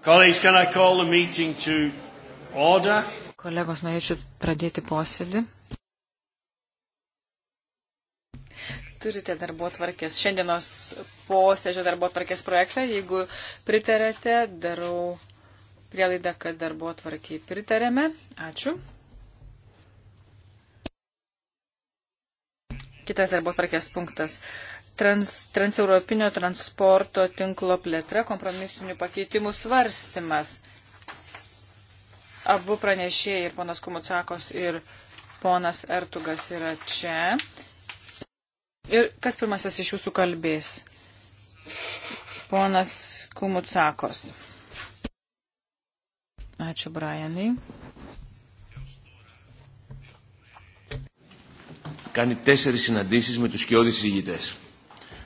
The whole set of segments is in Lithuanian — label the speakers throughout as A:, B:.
A: Kolegos, norėčiau pradėti posėdį. Turite darbo tvarkės, šiandienos posėdžio darbo tvarkės projektą. Jeigu pritarėte, darau prielaidą, kad darbo tvarkiai pritarėme. Ačiū. Kitas darbo tvarkės punktas trans, transeuropinio transporto tinklo plėtra, kompromisinių pakeitimų svarstymas. Abu pranešėjai ir ponas Kumutsakos ir ponas Ertugas yra čia. Ir kas pirmasis iš jūsų kalbės? Ponas Kumutsakos. Ačiū, Brianai.
B: Κάνει τέσσερις συναντήσεις με τους σκιώδεις συζητητές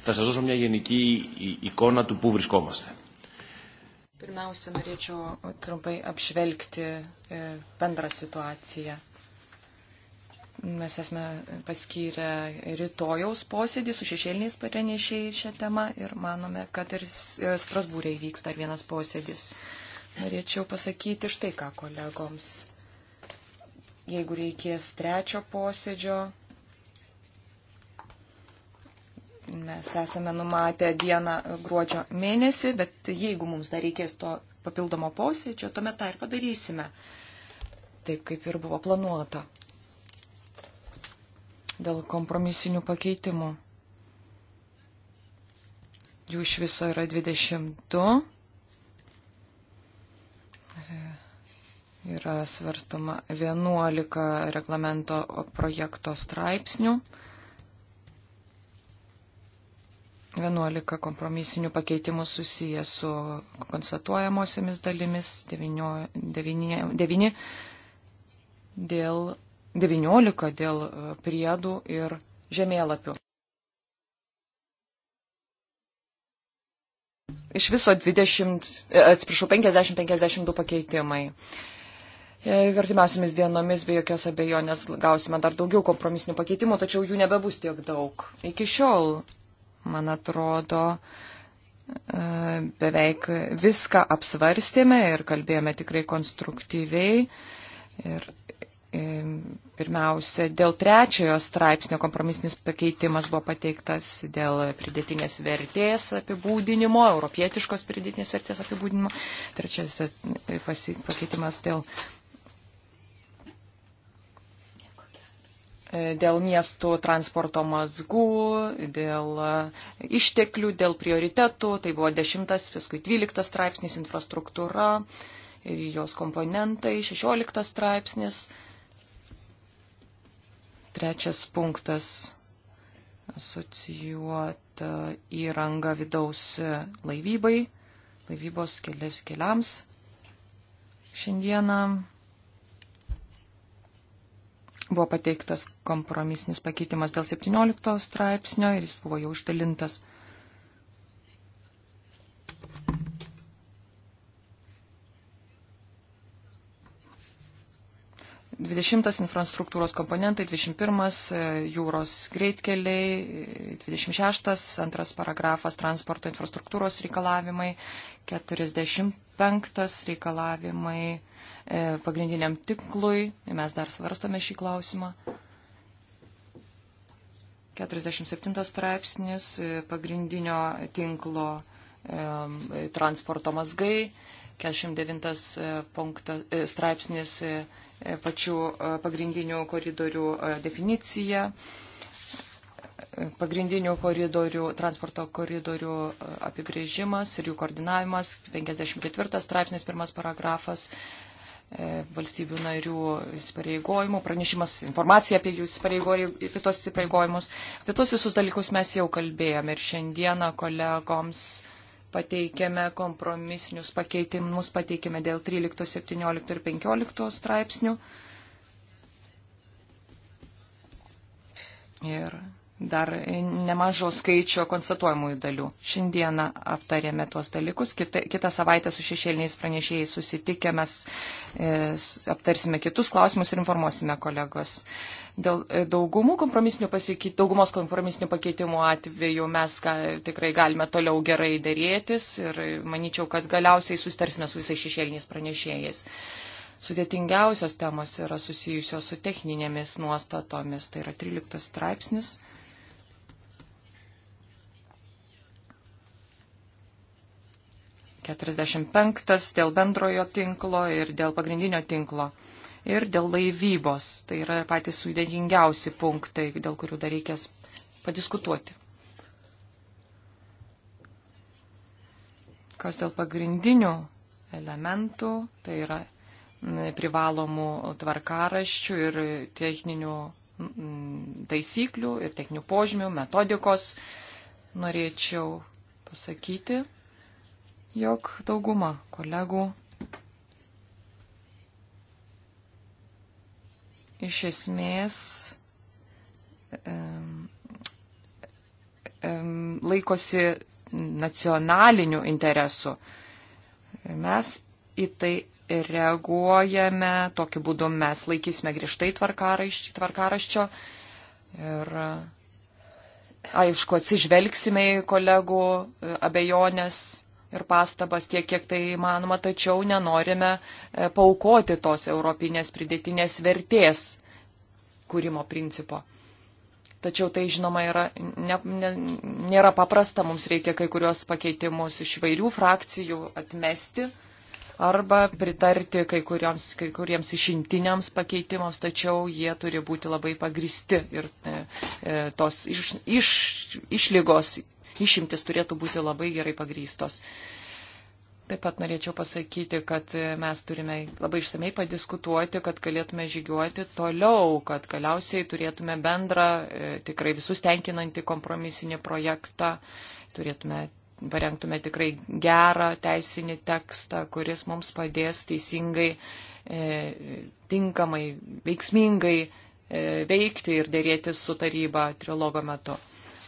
B: θα σας δώσω μια γενική εικόνα του πού βρισκόμαστε.
C: Pirmiausia, norėčiau trumpai apžvelgti e, bendrą situaciją. Mes esame paskyrę rytojaus posėdį su šešėliniais parenešėjai šią temą ir manome, kad ir e, Strasbūrė įvyks dar vienas posėdis. Norėčiau pasakyti štai ką kolegoms. Jeigu reikės trečio posėdžio, Mes esame numatę dieną gruodžio mėnesį, bet jeigu mums dar reikės to papildomo posėdžio, tuomet tą ir padarysime. Taip kaip ir buvo planuota. Dėl kompromisinių pakeitimų. Jų iš viso yra 22. Yra svarstoma 11 reglamento projekto straipsnių. 11 kompromisinių pakeitimų susiję su konstatuojamosiamis dalimis, 9, 9, 9 dėl, 19 dėl e, priedų ir žemėlapių. Iš viso 20, e, atsiprašau, 50-52 pakeitimai. E, artimiausiamis dienomis be jokios abejonės gausime dar daugiau kompromisinių pakeitimų, tačiau jų nebebus tiek daug. Iki šiol man atrodo, e, beveik viską apsvarstėme ir kalbėjome tikrai konstruktyviai. Ir e, pirmiausia, dėl trečiojo straipsnio kompromisinis pakeitimas buvo pateiktas dėl pridėtinės vertės apibūdinimo, europietiškos pridėtinės vertės apibūdinimo. Trečiasis e, pakeitimas dėl dėl miestų transporto mazgų, dėl e, išteklių, dėl prioritetų. Tai buvo 10, paskui 12 straipsnis infrastruktūra ir jos komponentai, 16 straipsnis. Trečias punktas asocijuota įranga vidaus laivybai, laivybos keliams. Šiandieną Buvo pateiktas kompromisinis pakeitimas dėl 17 straipsnio ir jis buvo jau išdalintas. 20 infrastruktūros komponentai, 21 e, jūros greitkeliai, 26 antras paragrafas transporto infrastruktūros reikalavimai, 45 reikalavimai e, pagrindiniam tiklui, mes dar svarstome šį klausimą. 47 straipsnis e, pagrindinio tinklo transporto mazgai, 49 punktas, straipsnis E, pačių e, pagrindinių koridorių e, definiciją, pagrindinių koridorių, transporto koridorių apibrėžimas ir jų koordinavimas, 54 straipsnis, pirmas paragrafas valstybių narių įsipareigojimų, pranešimas, informacija apie jų įsipareigojimus. Apie tos visus dalykus mes jau kalbėjome ir šiandieną kolegoms pateikėme kompromisinius pakeitimus, pateikėme dėl 13, 17 ir 15 straipsnių. Ir dar nemažo skaičio konstatuojamųjų dalių. Šiandieną aptarėme tuos dalykus. Kita, kitą savaitę su šešėliniais pranešėjais susitikę mes e, aptarsime kitus klausimus ir informuosime kolegos. E, Dėl e, kompromisinių pasikei, daugumos kompromisinių pakeitimų atveju mes ka, tikrai galime toliau gerai dėrėtis ir manyčiau, kad galiausiai sustarsime su visais šešėliniais pranešėjais. Sudėtingiausios temos yra susijusios su techninėmis nuostatomis, tai yra 13 straipsnis. Keturiasdešimt penktas dėl bendrojo tinklo ir dėl pagrindinio tinklo ir dėl laivybos. Tai yra patys sudėtingiausi punktai, dėl kurių dar reikės padiskutuoti. Kas dėl pagrindinių elementų, tai yra privalomų tvarkaraščių ir techninių taisyklių ir techninių požymių, metodikos, norėčiau pasakyti, jog dauguma kolegų iš esmės laikosi nacionalinių interesų. Mes į tai reaguojame, tokiu būdu mes laikysime griežtai tvarkaraščio, tvarkaraščio ir aišku atsižvelgsime į kolegų e, abejonės ir pastabas tiek, kiek tai įmanoma, tačiau nenorime e, paukoti tos europinės pridėtinės vertės kūrimo principo. Tačiau tai, žinoma, yra, ne, ne, nėra paprasta, mums reikia kai kurios pakeitimus iš vairių frakcijų atmesti arba pritarti kai, kurioms, kai kuriems išimtiniams pakeitimams, tačiau jie turi būti labai pagristi ir e, e tos iš, iš, išlygos išimtis turėtų būti labai gerai pagrystos. Taip pat norėčiau pasakyti, kad mes turime labai išsamei padiskutuoti, kad galėtume žygiuoti toliau, kad galiausiai turėtume bendrą, e, tikrai visus tenkinantį kompromisinį projektą, turėtume parengtume tikrai gerą teisinį tekstą, kuris mums padės teisingai, e, tinkamai, veiksmingai e, veikti ir dėrėti su taryba trilogo metu.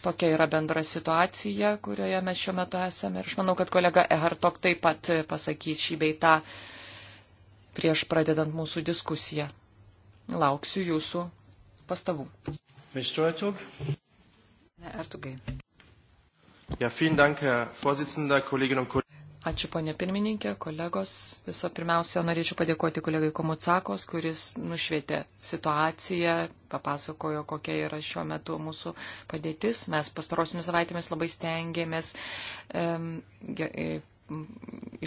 C: Tokia yra bendra situacija, kurioje mes šiuo metu esame. Ir aš manau, kad kolega Ehartok taip pat pasakys šį beitą prieš pradedant mūsų diskusiją. Lauksiu jūsų pastabų. Mr. Ertug. Ertugai.
B: Ja, vielen Dank, Herr Vorsitzender, Kolleginnen und Kollegen.
C: Ačiū, ponė pirmininkė, kolegos. Viso pirmiausia, norėčiau padėkoti kolegai Komucakos, kuris nušvietė situaciją, papasakojo, kokia yra šiuo metu mūsų padėtis. Mes pastarosiomis savaitėmis labai stengiamės um,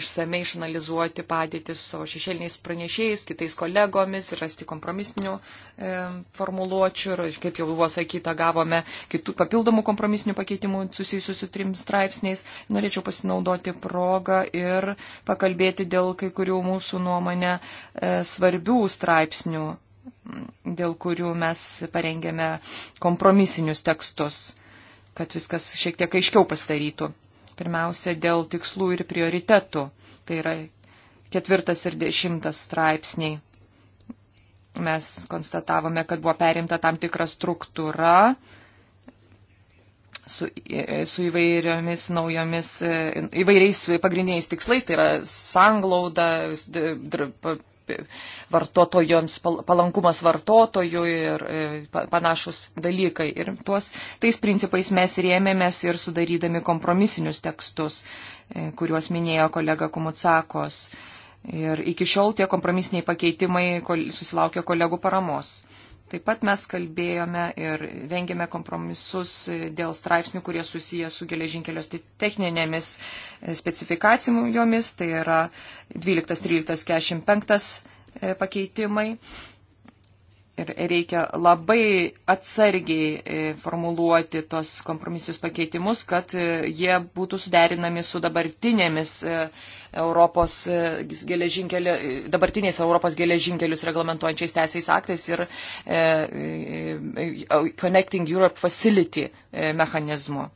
C: išsamei išanalizuoti padėtį su savo šešėliniais pranešėjais, kitais kolegomis, rasti kompromisinių e, formuluočių ir, kaip jau buvo sakyta, gavome kitų papildomų kompromisinių pakeitimų susijusių su trim straipsniais. Norėčiau pasinaudoti progą ir pakalbėti dėl kai kurių mūsų nuomonę e, svarbių straipsnių, dėl kurių mes parengėme kompromisinius tekstus, kad viskas šiek tiek aiškiau pastarytų. Pirmiausia, dėl tikslų ir prioritetų. Tai yra ketvirtas ir dešimtas straipsniai. Mes konstatavome, kad buvo perimta tam tikra struktūra su, su įvairiomis naujomis, įvairiais pagrindiniais tikslais, tai yra sanglauda, vartotojams, palankumas vartotojui ir e, panašus dalykai. Ir tuos, tais principais mes rėmėmės ir sudarydami kompromisinius tekstus, e, kuriuos minėjo kolega Kumutsakos. Ir iki šiol tie kompromisiniai pakeitimai susilaukė kolegų paramos. Taip pat mes kalbėjome ir rengėme kompromisus dėl straipsnių, kurie susiję su geležinkelio techninėmis e, specifikacijomis, tai yra 12, 13, 45 pakeitimai. Ir reikia labai atsargiai e, formuluoti tos kompromisijos pakeitimus, kad e, jie būtų suderinami su dabartinėmis e, Europos geležinkelio, dabartiniais Europos geležinkelius reglamentuojančiais teisės aktais ir Connecting Europe Facility mechanizmu.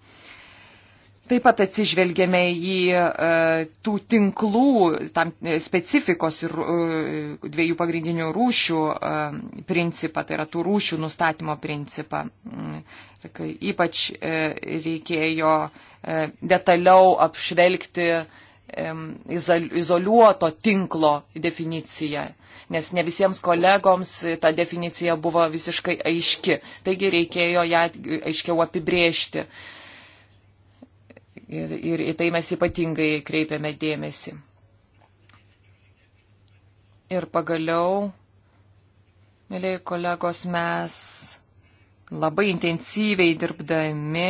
C: Taip pat atsižvelgėme į e, tų tinklų tam, e, specifikos ir e, dviejų pagrindinių rūšių principą, tai yra tų rūšių nustatymo principą. Mm, ypač reikėjo detaliau apšvelgti izoliuoto tinklo definiciją, nes ne visiems kolegoms ta definicija buvo visiškai aiški, taigi reikėjo ją aiškiau apibriežti. Ir, ir į tai mes ypatingai kreipiame dėmesį. Ir pagaliau, mėlyi kolegos, mes labai intensyviai dirbdami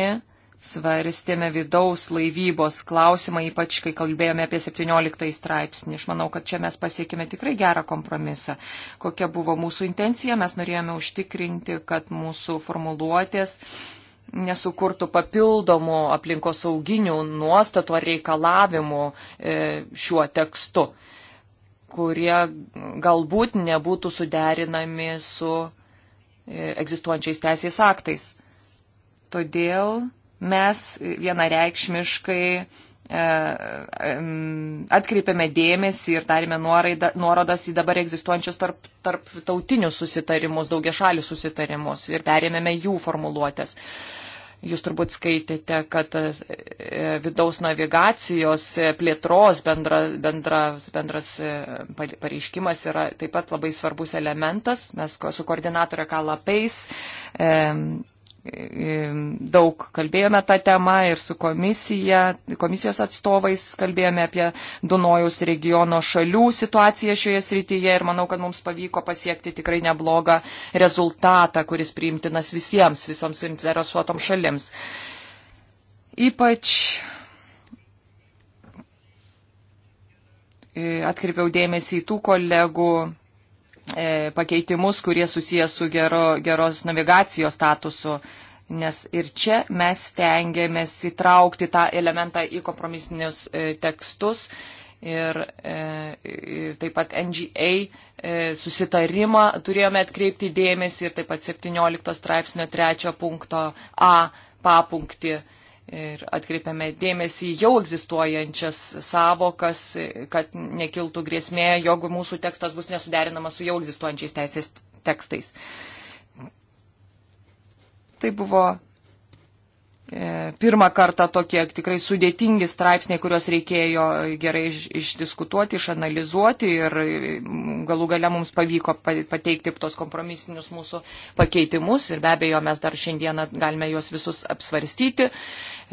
C: svarstėme vidaus laivybos klausimą, ypač kai kalbėjome apie 17 straipsnį. Aš manau, kad čia mes pasiekime tikrai gerą kompromisą. Kokia buvo mūsų intencija, mes norėjome užtikrinti, kad mūsų formuluotės nesukurtų papildomų aplinkos sauginių nuostatų ar reikalavimų e, šiuo tekstu, kurie galbūt nebūtų suderinami su e, egzistuojančiais teisės aktais. Todėl mes vienareikšmiškai e, atkreipėme dėmesį ir darėme nuorodas į dabar egzistuojančius tarp, tarptautinius susitarimus, daugiašalius susitarimus ir perėmėme jų formuluotės. Uh, Jūs turbūt skaitėte, kad e, vidaus navigacijos e, plėtros bendra, bendras, bendras pareiškimas yra taip pat labai svarbus elementas. Mes su koordinatorė Kalapais E, daug kalbėjome tą temą ir su komisija, komisijos atstovais kalbėjome apie Dunojaus regiono šalių situaciją šioje srityje ir manau, kad mums pavyko pasiekti tikrai neblogą rezultatą, kuris priimtinas visiems, visoms suinteresuotom šalims. Ypač e, atkreipiau dėmesį į tų kolegų E, pakeitimus, kurie susijęs su gero, geros navigacijos statusu. Nes ir čia mes tengiamės įtraukti tą elementą į kompromisinius e, tekstus ir e, taip pat NGA susitarimą turėjome atkreipti dėmesį ir taip pat 17 straipsnio 3 punkto A papunkti ir atkreipiame dėmesį jau egzistuojančias savokas, kad nekiltų grėsmė, jog mūsų tekstas bus nesuderinamas su jau egzistuojančiais teisės tekstais. Tai buvo E, pirmą kartą tokie tikrai sudėtingi straipsniai, kuriuos reikėjo gerai iš, išdiskutuoti, išanalizuoti ir mm, galų gale mums pavyko pateikti tos kompromisinius mūsų pakeitimus ir be abejo mes dar šiandieną galime juos visus apsvarstyti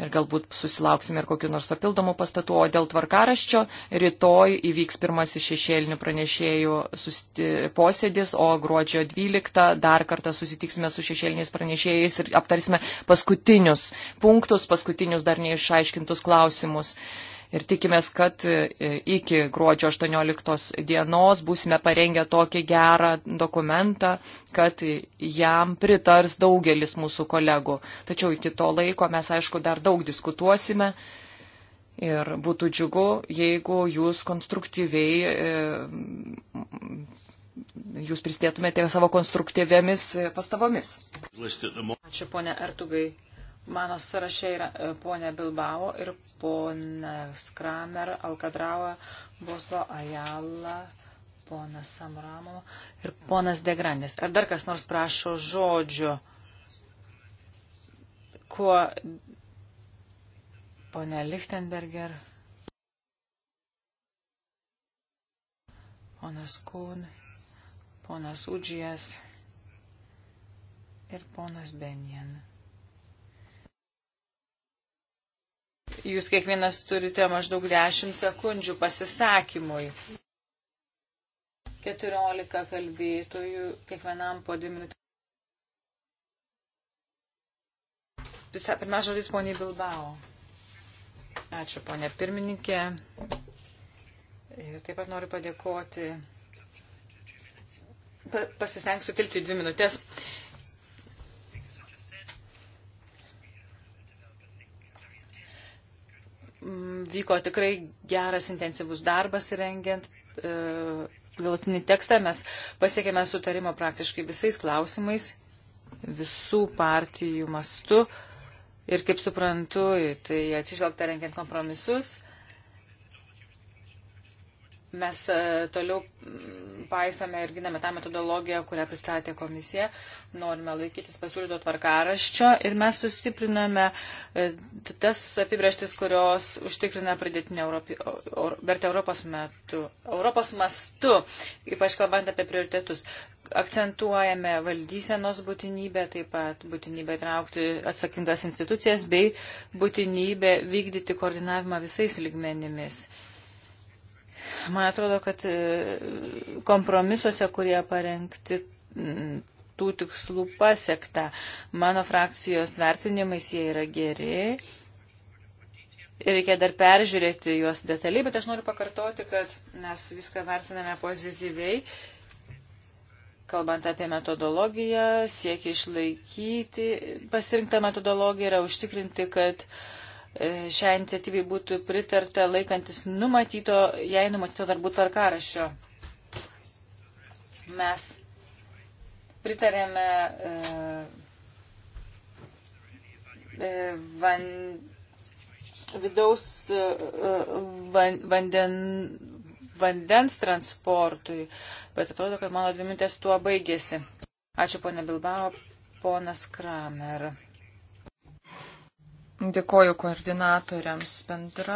C: ir galbūt susilauksime ir kokiu nors papildomu pastatu, o dėl tvarkaraščio rytoj įvyks pirmasis šešėlinių pranešėjų posėdis, o gruodžio 12 dar kartą susitiksime su šešėliniais pranešėjais ir aptarsime paskutinius punktus, paskutinius dar neišaiškintus klausimus. Ir tikimės, kad e, iki gruodžio 18 dienos būsime parengę tokį gerą dokumentą, kad jam pritars daugelis mūsų kolegų. Tačiau iki to laiko mes, aišku, dar daug diskutuosime. Ir būtų džiugu, jeigu jūs konstruktyviai, e, jūs pristėtumėte savo konstruktyviamis e, pastabomis.
A: Ačiū, ponė Artugai. Mano sąraše yra e, ponė Bilbao ir ponas Kramer, Alkadrava, Bosbo Ajala, ponas Samramo ir ponas Degranis. Ar dar kas nors prašo žodžio? Kuo ponė Lichtenberger? Ponas Kūn, ponas Udžijas ir ponas Benjen. Jūs kiekvienas turite maždaug 10 sekundžių pasisakymui. 14 kalbėtojų, kiekvienam po 2 minutės. Pirmas žodis poniai Bilbao. Ačiū ponė pirmininkė. Ir taip pat noriu padėkoti. Pa, pasistengsiu tilpti dvi minutės. Uh, Mm, vyko tikrai geras intensyvus darbas rengiant e, galutinį tekstą. Mes pasiekėme sutarimą praktiškai visais klausimais, visų partijų mastu. Ir kaip suprantu, tai atsižvelgta rengiant kompromisus. Mes e, toliau mm, paisome ir giname tą metodologiją, kurią pristatė komisija. Norime laikytis pasiūlyto tvarkaraščio ir mes sustipriname e, tas apibrieštis, kurios užtikrina pridėtinę vertę Europos, metu, Europos mastu, ypač kalbant apie prioritetus. Akcentuojame valdysenos būtinybę, taip pat būtinybę traukti atsakingas institucijas bei būtinybę vykdyti koordinavimą visais ligmenimis. Man atrodo, kad e, kompromisuose, kurie parengti, tų tikslų pasiekta. Mano frakcijos vertinimais jie yra geri. Ir reikia dar peržiūrėti juos detaliai, bet aš noriu pakartoti, kad mes viską vertiname pozityviai. Kalbant apie metodologiją, siekia išlaikyti pasirinktą metodologiją yra užtikrinti, kad uh, E, šią iniciatyvą būtų pritarta laikantis numatyto, jei numatyto darbų tvarkaraščio. Mes pritarėme e, e van, vidaus e, van, vanden, vandens transportui, bet atrodo, kad mano dvi mintės tuo baigėsi. Ačiū, ponė Bilbao, ponas Kramer.
C: Dėkoju koordinatoriams. Bendra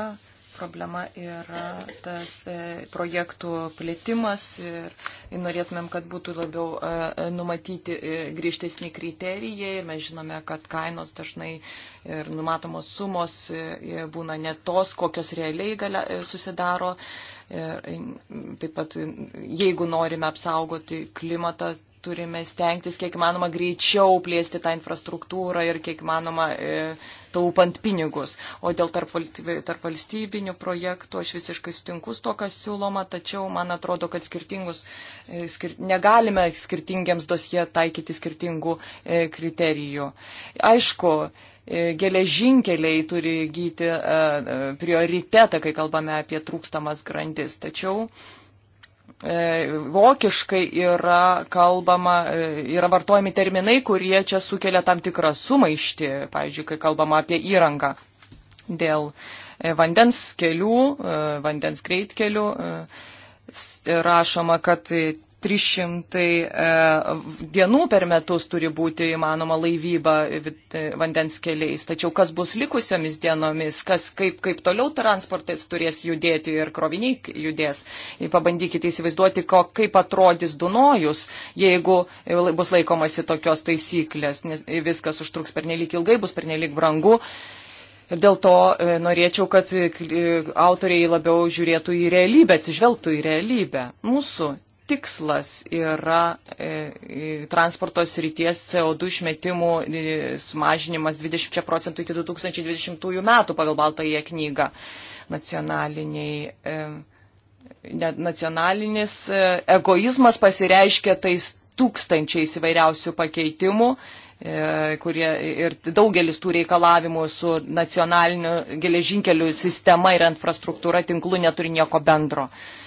C: problema yra tas e, projektų plėtimas ir norėtumėm, kad būtų labiau e, e, numatyti grįžtesni kriterijai ir mes žinome, kad kainos dažnai ir numatomos sumos būna ne tos, kokios realiai galia, susidaro. Ir taip pat, jeigu norime apsaugoti klimatą, turime stengtis kiek manoma greičiau plėsti tą infrastruktūrą ir kiek manoma e, taupant pinigus. O dėl tarp, tarp valstybinių projektų aš visiškai sutinku su to, kas siūloma, tačiau man atrodo, kad skirtingus, e, skir, negalime skirtingiems dosie taikyti skirtingų e, kriterijų. Aišku, e, geležinkeliai turi gyti e, e, prioritetą, kai kalbame apie trūkstamas grandis. Tačiau uh, E, vokiškai yra kalbama, e, yra vartojami terminai, kurie čia sukelia tam tikrą sumaištį, pavyzdžiui, kai kalbama apie įrangą dėl e, vandens kelių, vandens greitkelių. Rašoma, kad 300 e, dienų per metus turi būti įmanoma laivyba e, e, vandens keliais. Tačiau kas bus likusiomis dienomis, kas, kaip, kaip toliau transportas turės judėti ir kroviniai judės. Pabandykite įsivaizduoti, ko, kaip atrodys Dunojus, jeigu bus laikomasi tokios taisyklės, nes viskas užtruks per nelik ilgai, bus per nelik brangu. Ir dėl to norėčiau, kad autoriai labiau žiūrėtų į realybę, atsižvelgtų į realybę. Mūsų tikslas yra e, transporto srities CO2 išmetimų e, sumažinimas 20 procentų iki 2020 metų pagal Baltąją knygą. Nacionaliniai, e, nacionalinis egoizmas pasireiškia tais tūkstančiais įvairiausių pakeitimų kurie ir daugelis tų reikalavimų su nacionaliniu geležinkeliu sistema ir infrastruktūra tinklu neturi nieko bendro. Uh,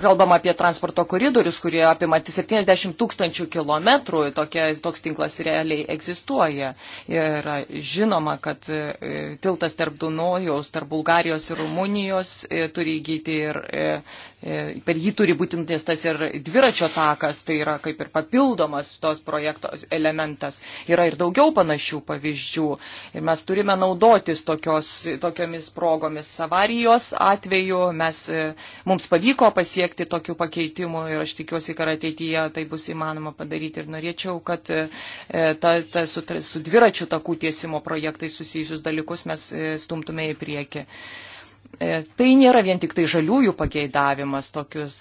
C: kalbam apie transporto koridorius, kurie apima 70 tūkstančių kilometrų, tokie, toks tinklas realiai egzistuoja. Ir žinoma, kad e, tiltas tarp Dunojaus, tarp Bulgarijos ir Rumunijos e, turi įgyti ir e, per jį turi būti nutiestas ir dviračio takas, tai yra kaip ir papildomas tos projekto elementas. Yra ir daugiau panašių pavyzdžių. Ir mes turime naudotis tokios, tokiomis progomis. Avarijos atveju mes, mums pavyko pavyko pasiekti tokių pakeitimų ir aš tikiuosi, kad ateityje tai bus įmanoma padaryti. Ir norėčiau, kad e, ta, ta, su, su dviračių takų tiesimo projektai susijusius dalykus mes e, stumtume į priekį. E, tai nėra vien tik tai žaliųjų pageidavimas, tokius,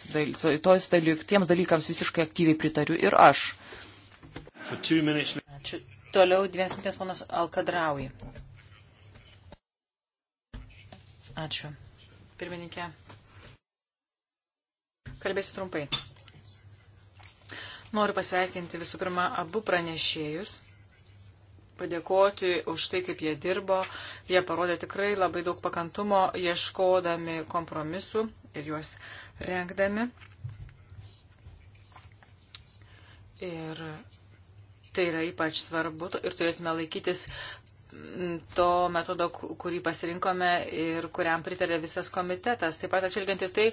C: tos dalyk, tiems dalykams visiškai aktyviai pritariu ir aš. Ačiū.
A: Toliau dviems minutės ponas Alkadraui. Ačiū. Pirmininkė. Kalbėsiu trumpai. Noriu pasveikinti visų pirma abu pranešėjus, padėkoti už tai, kaip jie dirbo. Jie parodė tikrai labai daug pakantumo, ieškodami kompromisų ir juos rengdami. Ir Tai yra ypač svarbu ir turėtume laikytis to metodo, kurį pasirinkome ir kuriam pritarė visas komitetas. Taip pat atšilgiant į tai,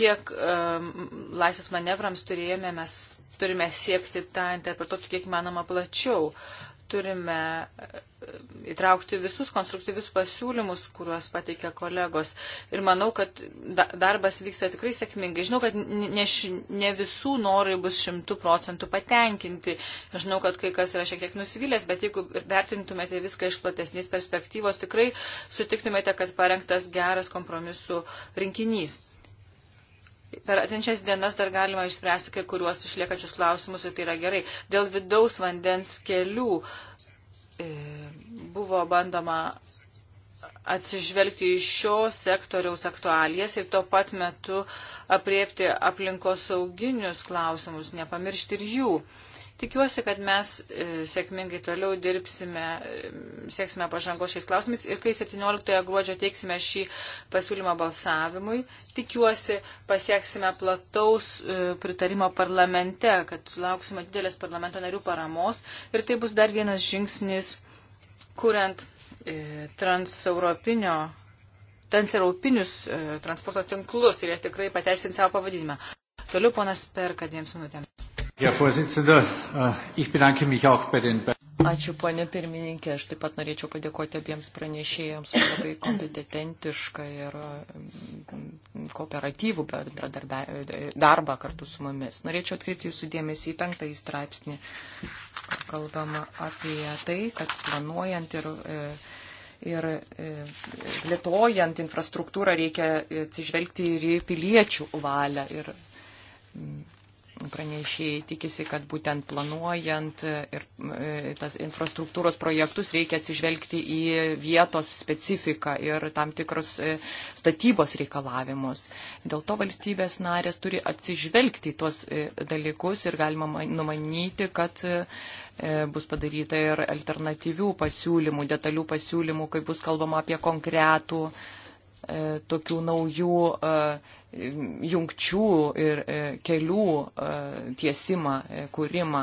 A: kiek um, laisvės manevrams turėjome, mes turime siekti tą interpretuoti kiek manoma plačiau. Uh, turime e, įtraukti visus konstruktyvius pasiūlymus, kuriuos pateikia kolegos. Ir manau, kad darbas vyksta tikrai sėkmingai. Žinau, kad ne, ne visų norai bus šimtų procentų patenkinti. Žinau, kad kai kas yra šiek tiek nusivylęs, bet jeigu vertintumėte viską iš platesnės perspektyvos, tikrai sutiktumėte, kad parengtas geras kompromisų rinkinys per atinčias dienas dar galima išspręsti kai kuriuos išliekačius klausimus ir tai yra gerai. Dėl vidaus vandens kelių e, buvo bandoma atsižvelgti į šio sektoriaus aktualijas ir tuo pat metu apriepti aplinkos sauginius klausimus, nepamiršti ir jų. E, Tikiuosi, kad mes e, sėkmingai toliau dirbsime, e, sėksime pažangos šiais klausimais ir kai 17 gruodžio teiksime šį pasiūlymą balsavimui, tikiuosi pasieksime plataus e, pritarimo parlamente, kad sulauksime didelės parlamento narių paramos ir tai bus dar vienas žingsnis, kuriant transeuropinio transeuropinius transporto tinklus ir jie tikrai pateisins savo pavadinimą. Toliau ponas per, kad jiems minutėms.
C: Äh, Ačiū, ponė pirmininkė. Aš taip pat norėčiau padėkoti abiems pranešėjams už labai kompetentišką ir mm, kooperatyvų darbą kartu su mumis. Norėčiau atkreipti jūsų dėmesį į penktąjį straipsnį. Kalbama apie tai, kad planuojant ir. E, ir e, plėtojant infrastruktūrą reikia atsižvelgti ir į piliečių valią. Ir mm, pranešėjai tikisi, kad būtent planuojant ir e, tas infrastruktūros projektus reikia atsižvelgti į vietos specifiką ir tam tikrus e, statybos reikalavimus. Dėl to valstybės narės turi atsižvelgti į tuos e, dalykus ir galima numanyti, kad bus padaryta ir alternatyvių pasiūlymų, detalių pasiūlymų, kai bus kalbama apie konkretų uh, E, tokių naujų e, jungčių ir e, kelių tiesimą, kūrimą.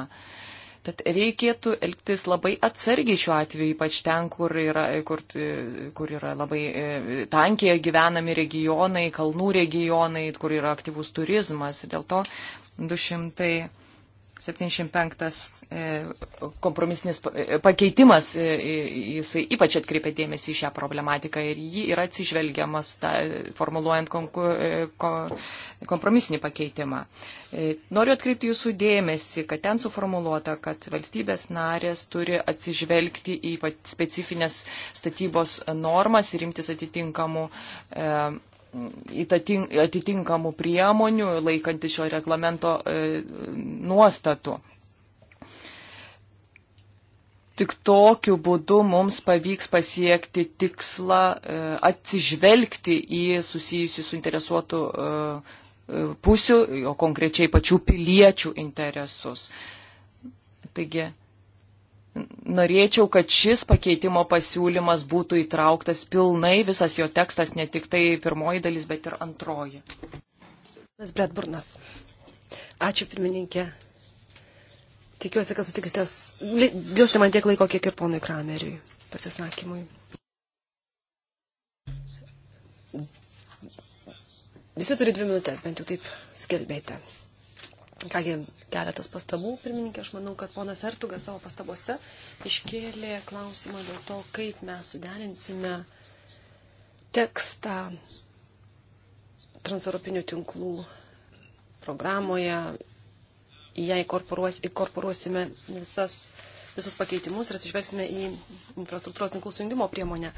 C: Tad reikėtų elgtis labai atsargiai šiuo atveju, ypač ten, kur yra, kur, kur yra labai tankiai gyvenami regionai, kalnų regionai, kur yra aktyvus turizmas. Dėl to 200. 75 e, kompromisinis e, pakeitimas, e, jisai ypač atkreipia dėmesį į šią problematiką ir jį yra atsižvelgiamas ta, formuluojant konku, kompromisinį pakeitimą. Noriu atkreipti jūsų dėmesį, kad ten suformuluota, kad valstybės narės turi atsižvelgti į specifines statybos normas ir imtis atitinkamų e, atitinkamų priemonių laikantį šio reglamento e, nuostatų. Tik tokiu būdu mums pavyks pasiekti tikslą e, atsižvelgti į susijusių suinteresuotų e, pusių, o konkrečiai pačių piliečių interesus. Taigi norėčiau, kad šis pakeitimo pasiūlymas būtų įtrauktas pilnai, visas jo
B: tekstas, ne tik tai pirmoji dalis, bet ir antroji. Bretburnas. Ačiū pirmininkė. Tikiuosi, kad sutiksite, dėlsite man tiek laiko, kiek ir ponui Krameriui pasisakymui. Visi turi dvi minutės, bent jau taip skelbėte. Kągi, keletas pastabų, pirmininkė, aš manau, kad ponas Ertugas savo pastabose iškėlė klausimą dėl to, kaip mes suderinsime tekstą transeuropinių tinklų programoje, ją inkorporuos, inkorporuosime visas, visus pakeitimus ir atsižvelgsime į infrastruktūros tinklų sujungimo priemonę.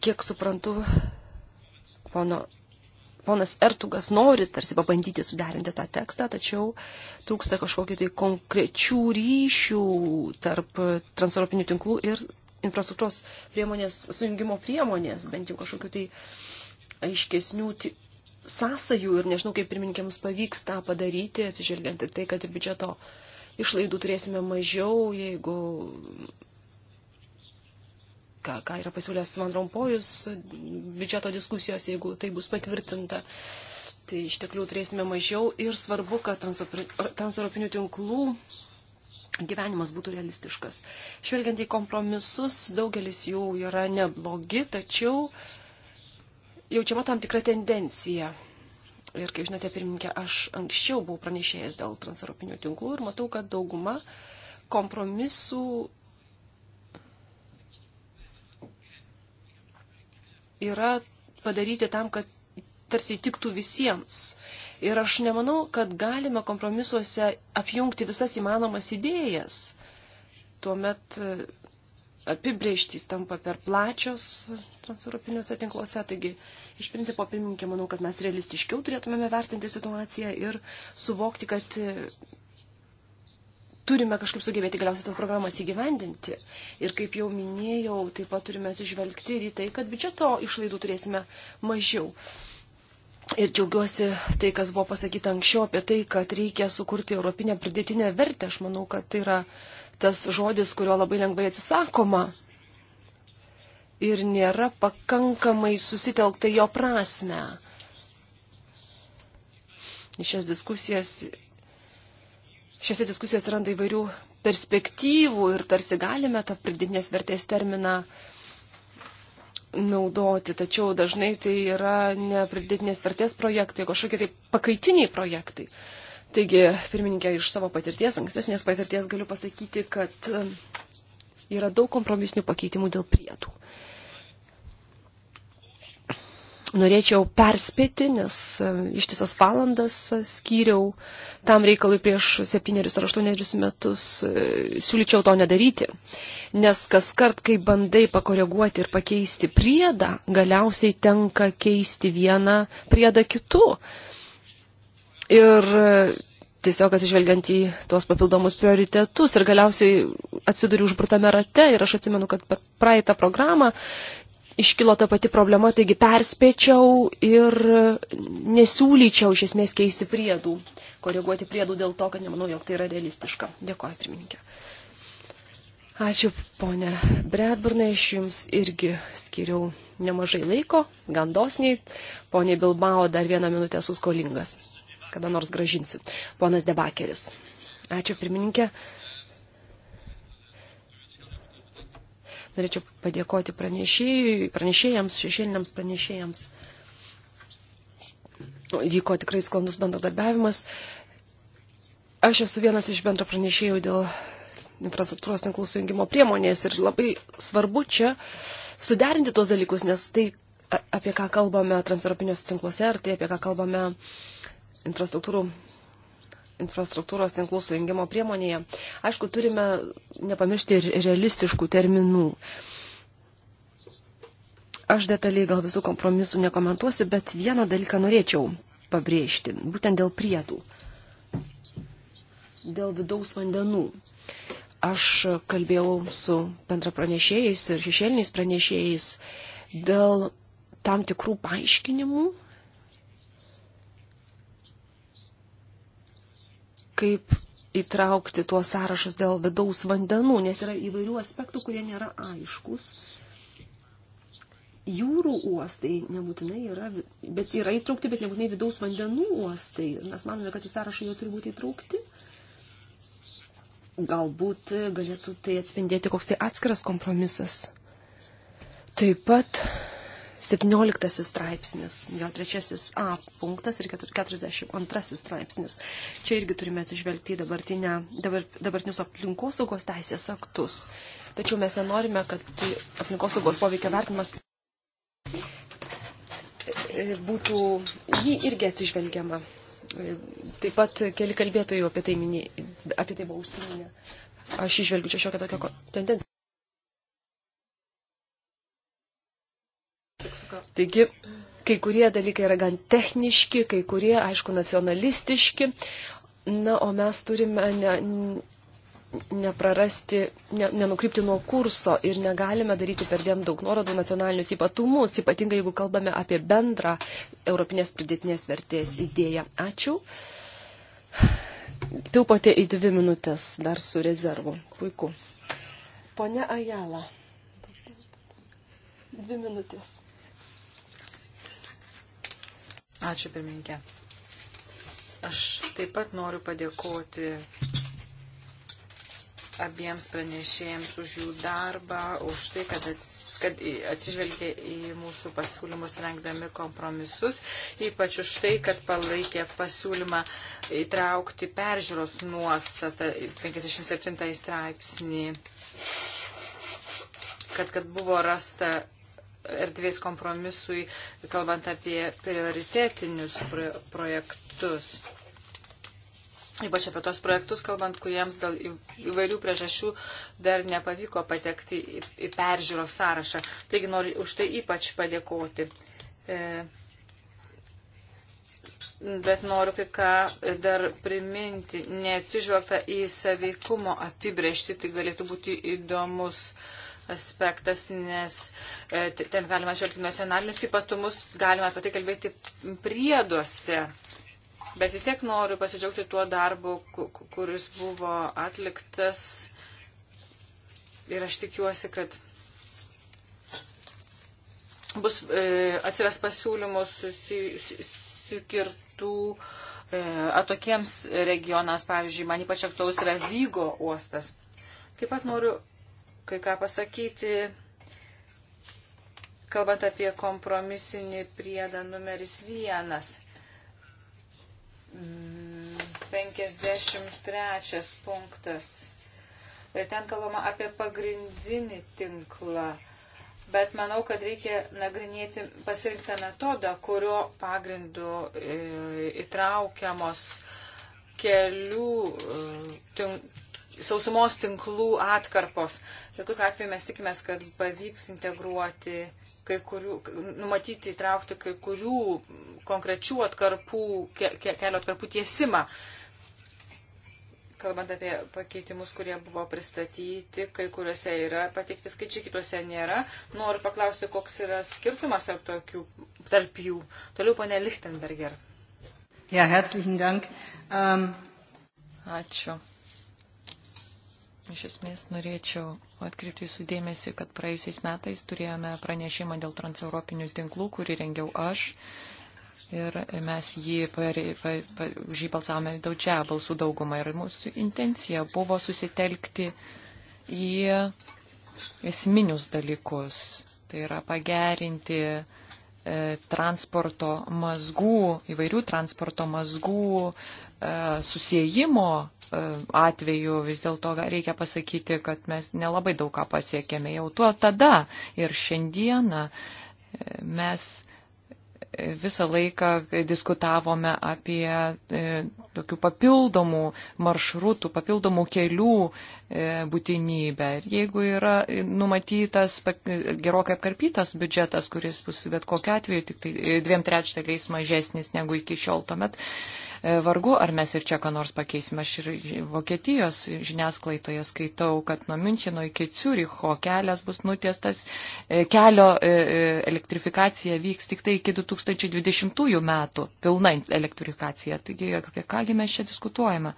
B: Kiek suprantu, pono ponas Ertugas nori tarsi pabandyti suderinti tą tekstą, tačiau trūksta kažkokiu tai konkrečių ryšių tarp transeuropinių tinklų ir infrastruktūros priemonės, sujungimo priemonės, bent jau kažkokiu tai aiškesnių sąsajų ir nežinau, kaip pirmininkėms pavyks tą padaryti, atsižvelgiant į tai, kad ir biudžeto išlaidų turėsime mažiau, jeigu ką, ką yra pasiūlęs Van Rompojus biudžeto diskusijos, jeigu tai bus patvirtinta. Tai išteklių turėsime mažiau ir svarbu, kad transeuropinių tinklų gyvenimas būtų realistiškas. Žvelgiant į kompromisus, daugelis jų yra neblogi, tačiau jaučiama tam tikra tendencija. Ir kaip žinote, pirmininkė, aš anksčiau buvau pranešėjęs dėl transeuropinių tinklų ir matau, kad dauguma kompromisų yra padaryti tam, kad tarsi tiktų visiems. Ir aš nemanau, kad galime kompromisuose apjungti visas įmanomas idėjas. Tuomet e, apibrieštys tampa per plačios transeuropiniuose tinkluose. Taigi, iš principo, pirmininkė, manau, kad mes realistiškiau turėtumėme vertinti situaciją ir suvokti, kad turime kažkaip sugebėti galiausiai tas programas įgyvendinti. Ir kaip jau minėjau, taip pat turime atsižvelgti ir į tai, kad biudžeto išlaidų turėsime mažiau. Ir džiaugiuosi tai, kas buvo pasakyta anksčiau apie tai, kad reikia sukurti europinę pridėtinę vertę. Aš manau, kad tai yra tas žodis, kurio labai lengvai atsisakoma. Ir nėra pakankamai susitelkta jo prasme. Į šias diskusijas šiose diskusijose atsiranda įvairių perspektyvų ir tarsi galime tą pridėtinės vertės terminą naudoti, tačiau dažnai tai yra ne pridėtinės vertės projektai, kažkokie tai pakaitiniai projektai. Taigi, pirmininkė, iš savo patirties, ankstesnės patirties galiu pasakyti, kad e, yra daug kompromisinių pakeitimų dėl priedų norėčiau perspėti, nes e, ištisas valandas e, skyriau tam reikalui prieš septynerius ar aštuonerius metus, e, siūlyčiau to nedaryti. Nes kas kart, kai bandai pakoreguoti ir pakeisti priedą, galiausiai tenka keisti vieną priedą kitu. Ir tiesiog atsižvelgiant į tuos papildomus prioritetus ir galiausiai atsiduriu užburtame rate ir aš atsimenu, kad per praeitą programą iškilo ta pati problema, taigi perspėčiau ir nesiūlyčiau iš esmės keisti priedų, koreguoti priedų dėl to, kad nemanau, jog tai yra realistiška. Dėkoju, pirmininkė. Ačiū, ponė Bredburnai, aš jums irgi skiriau nemažai laiko, gandosniai. Ponė Bilbao dar vieną minutę suskolingas. Kada nors gražinsiu. Ponas Debakeris. Ačiū, pirmininkė. Norėčiau padėkoti pranešėjams, šešėliniams pranešėjams. Vyko tikrai sklandus bendradarbiavimas. Aš esu vienas iš bendro pranešėjų dėl infrastruktūros tinklų sujungimo priemonės ir labai svarbu čia suderinti tos dalykus, nes tai, apie ką kalbame transeuropiniuose tinkluose, ar tai, apie ką kalbame infrastruktūrų infrastruktūros tinklų sujungimo priemonėje. Aišku, turime nepamiršti ir realistiškų terminų. Aš detaliai gal visų kompromisų nekomentuosiu, bet vieną dalyką norėčiau pabrėžti, būtent dėl priedų, dėl vidaus vandenų. Aš kalbėjau su bendrapranešėjais ir šešėliniais pranešėjais dėl tam tikrų paaiškinimų kaip įtraukti tuos sąrašus dėl vidaus vandenų, nes yra įvairių aspektų, kurie nėra aiškus. Jūrų uostai nebūtinai yra, bet yra įtraukti, bet nebūtinai vidaus vandenų uostai. Mes manome, kad į sąrašą jau turi būti įtraukti. Galbūt galėtų tai atspindėti koks tai atskiras kompromisas. Taip pat 17 straipsnis, jo 3a punktas ir 42 straipsnis. Čia irgi turime atsižvelgti dabartinę, dabar, dabartinius aplinkosaugos teisės aktus. Tačiau mes nenorime, kad tai aplinkosaugos poveikio vertinimas e, e, būtų jį irgi atsižvelgiama. E, taip pat keli kalbėtojų apie tai, minė, apie tai buvo užsiminę. Aš išvelgiu čia šiokią tokią tendenciją. Taigi, kai kurie dalykai yra gan techniški, kai kurie, aišku, nacionalistiški. Na, o mes turime ne, neprarasti, ne, nenukrypti nuo kurso ir negalime daryti per dėm daug nuorodų nacionalinius ypatumus, ypatingai jeigu kalbame apie bendrą Europinės pridėtinės vertės idėją. Ačiū. Tilpote į dvi minutės dar su rezervu. Puiku. Pone Ajala. Dvi minutės.
A: Ačiū pirmininkė. Aš taip pat noriu padėkoti abiems pranešėjams už jų darbą, už tai, kad, ats, kad atsižvelgė į mūsų pasiūlymus rengdami kompromisus, ypač už tai, kad palaikė pasiūlymą įtraukti peržiūros nuostatą 57 straipsnį, kad, kad buvo rasta erdvės kompromisui, kalbant apie prioritetinius projektus. Ypač apie tos projektus, kalbant, kuriems dėl įvairių priežasčių dar nepavyko patekti į, į peržiūros sąrašą. Taigi noriu už tai ypač padėkoti. E, bet noriu kai ką dar priminti. Neatsižvelgta į saveikumo apibrėžti, tai galėtų būti įdomus. E, aspektas, nes e, ten galima žvelgti nacionalinius ypatumus, galima apie tai kalbėti prieduose. Bet vis tiek noriu pasidžiaugti tuo darbu, kuris buvo atliktas. Ir aš tikiuosi, kad bus e, atsiras pasiūlymų susikirtų e, atokiems regionams, pavyzdžiui, man ypač aktuolus yra Vygo uostas. Taip pat noriu kai ką pasakyti, kalbant apie kompromisinį priedą numeris vienas. 53 punktas. Ten kalbama apie pagrindinį tinklą bet manau, kad reikia nagrinėti pasirinktą metodą, kurio pagrindu e, įtraukiamos kelių e, tink, sausumos tinklų atkarpos. Tokiu atveju mes tikimės, kad pavyks integruoti, kai kurių, numatyti įtraukti kai kurių konkrečių atkarpų, ke, ke, kelio atkarpų tiesimą. Kalbant apie pakeitimus, kurie buvo pristatyti, kai kuriuose yra pateikti skaičiai, kituose nėra. Noriu paklausti, koks yra skirtumas tarp, tokių, tarp jų. Toliau, ponė Lichtenberger. Ja, herzlichen Dank. Um... Ačiū. Iš
C: esmės norėčiau atkreipti jūsų dėmesį, kad praėjusiais metais turėjome pranešimą dėl transeuropinių tinklų, kurį rengiau aš. Ir mes jį, už jį balsavome daugia balsų daugumą. Ir mūsų intencija buvo susitelkti į esminius dalykus. Tai yra pagerinti e, transporto mazgų, įvairių transporto mazgų E, susijimo e, atveju vis dėlto reikia pasakyti, kad mes nelabai daug ką pasiekėme jau tuo tada ir šiandieną e, mes visą laiką diskutavome apie tokių papildomų maršrutų, papildomų kelių būtinybę. Ir jeigu yra numatytas gerokai apkarpytas biudžetas, kuris bus bet kokiu atveju tik tai dviem trečdaliais mažesnis negu iki šiol, tuomet E, vargu, ar mes ir čia ką nors pakeisime. Aš ir Vokietijos žiniasklaidoje skaitau, kad nuo Münchino iki Ciuricho kelias bus nutiestas, e, kelio e, elektrifikacija vyks tik tai iki 2020 metų, pilna elektrifikacija. Taigi, apie kągi mes čia diskutuojame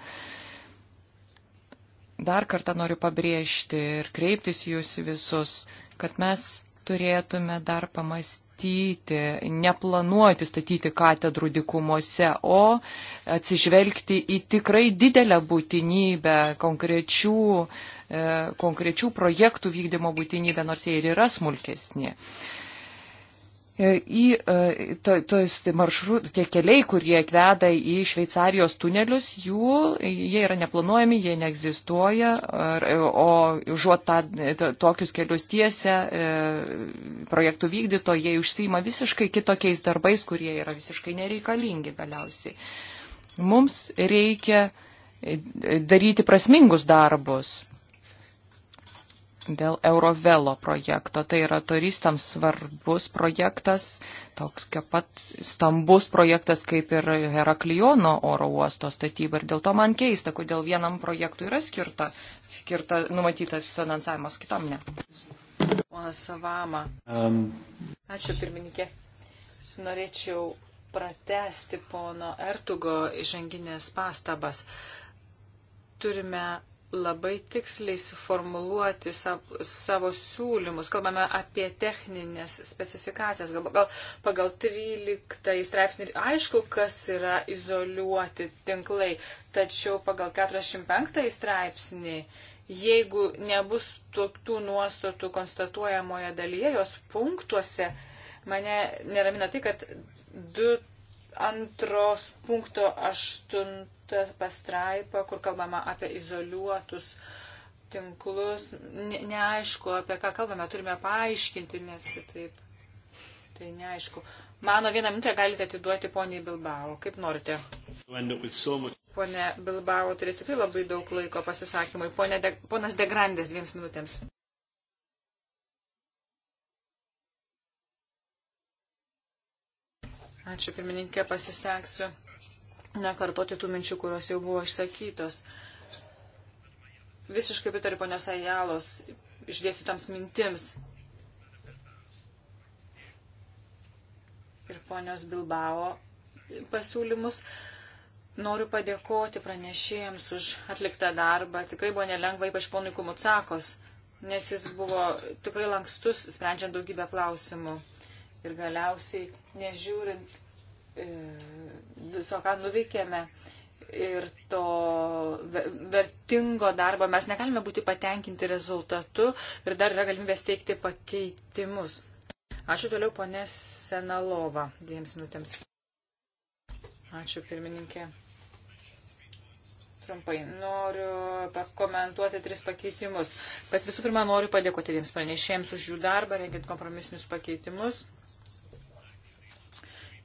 C: dar kartą noriu pabrėžti ir kreiptis jūs visus, kad mes turėtume dar pamastyti statyti, neplanuoti statyti katedrų dikumose, o atsižvelgti į tikrai didelę būtinybę konkrečių, e, konkrečių projektų vykdymo būtinybę, nors jie ir yra smulkesni. E, E, į e, to, tos maršrut, tie keliai, kurie veda į Šveicarijos tunelius, jų, jie yra neplanuojami, jie neegzistuoja, ar, e, o užuot tą, to, tokius kelius tiesia, projektų vykdytojai užsima visiškai kitokiais darbais, kurie yra visiškai nereikalingi galiausiai. Mums reikia daryti prasmingus darbus dėl Eurovelo projekto. Tai yra turistams svarbus projektas, toks kaip pat stambus projektas kaip ir Heraklijono oro uosto statyba. Ir dėl to man keista, kodėl vienam projektui yra skirta, skirta numatytas finansavimas, kitam ne.
A: Ponas Savama. Um. Ačiū pirmininkė. Norėčiau pratesti pono Ertugo išanginės pastabas. Turime labai tiksliai suformuluoti savo, savo siūlymus. Kalbame apie techninės specifikacijas. Gal, gal pagal 13 straipsnį aišku, kas yra izoliuoti tinklai, tačiau pagal 45 straipsnį, jeigu nebus tokių nuostatų konstatuojamoje dalyje, jos punktuose, mane neramina tai, kad du antros punkto aštunta pastraipa, kur kalbama apie izoliuotus tinklus. Ne, neaišku, apie ką kalbame, turime paaiškinti, nes kitaip tai neaišku. Mano vieną minutę galite atiduoti poniai Bilbao, kaip norite. Pone Bilbao, turės tikrai labai daug laiko pasisakymui. Pone de, ponas Degrandės dviems minutėms. Ačiū pirmininkė, pasistengsiu nekartoti tų minčių, kurios jau buvo išsakytos. Visiškai pritariu ponios Ajalos išdėstytoms mintims. Ir ponios Bilbao pasiūlymus. Noriu padėkoti pranešėjams už atliktą darbą. Tikrai buvo nelengva, ypač ponui Kumutsakos, nes jis buvo tikrai lankstus, sprendžiant daugybę klausimų ir galiausiai, nežiūrint e, viso, ką nuveikėme ir to vertingo darbo, mes negalime būti patenkinti rezultatu ir dar yra galimybė steigti pakeitimus. Ačiū toliau, ponė Senalova, dviems minutėms. Ačiū, pirmininkė. Trumpai noriu pakomentuoti tris pakeitimus. Bet visų pirma, noriu padėkoti dviems pranešėjams už jų darbą, rengiant kompromisinius pakeitimus.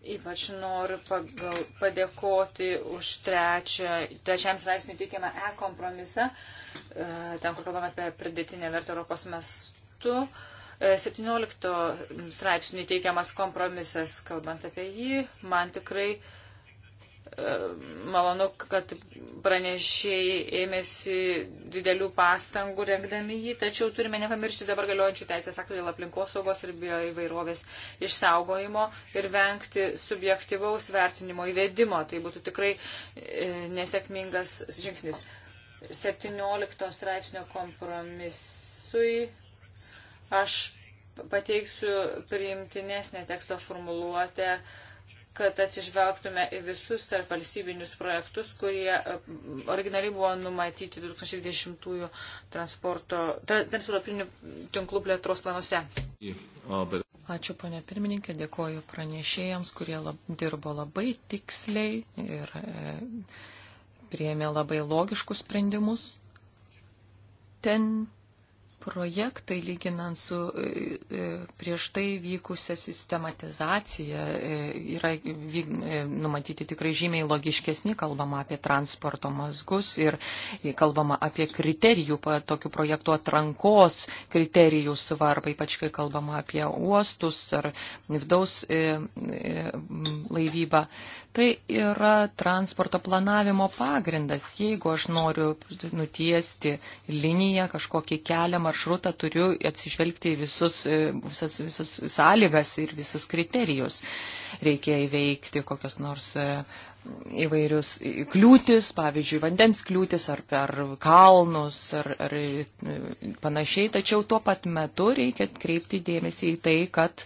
A: Ypač noriu pagal, padėkoti už trečią, trečiam straipsniui teikiamą e-kompromisą, e, ten kur kalbame apie pridėtinę vertę Europos mastu. 17 e, straipsniui teikiamas kompromisas, kalbant apie jį, man tikrai uh, malonu, kad pranešėjai ėmėsi didelių pastangų rengdami jį, tačiau turime nepamiršti dabar galiojančių teisės aktų dėl aplinkosaugos ir bioįvairovės išsaugojimo ir vengti subjektivaus vertinimo įvedimo. Tai būtų tikrai e, nesėkmingas žingsnis. 17 straipsnio kompromisui aš pateiksiu priimtinesnę teksto formuluotę. E, kad atsižvelgtume į visus tarp valstybinius projektus, kurie e, originaliai buvo numatyti 2020 transporto, transeuropinių tinklų plėtros planuose.
C: Ačiū, ponė pirmininkė, dėkoju pranešėjams, kurie lab, dirbo labai tiksliai ir e, priėmė labai logiškus sprendimus. Ten projektai, lyginant su e, e, prieš tai vykusią sistematizaciją, e, yra numatyti tikrai žymiai logiškesni, kalbama apie transporto mazgus ir kalbama apie kriterijų, tokių projektų atrankos kriterijų svarbą, ypač kai kalbama apie uostus ar vidaus laivybą. Tai yra transporto planavimo pagrindas. Jeigu aš noriu nutiesti liniją, kažkokį kelią, maršrutą turiu atsižvelgti į visus, e, visas, visas sąlygas ir visus kriterijus. Reikia įveikti kokios nors e, įvairius e, kliūtis, pavyzdžiui, vandens kliūtis ar per kalnus ar, ar panašiai, tačiau tuo pat metu reikia kreipti dėmesį į tai, kad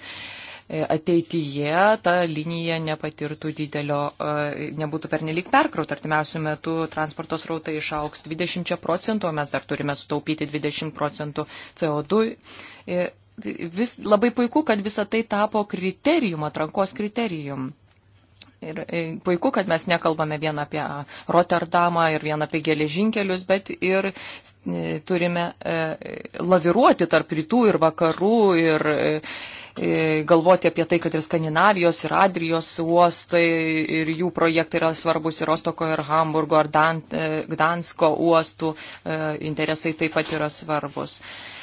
C: E, ateityje ta linija nepatirtų didelio, e, nebūtų pernelik perkraut. Artimiausių metų transporto srautai išauks 20 procentų, o mes dar turime sutaupyti 20 procentų CO2. E, vis, labai puiku, kad visa tai tapo kriterijum, atrankos kriterijum. Ir e, puiku, kad mes nekalbame vien apie Rotterdamą ir vien apie geležinkelius, bet ir e, turime e, laviruoti tarp rytų ir vakarų ir galvoti apie tai, kad ir Skandinavijos, ir Adrijos uostai, ir jų projektai yra svarbus, ir Ostoko, ir Hamburgo, ir Gdansko uostų interesai taip pat yra svarbus. Uh,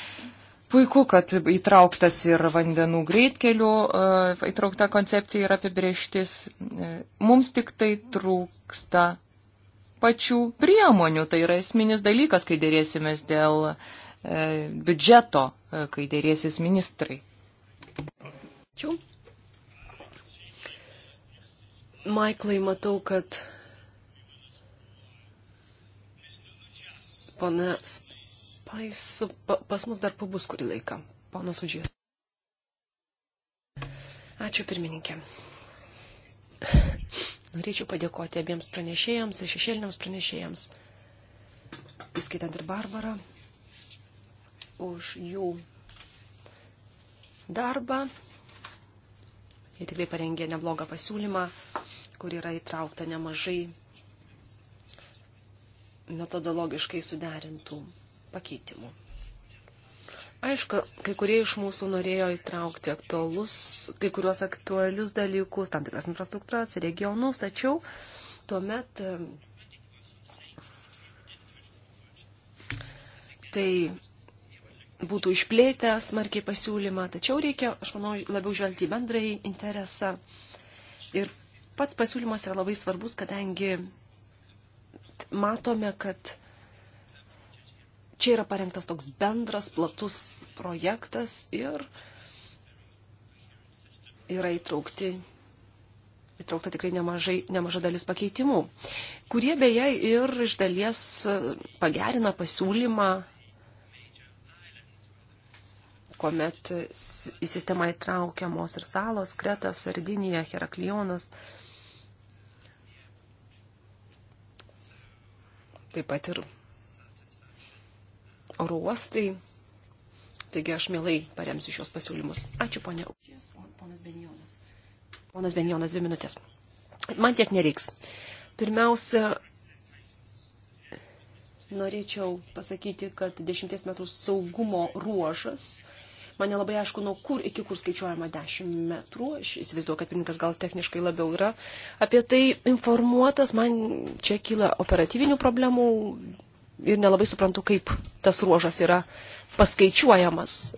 C: Puiku, kad įtrauktas ir vandenų greitkelių, e, įtraukta koncepcija ir apibrieštis. E, mums tik tai trūksta pačių priemonių. Tai yra esminis dalykas, kai dėrėsimės dėl e, biudžeto, kai dėrėsis ministrai. Ačiū.
B: Maiklai, matau, kad ponas paisu, pa, pas mus dar pabus kurį laiką. Ponas Udžė. Ačiū pirmininkė. Norėčiau padėkoti abiems pranešėjams ir šešėliniams pranešėjams, įskaitant ir Barbarą, už jų darbą. Jie tikrai parengė neblogą pasiūlymą, kur yra įtraukta nemažai metodologiškai suderintų pakeitimų. Aišku, kai kurie iš mūsų norėjo įtraukti aktualus, kai kuriuos aktualius dalykus, tam tikras infrastruktūras, regionus, tačiau tuomet tai būtų išplėtę smarkiai pasiūlymą, tačiau reikia, aš manau, labiau žvelgti į bendrąjį interesą. Ir pats pasiūlymas yra labai svarbus, kadangi matome, kad Čia yra parengtas toks bendras, platus projektas ir yra įtraukti, įtraukta tikrai nemažai, nemaža dalis pakeitimų, kurie beje ir iš dalies pagerina pasiūlymą, kuomet į sistemą įtraukiamos ir salos, Kretas, Sardinija, Heraklionas. Taip pat ir oro uostai. Taigi aš mielai paremsiu šios pasiūlymus. Ačiū, ponė. Ponas Benjonas. Ponas Benjonas, dvi minutės. Man tiek nereiks. Pirmiausia, norėčiau pasakyti, kad dešimties metrų saugumo ruožas. Man nelabai aišku, nuo kur iki kur skaičiuojama 10 metrų. Aš įsivaizduoju, kad pirmininkas gal techniškai labiau yra apie tai informuotas. Man čia kyla operatyvinių problemų, ir nelabai suprantu, kaip tas ruožas yra paskaičiuojamas.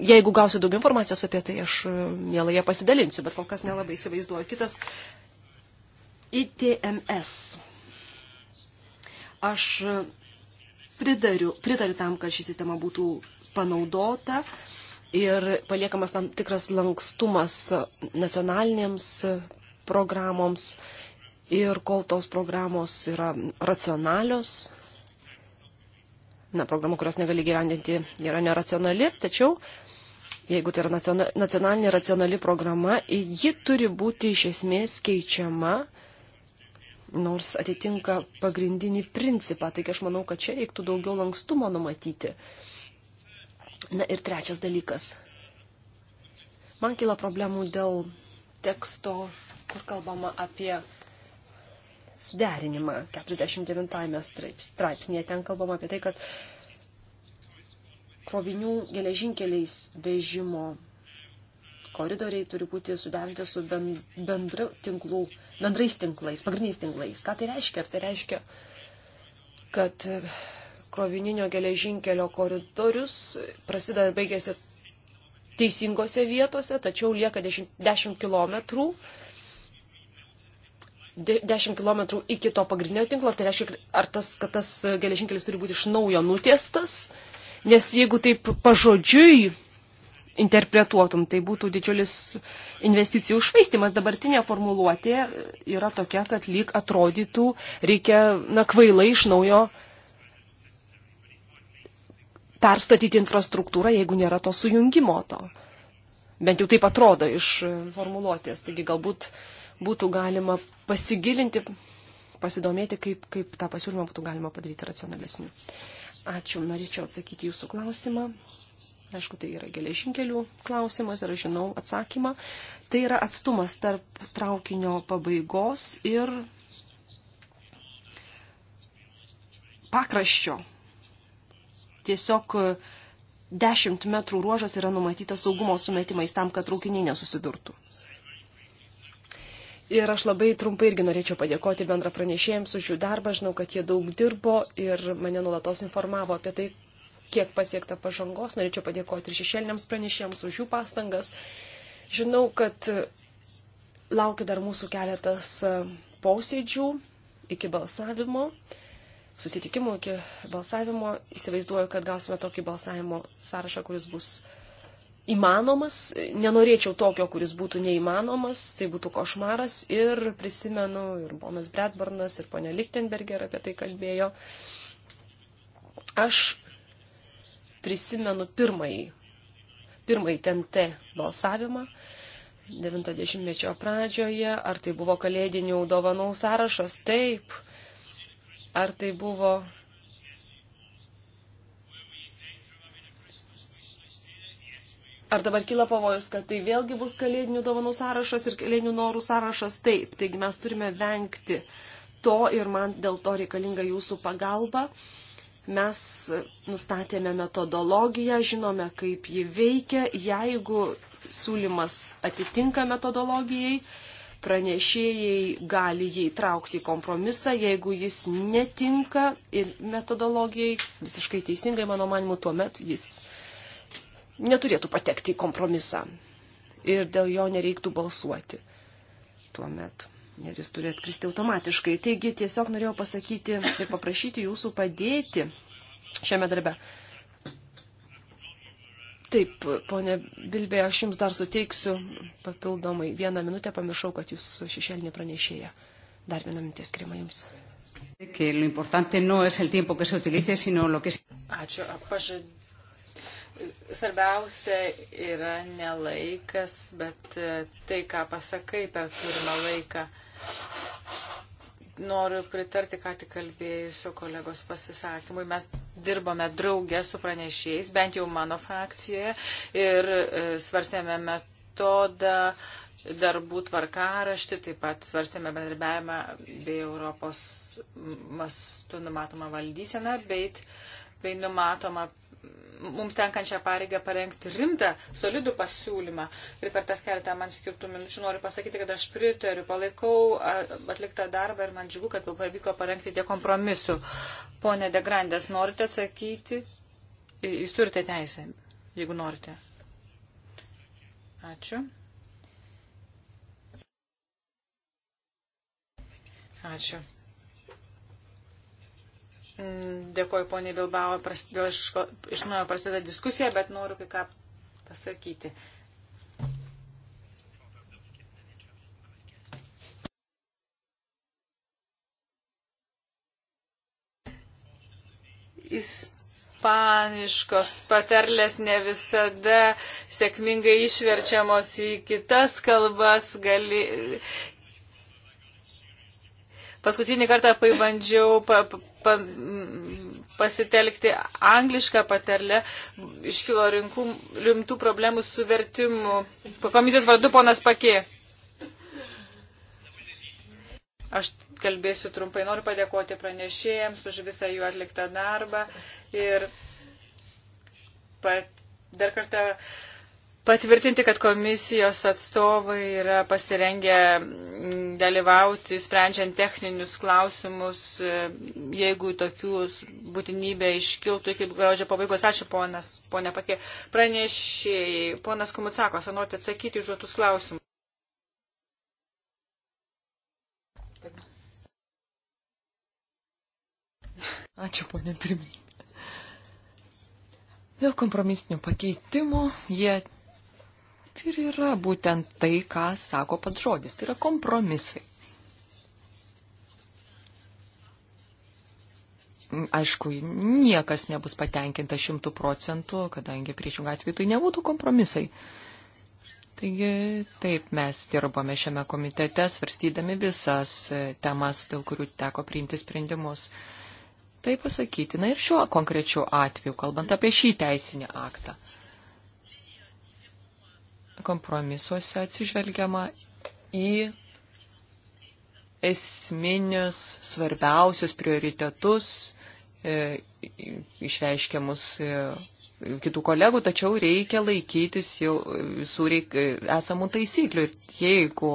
B: Jeigu gausiu daugiau informacijos apie tai, aš e, mielai ją pasidalinsiu, bet kol kas nelabai įsivaizduoju. Kitas ITMS. Aš e, pridariu, pritariu tam, kad ši sistema būtų panaudota ir paliekamas tam tikras lankstumas nacionalinėms e, programoms. Uh, Ir kol tos programos yra racionalios, na, programų, kurios negali gyvendinti, yra neracionali, tačiau jeigu tai yra nacionalinė racionali programa, ji turi būti iš esmės keičiama, nors atitinka pagrindinį principą. Taigi aš manau, kad čia reiktų daugiau lankstumo numatyti. Na ir trečias dalykas. Man kyla problemų dėl teksto, kur kalbama apie suderinimą. 49 straipsnėje ten kalbama apie tai, kad krovinių geležinkeliais vežimo koridoriai turi būti suderinti su bendra tinklų, bendrais tinklais, pagrindiniais tinklais. Ką tai reiškia? Tai reiškia, kad krovininio geležinkelio koridorius prasideda ir baigėsi teisingose vietose, tačiau lieka 10 km 10 km iki to pagrindinio tinklo, ar tai reiškia, ar tas, kad tas e, geležinkelis turi būti iš naujo nutiestas, nes jeigu taip pažodžiui interpretuotum, tai būtų didžiulis investicijų užvaistimas. Dabartinė formuluotė e, yra tokia, kad lyg atrodytų reikia nakvailai iš naujo perstatyti infrastruktūrą, jeigu nėra to sujungimo to. Bent jau taip atrodo iš e, formuluotės. Taigi galbūt uh, būtų galima pasigilinti, pasidomėti, kaip, kaip tą pasiūlymą būtų galima padaryti racionalesniu. Ačiū, norėčiau atsakyti jūsų klausimą. Aišku, tai yra geležinkelių klausimas ir aš žinau atsakymą. Tai yra atstumas tarp traukinio pabaigos ir pakraščio. Tiesiog 10 metrų ruožas yra numatytas saugumo sumetimais tam, kad traukiniai nesusidurtų. Ir aš labai trumpai irgi norėčiau padėkoti bendra pranešėjams už jų darbą. Žinau, kad jie daug dirbo ir mane nulatos informavo apie tai, kiek pasiekta pažangos. Norėčiau padėkoti ir šešėliniams pranešėjams už jų pastangas. Žinau, kad laukia dar mūsų keletas e, posėdžių iki balsavimo, susitikimų iki balsavimo. Įsivaizduoju, kad gausime tokį balsavimo sąrašą, kuris bus įmanomas, nenorėčiau tokio, kuris būtų neįmanomas, tai būtų košmaras ir prisimenu, ir ponas Bradburnas, ir ponė Lichtenberger apie tai kalbėjo. Aš prisimenu pirmąjį, pirmąjį TNT balsavimą. 90-mečio pradžioje, ar tai buvo kalėdinių dovanų sąrašas, taip, ar tai buvo Ar dabar kyla pavojus, kad tai vėlgi bus kalėdinių dovanų sąrašas ir kalėdinių norų sąrašas? Taip, taigi mes turime vengti to ir man dėl to reikalinga jūsų pagalba. Mes nustatėme metodologiją, žinome, kaip ji veikia. Jeigu siūlymas atitinka metodologijai, pranešėjai gali jį traukti į kompromisą, jeigu jis netinka ir metodologijai, visiškai teisingai, mano manimu, tuomet jis neturėtų patekti į kompromisą ir dėl jo nereiktų balsuoti tuomet. Ir jis turi atkristi automatiškai. Taigi tiesiog norėjau pasakyti ir paprašyti jūsų padėti šiame darbe. Taip, ponė Bilbė, aš jums dar suteiksiu papildomai vieną minutę, pamiršau, kad jūs šešėlinė pranešėja. Dar vieną minutę skirima jums.
A: Ačiū, pažad... Svarbiausia yra ne laikas, bet e, tai, ką pasakai per turimą laiką. Noriu pritarti, ką tik kalbėjusiu kolegos pasisakymui. Mes dirbome draugę su pranešėjais, bent jau mano frakcijoje, ir e, svarstėme metodą, darbų tvarkaraštį, taip pat svarstėme bendarbiavimą bei Europos mastu numatomą valdyseną, bei, bei numatomą mums tenkančią pareigą parengti rimtą, solidų pasiūlymą. Ir per tas keletą man skirtų minučių noriu pasakyti, kad aš pritariu, palaikau atliktą darbą ir man džiugu, kad pavyko parengti tie kompromisų. Pone Degrandės, norite atsakyti? Jūs turite teisę, jeigu norite. Ačiū. Ačiū. Dėkoju poniai Bilbao, prasidėjo iš naujo prasideda diskusija, bet noriu kai ką pasakyti. Ispaniškos patarlės ne visada sėkmingai išverčiamos į kitas kalbas, gali, Paskutinį kartą pabandžiau pa, pa, pasitelkti anglišką patarlę, iškilo rinkų, rimtų problemų su vertimu. Komisijos vardu ponas Pakė. Aš kalbėsiu trumpai. Noriu padėkoti pranešėjams už visą jų atliktą darbą ir pat, dar kartą patvirtinti, kad komisijos atstovai yra pasirengę mm, dalyvauti, sprendžiant techninius klausimus, e, jeigu tokių būtinybė iškiltų iki gruodžio pabaigos. Ačiū, ponas, ponė Pakė. Pranešėjai, ponas Kumutsakos, ar norite atsakyti užduotus klausimus?
B: Ačiū, ponė pirmininkė.
C: Dėl kompromisinių pakeitimų jie Tai ir yra būtent tai, ką sako pats žodis. Tai yra kompromisai. Aišku, niekas nebus patenkinta šimtų procentų, kadangi priešingų atveju tai nebūtų kompromisai. Taigi, taip mes dirbame šiame komitete, svarstydami visas temas, dėl kurių teko priimti sprendimus. Tai pasakytina ir šiuo konkrečiu atveju, kalbant apie šį teisinį aktą kompromisuose atsižvelgiama į esminius, svarbiausius prioritetus e, išreiškiamus e, kitų kolegų, tačiau reikia laikytis jau visų reik, e, esamų taisyklių. Ir jeigu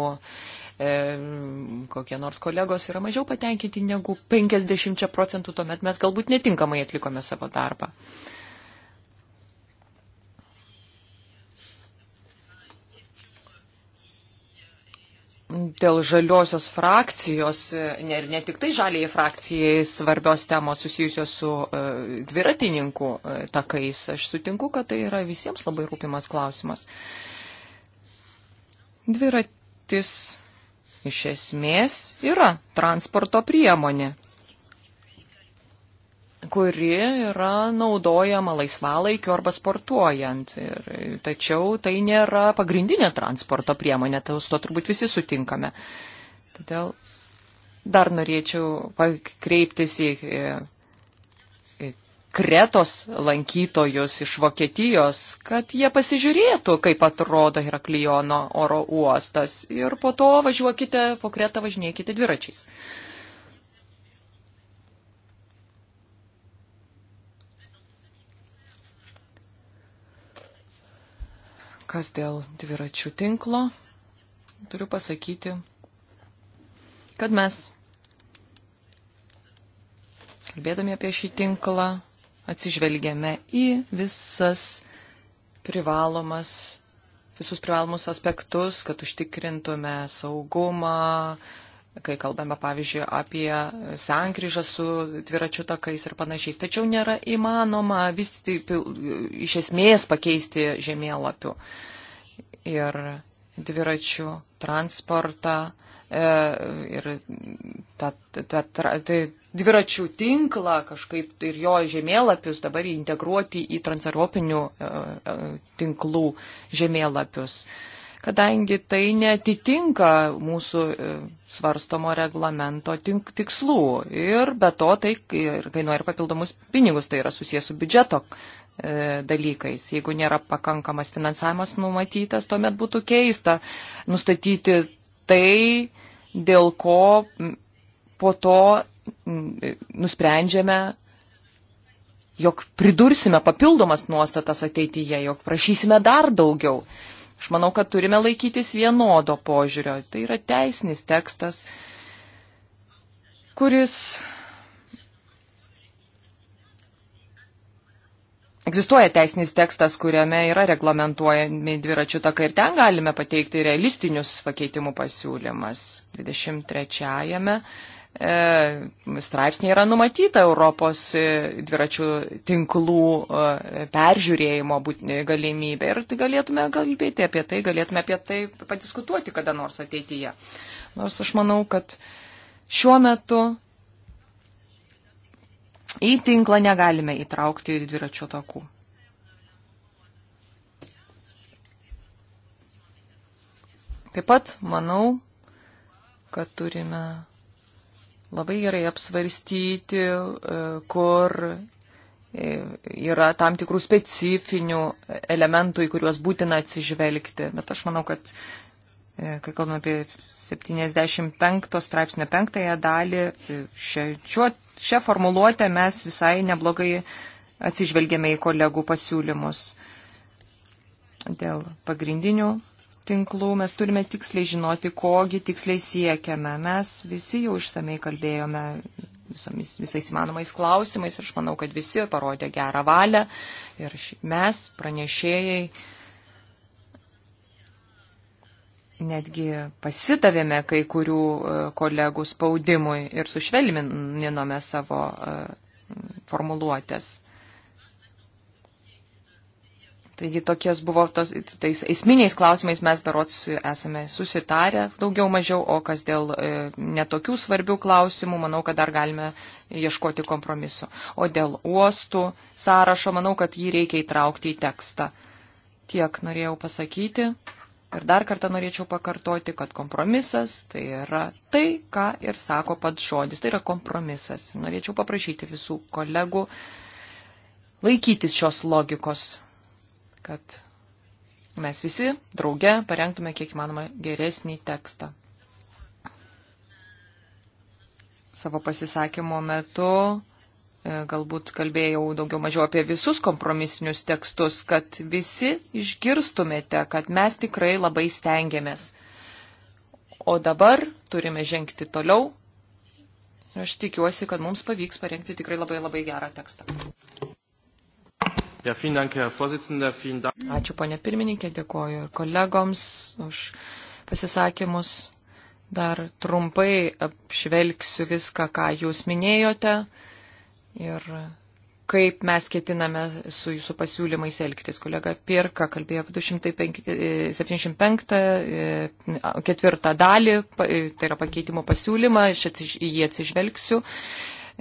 C: e, kokie nors kolegos yra mažiau patenkinti negu 50 procentų, tuomet mes galbūt netinkamai atlikome savo darbą. E, dėl žaliosios frakcijos ir ne tik tai žaliai frakcijai svarbios temos susijusios su e, dviratininkų e, takais. Aš sutinku, kad tai yra visiems labai rūpimas klausimas. Dviratis iš esmės yra transporto priemonė kuri yra naudojama laisvalaikiu arba sportuojant. Ir, tačiau tai nėra pagrindinė transporto priemonė, tai su to turbūt visi sutinkame. Todėl dar norėčiau kreiptis į kretos lankytojus iš Vokietijos, kad jie pasižiūrėtų, kaip atrodo Heraklijono oro uostas ir po to važiuokite, po kretą važinėkite dviračiais. Kas dėl dviračių tinklo, turiu pasakyti, kad mes, kalbėdami apie šį tinklą, atsižvelgiame į visas privalomas, visus privalomus aspektus, kad užtikrintume saugumą, kai kalbame, pavyzdžiui, apie sankryžą su dviračių takais ir panašiais. Tačiau nėra įmanoma vis taip iš esmės pakeisti žemėlapių ir dviračių transportą e, ir tą, tą, tą, tą tai dviračių tinklą kažkaip ir jo žemėlapius dabar integruoti į transeuropinių e, e, tinklų žemėlapius. E, kadangi tai netitinka mūsų e, svarstomo reglamento tikslų. Ir be to tai ir kainuoja ir papildomus pinigus, tai yra susijęs su biudžeto e, dalykais. Jeigu nėra pakankamas finansavimas numatytas, tuomet būtų keista nustatyti tai, dėl ko po to e, nusprendžiame, jog pridursime papildomas nuostatas ateityje, jog prašysime dar daugiau. Aš manau, kad turime laikytis vienodo požiūrio. Tai yra teisinis tekstas, kuris Egzistuoja teisinis tekstas, kuriame yra reglamentuojami dviračių takai ir ten galime pateikti realistinius pakeitimų pasiūlymas. 23-ame E, straipsnė yra numatyta Europos e, dviračių tinklų e, peržiūrėjimo galimybė. Ir tai galėtume kalbėti apie tai, galėtume apie tai padiskutuoti kada nors ateityje. Nors aš manau, kad šiuo metu į tinklą negalime įtraukti dviračių takų. Taip pat manau, kad turime labai gerai apsvarstyti, e, kur e, yra tam tikrų specifinių elementų, į kuriuos būtina atsižvelgti. Bet aš manau, kad e, kai kalbame apie 75 straipsnio penktąją dalį, šią, šią formuluotę mes visai neblogai atsižvelgėme į kolegų pasiūlymus dėl pagrindinių tinklų, mes turime tiksliai žinoti, kogi tiksliai siekiame. Mes visi jau išsamei kalbėjome visomis, visais įmanomais klausimais ir aš manau, kad visi parodė gerą valią ir mes, pranešėjai, netgi pasidavėme kai kurių e, kolegų spaudimui ir sušvelminome savo e, formuluotės. Taigi tokies buvo tos, tais esminiais klausimais mes berots esame susitarę daugiau mažiau, o kas dėl e, netokių svarbių klausimų, manau, kad dar galime ieškoti kompromiso. O dėl uostų sąrašo, manau, kad jį reikia įtraukti į tekstą. Tiek norėjau pasakyti. Ir dar kartą norėčiau pakartoti, kad kompromisas tai yra tai, ką ir sako pats žodis, tai yra kompromisas. Norėčiau paprašyti visų kolegų laikytis šios logikos kad mes visi drauge parengtume kiek įmanoma geresnį tekstą. Savo pasisakymo metu e, galbūt kalbėjau daugiau mažiau apie visus kompromisinius tekstus, kad visi išgirstumėte, kad mes tikrai labai stengiamės. O dabar turime žengti toliau. Ir aš tikiuosi, kad mums pavyks parengti tikrai labai labai gerą tekstą.
B: Ja, vielen Dank, Herr Vorsitzender, vielen Dank. Ačiū,
C: ponė pirmininkė, dėkoju ir kolegoms už pasisakymus. Dar trumpai apžvelgsiu viską, ką jūs minėjote ir kaip mes ketiname su jūsų pasiūlymais elgtis. Kolega Pirka kalbėjo apie 275 e, e, ketvirtą dalį, e, tai yra pakeitimo pasiūlymą, aš į jį atsižvelgsiu.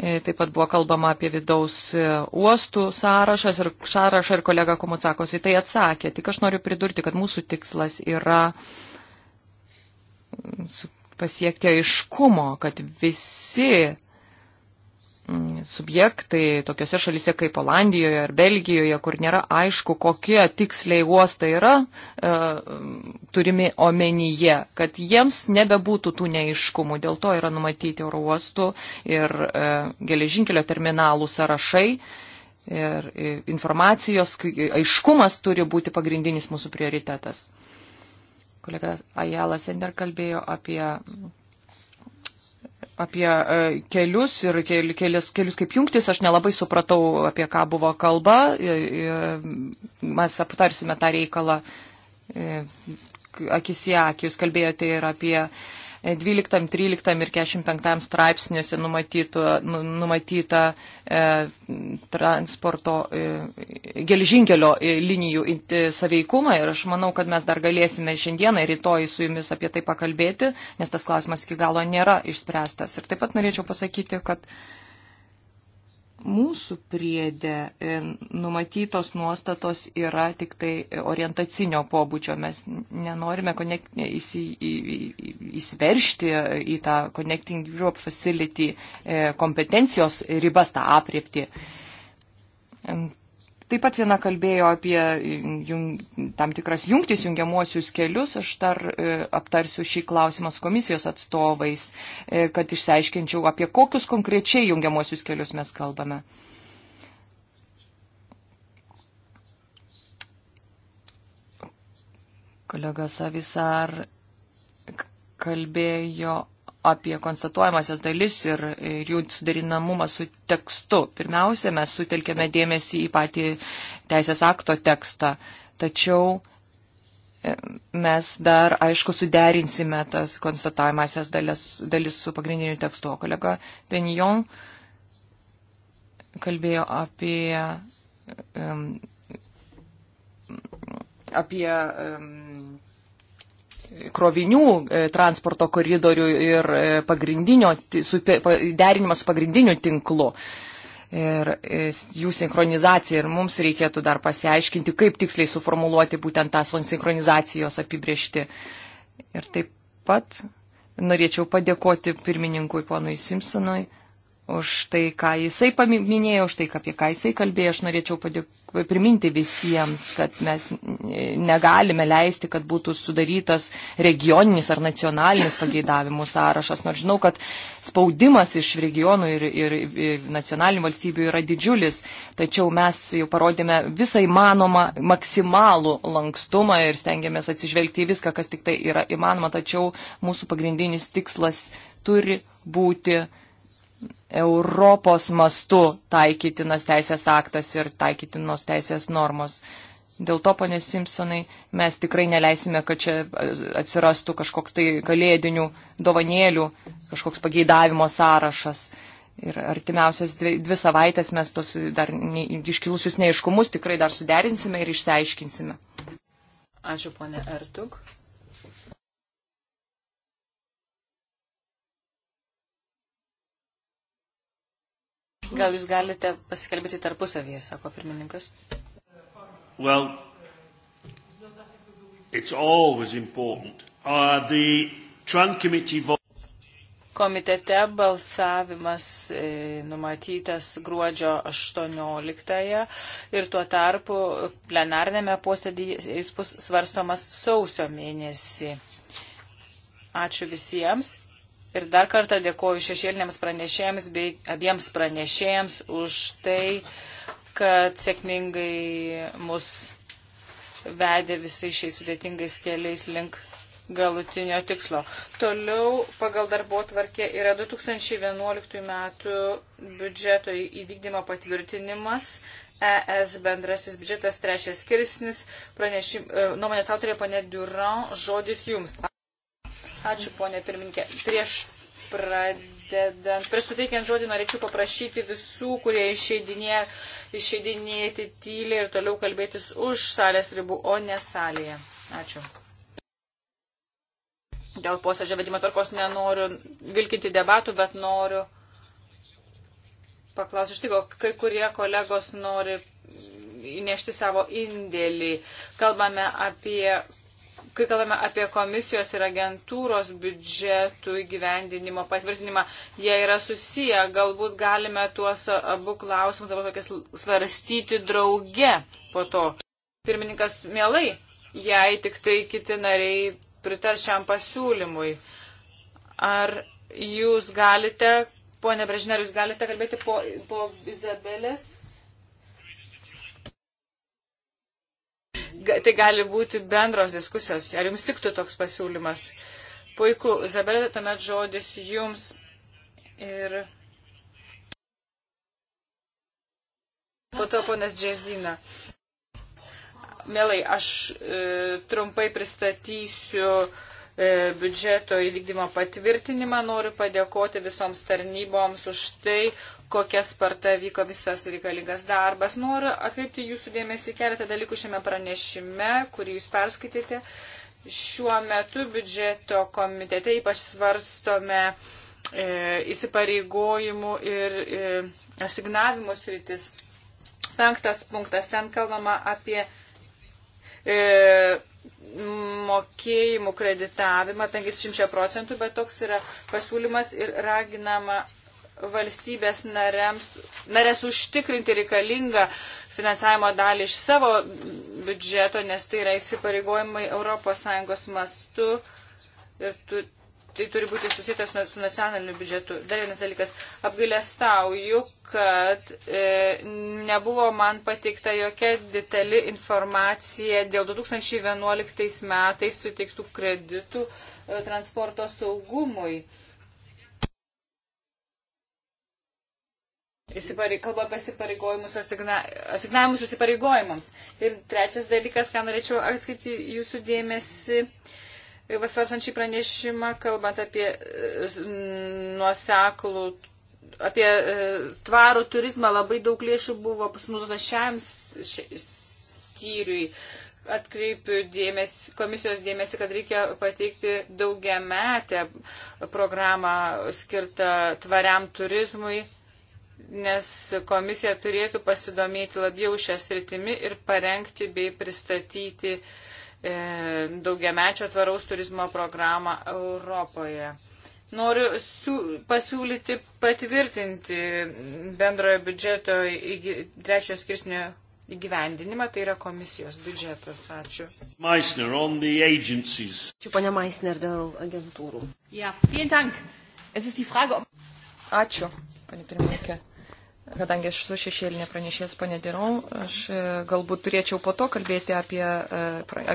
C: E, taip pat buvo kalbama apie vidaus e, uostų sąrašas ir sąrašą ir kolega Komucakos į tai atsakė. Tik aš noriu pridurti, kad mūsų tikslas yra mm, pasiekti aiškumo, kad visi Mm, subjektai tokiuose šalise kaip Olandijoje ar Belgijoje, kur nėra aišku, kokie tiksliai uostai yra e, mm, turimi omenyje, kad jiems nebebūtų tų neiškumų. Dėl to yra numatyti oro uostų ir e, geležinkelio terminalų sąrašai. Ir e, informacijos aiškumas turi būti pagrindinis mūsų prioritetas. Kolega Ajalas Ender kalbėjo apie apie e, kelius ir kelius, kelius kaip jungtis, aš nelabai supratau, apie ką buvo kalba. E, e, mes aptarsime tą reikalą akis į akį. Jūs kalbėjote ir apie uh, 12, 13 ir 45 straipsniuose numatyto, nu, numatyta e, transporto e, gelžinkelio e, linijų e, saveikumą ir aš manau, kad mes dar galėsime šiandieną ir rytoj su jumis apie tai pakalbėti, nes tas klausimas iki galo nėra išspręstas. Ir taip pat norėčiau pasakyti, kad mūsų priedė e, numatytos nuostatos yra tik tai orientacinio pobūdžio. Mes nenorime connect, įsi, į, įsiveršti į tą Connecting Europe Facility e, kompetencijos ribas, tą apriepti. Taip pat viena kalbėjo apie e, jung, tam tikras jungtis, jungiamuosius kelius. Aš dar e, aptarsiu šį klausimą su komisijos atstovais, e, kad išsiaiškinčiau, apie kokius konkrečiai jungiamuosius kelius mes kalbame. Kolega Savisar kalbėjo apie konstatuojamasias dalis ir, ir jų sudarinamumą su tekstu. Pirmiausia, mes sutelkėme dėmesį į patį teisės akto tekstą, tačiau e, mes dar, aišku, suderinsime tas konstatuojamasias dalis, dalis su pagrindiniu tekstu. Kolega Penijon kalbėjo apie. Um, apie um, krovinių e, transporto koridorių ir e, pagrindinio, su, derinimas su pagrindiniu tinklu. Ir e, jų sinchronizacija ir mums reikėtų dar pasiaiškinti, kaip tiksliai suformuluoti būtent tą sinchronizacijos apibriešti. Ir taip pat norėčiau padėkoti pirmininkui ponui Simpsonui už tai, ką jisai paminėjo, už tai, apie ką jisai kalbėjo. Aš norėčiau padėk... priminti visiems, kad mes negalime leisti, kad būtų sudarytas regioninis ar nacionalinis pageidavimų sąrašas. Nors žinau, kad spaudimas iš regionų ir, ir, ir nacionalinių valstybių yra didžiulis, tačiau mes jau parodėme visą įmanomą maksimalų lankstumą ir stengiamės atsižvelgti į viską, kas tik tai yra įmanoma, tačiau mūsų pagrindinis tikslas turi būti Europos mastu taikytinas teisės aktas ir taikytinos teisės normos. Dėl to, ponė Simpsonai, mes tikrai neleisime, kad čia atsirastų kažkoks tai kalėdinių dovanėlių, kažkoks pageidavimo sąrašas. Ir artimiausias dvi, dvi savaitės mes tos dar ne, iškilusius neiškumus tikrai dar suderinsime ir išsiaiškinsime.
A: Ačiū, ponė Artuk. Gal jūs galite pasikalbėti tarpusavyje, sako pirmininkas. Well, it's always important. Uh, the Tran committee vote komitete balsavimas e, numatytas gruodžio 18 ir tuo tarpu plenarnėme posėdėje jis bus svarstomas sausio mėnesį. Ačiū visiems. Ir dar kartą dėkoju šešėliniams pranešėjams bei abiems pranešėjams už tai, kad sėkmingai mus vedė visais šiais sudėtingais keliais link galutinio tikslo. Toliau pagal darbo tvarkė yra 2011 metų biudžeto įvykdymo patvirtinimas ES bendrasis biudžetas trečias skirsnis, pranešim, e, nuomonės autorė pane Duran, žodis jums. Ačiū, ponė pirminkė. Prieš pradedant, prieš suteikiant žodį norėčiau paprašyti visų, kurie išeidinėja, išeidinėti tyliai ir toliau kalbėtis už salės ribų, o ne salėje. Ačiū. Dėl posėdžio vedimo tvarkos nenoriu vilkinti debatų, bet noriu paklausti. Štai, kai kurie kolegos nori įnešti savo indėlį. Kalbame apie kai kalbame apie komisijos ir agentūros biudžetų įgyvendinimo patvirtinimą, jie yra susiję. Galbūt galime tuos abu klausimus dabar svarstyti drauge po to. Pirmininkas, mielai, jei tik tai kiti nariai pritars šiam pasiūlymui. Ar jūs galite, ponė Brežinė, ar jūs galite kalbėti po, po Izabelės? tai gali būti bendros diskusijos. Ar jums tiktų toks pasiūlymas? Puiku, Izabelė, tuomet žodis jums. Ir po to ponas Džezina. Mielai, aš e, trumpai pristatysiu e, biudžeto įvykdymo patvirtinimą. Noriu padėkoti visoms tarnyboms už tai, kokia sparta vyko visas reikalingas darbas. Noriu atkreipti jūsų dėmesį keletą dalykų šiame pranešime, kurį jūs perskaitėte. Šiuo metu biudžeto komitete ypač svarstome e, įsipareigojimų ir e, asignavimų sritis. Penktas punktas, ten kalbama apie e, mokėjimų kreditavimą 500 procentų, bet toks yra pasiūlymas ir raginama valstybės narėms, narės užtikrinti reikalingą finansavimo dalį iš savo biudžeto, nes tai yra įsipareigojimai ES mastu ir tu, tai turi būti susijęs su nacionaliniu biudžetu. Dar vienas dalykas, apgailestauju, kad e, nebuvo man pateikta jokia detali informacija dėl 2011 metais suteiktų kreditų e, transporto saugumui. E, kalba apie įsipareigojimus, asigna, asignavimus įsipareigojimams. Ir trečias dalykas, ką norėčiau atskaipti jūsų dėmesį, vasvarsant šį pranešimą, kalbant apie e, nuoseklų apie e, tvarų turizmą labai daug lėšų buvo pasinaudota šiam skyriui. Atkreipiu dėmesį, komisijos dėmesį, kad reikia pateikti daugiametę programą skirtą tvariam turizmui nes komisija turėtų pasidomėti labiau šią sritimi ir parengti bei pristatyti e, daugiamečio tvaraus turizmo programą Europoje. Noriu siū, pasiūlyti patvirtinti bendrojo biudžeto įgy, trečio skirsnio įgyvendinimą, tai yra komisijos biudžetas. Ačiū. Meisner, Ačiū,
B: ponia Meisner, dėl agentūrų.
A: Ja, Ačiū
C: panė pirmininkė. Kadangi aš esu šešėlinė pranešės panėdirau, aš e, galbūt turėčiau po to kalbėti apie e,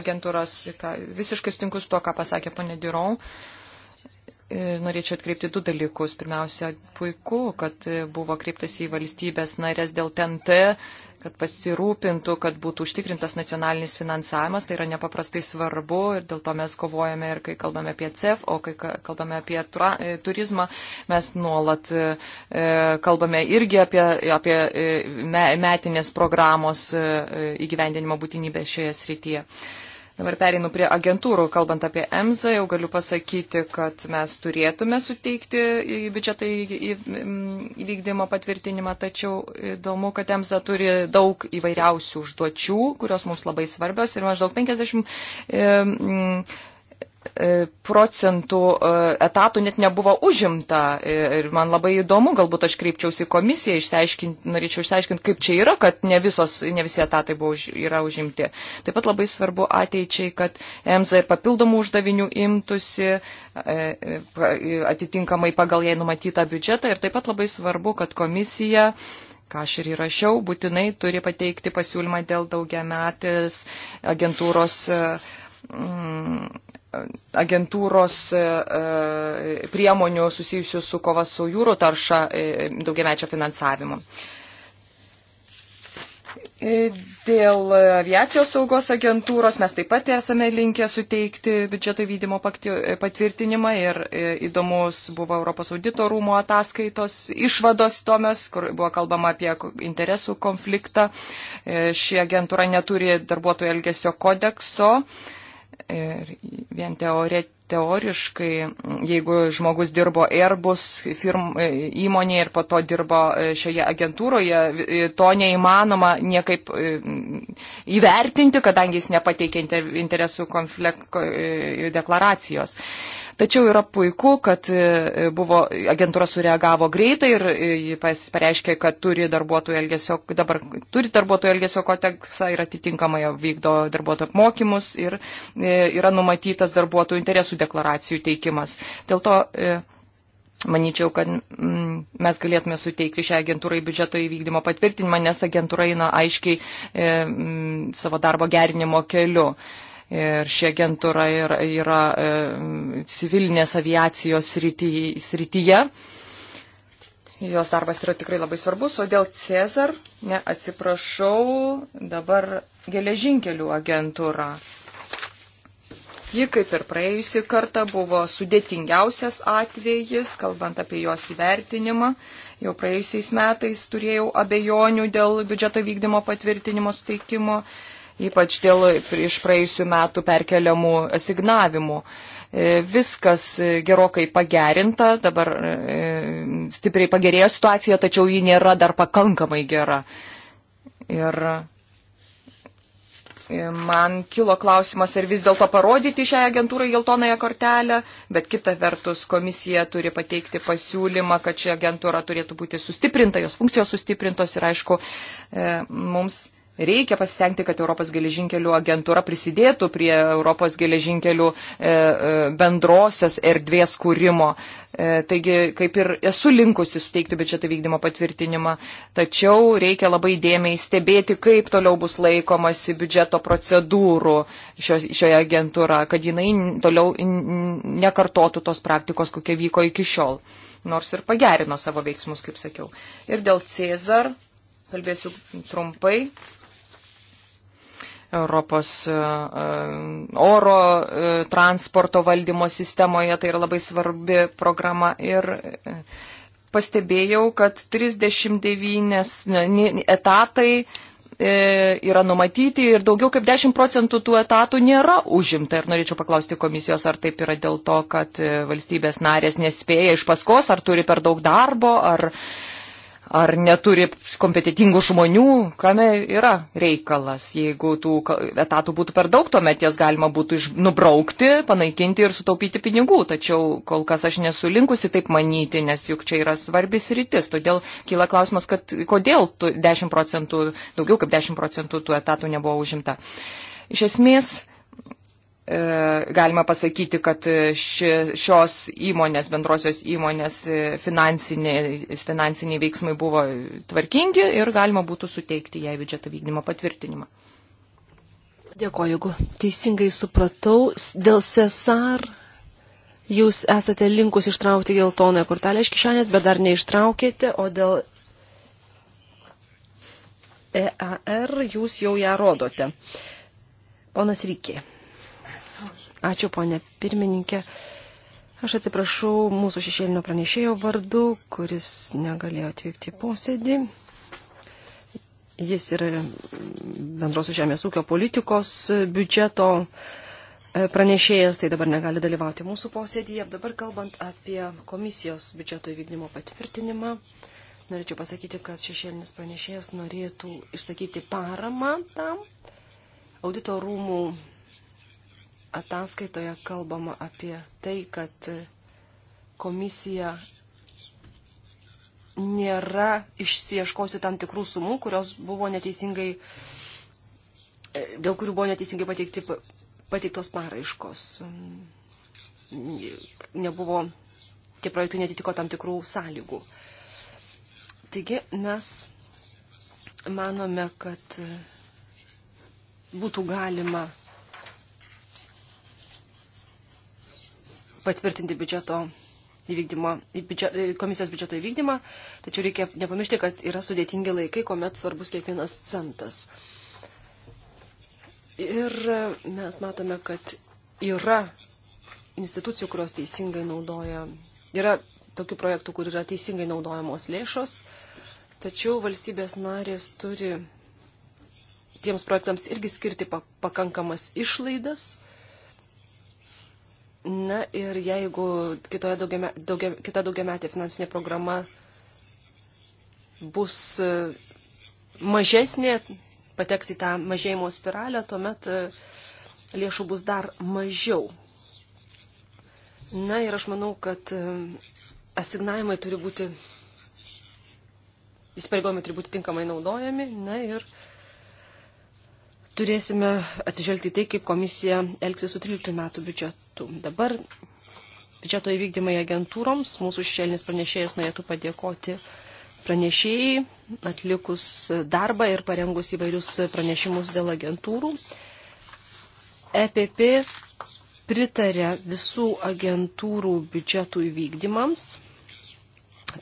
C: agentūras. Ką, visiškai sutinku su to, ką pasakė panėdirau. E, norėčiau atkreipti du dalykus. Pirmiausia, puiku, kad buvo kreiptas į valstybės narės dėl TNT kad pasirūpintų, kad būtų užtikrintas nacionalinis finansavimas. Tai yra nepaprastai svarbu ir dėl to mes kovojame ir kai kalbame apie CEF, o kai kalbame apie tra, e, turizmą, mes nuolat e, e, kalbame irgi apie, apie e, me, metinės programos e, įgyvendinimo būtinybę šioje srityje. E, Dabar pereinu prie agentūrų. Kalbant apie EMSA, jau galiu pasakyti, kad mes turėtume suteikti į biudžetą įvykdymo patvirtinimą, tačiau įdomu, kad EMSA turi daug įvairiausių užduočių, kurios mums labai svarbios ir maždaug 50. E, mm, E, procentų e, etatų net nebuvo užimta. E, ir man labai įdomu, galbūt aš kreipčiausi į komisiją, išsiaiškinti, norėčiau išsiaiškinti, kaip čia yra, kad ne, visos, ne visi etatai buvo, yra užimti. Taip pat labai svarbu ateičiai, kad EMSA ir papildomų uždavinių imtųsi atitinkamai pagal jai numatytą biudžetą. Ir taip pat labai svarbu, kad komisija ką aš ir įrašiau, būtinai turi pateikti pasiūlymą dėl daugiametės agentūros mm, agentūros e, e, priemonių susijusių su kova su jūrų tarša e, daugiamečio finansavimu. Dėl aviacijos saugos agentūros mes taip pat esame linkę suteikti biudžeto įvykdymo patvirtinimą ir įdomus buvo Europos audito rūmo ataskaitos išvados įdomios, kur buvo kalbama apie interesų konfliktą. Ši agentūra neturi darbuotojų elgesio kodekso Ir vien teori, teoriškai, jeigu žmogus dirbo Airbus firm, e, įmonėje ir po to dirbo e, šioje agentūroje, e, to neįmanoma niekaip įvertinti, kadangi jis nepateikė interesų konflikto deklaracijos. Tačiau yra puiku, kad e, buvo, agentūra sureagavo greitai ir e, pareiškė, kad turi darbuotojų elgesio, dabar turi darbuotojų elgesio kodeksą ir atitinkamai vykdo darbuotojų apmokymus ir e, yra numatytas darbuotojų interesų deklaracijų teikimas. Dėl to Maničiau, kad mm, mes galėtume suteikti šią agentūrai biudžeto įvykdymo patvirtinimą, nes agentūra eina aiškiai e, mm, savo darbo gerinimo keliu. E, Ir ši agentūra yra, yra e, civilinės aviacijos srityje. Jos darbas yra tikrai labai svarbus, o dėl Cezar, ne, atsiprašau, dabar geležinkelių agentūra. Ji, kaip ir praėjusi kartą, buvo sudėtingiausias atvejis, kalbant apie jos įvertinimą. Jau praėjusiais metais turėjau abejonių dėl biudžeto vykdymo patvirtinimo suteikimo ypač dėl iš praėjusių metų perkeliamų asignavimų. E, viskas e, gerokai pagerinta, dabar e, stipriai pagerėjo situacija, tačiau ji nėra dar pakankamai gera. Ir Man kilo klausimas, ar vis dėlto parodyti šią agentūrą geltonąją kortelę, bet kita vertus komisija turi pateikti pasiūlymą, kad ši agentūra turėtų būti sustiprinta, jos funkcijos sustiprintos ir aišku, mums Reikia pasitengti, kad Europos geležinkelių agentūra prisidėtų prie Europos geležinkelių e, e, bendrosios erdvės kūrimo. E, taigi, kaip ir esu linkusi suteikti biudžeto vykdymo patvirtinimą, tačiau reikia labai dėmiai stebėti, kaip toliau bus laikomasi biudžeto procedūrų šio, šioje agentūra, kad jinai toliau nekartotų tos praktikos, kokia vyko iki šiol. Nors ir pagerino savo veiksmus, kaip sakiau. Ir dėl Cezar kalbėsiu trumpai. Europos e, e, oro e, transporto valdymo sistemoje, tai yra labai svarbi programa. Ir pastebėjau, kad 39 etatai yra numatyti ir daugiau kaip 10 procentų tų etatų nėra užimta. Ir norėčiau paklausti komisijos, ar taip yra dėl to, kad valstybės narės nespėja iš paskos, ar turi per daug darbo, ar ar neturi kompetitingų žmonių, kame yra reikalas. Jeigu tų etatų būtų per daug, tuomet jas galima būtų iš, nubraukti, panaikinti ir sutaupyti pinigų. Tačiau kol kas aš nesu linkusi taip manyti, nes juk čia yra svarbis rytis. Todėl kyla klausimas, kad kodėl 10 procentų, daugiau kaip 10 procentų tų etatų nebuvo užimta. Iš esmės, E, galima pasakyti, kad e, ši, šios įmonės, bendrosios įmonės e, finansiniai, finansiniai veiksmai buvo tvarkingi ir galima būtų suteikti jai biudžeto vykdymo patvirtinimą.
B: Dėkoju, jeigu teisingai supratau, dėl Cesar jūs esate linkus ištraukti geltoną kortelę iš kišenės, bet dar neištraukėte, o dėl EAR jūs jau ją rodote. Ponas Rykė. Ačiū, ponė pirmininkė. Aš atsiprašau mūsų šešėlinio pranešėjo vardu, kuris negalėjo atvykti į posėdį. Jis yra bendros žemės ūkio politikos biudžeto e, pranešėjas, tai dabar negali dalyvauti mūsų posėdyje. Dabar kalbant apie komisijos biudžeto įvykdymo patvirtinimą, norėčiau pasakyti, kad šešėlinis pranešėjas norėtų išsakyti paramą tam audito rūmų ataskaitoje kalbama apie tai, kad komisija nėra išsieškosi tam tikrų sumų, kurios buvo neteisingai, e, dėl kurių buvo neteisingai pateikti, pateiktos paraiškos. Nebuvo, tie projektai netitiko tam tikrų sąlygų. Taigi mes manome, kad būtų galima patvirtinti biudžeto įvykdymo, biudžet, komisijos biudžeto įvykdymą, tačiau reikia nepamiršti, kad yra sudėtingi laikai, kuomet svarbus kiekvienas centas. Ir mes matome, kad yra institucijų, kurios teisingai naudoja, yra tokių projektų, kur yra teisingai naudojamos lėšos, tačiau valstybės narės turi tiems projektams irgi skirti pakankamas išlaidas Na ir jeigu kitoje daugiame, daugia, kita daugiametė finansinė programa bus e, mažesnė, pateks į tą mažėjimo spiralę, tuomet e, lėšų bus dar mažiau. Na ir aš manau, kad e, asignavimai turi būti, įsipareigojimai turi būti tinkamai naudojami. Na ir uh, turėsime atsižvelgti tai, kaip komisija elgsis su 13 metų biudžetu. Dabar biudžeto įvykdymai agentūroms, mūsų šešėlinis pranešėjas norėtų padėkoti pranešėjai, atlikus darbą ir parengus įvairius pranešimus dėl agentūrų. EPP pritarė visų agentūrų biudžetų įvykdymams,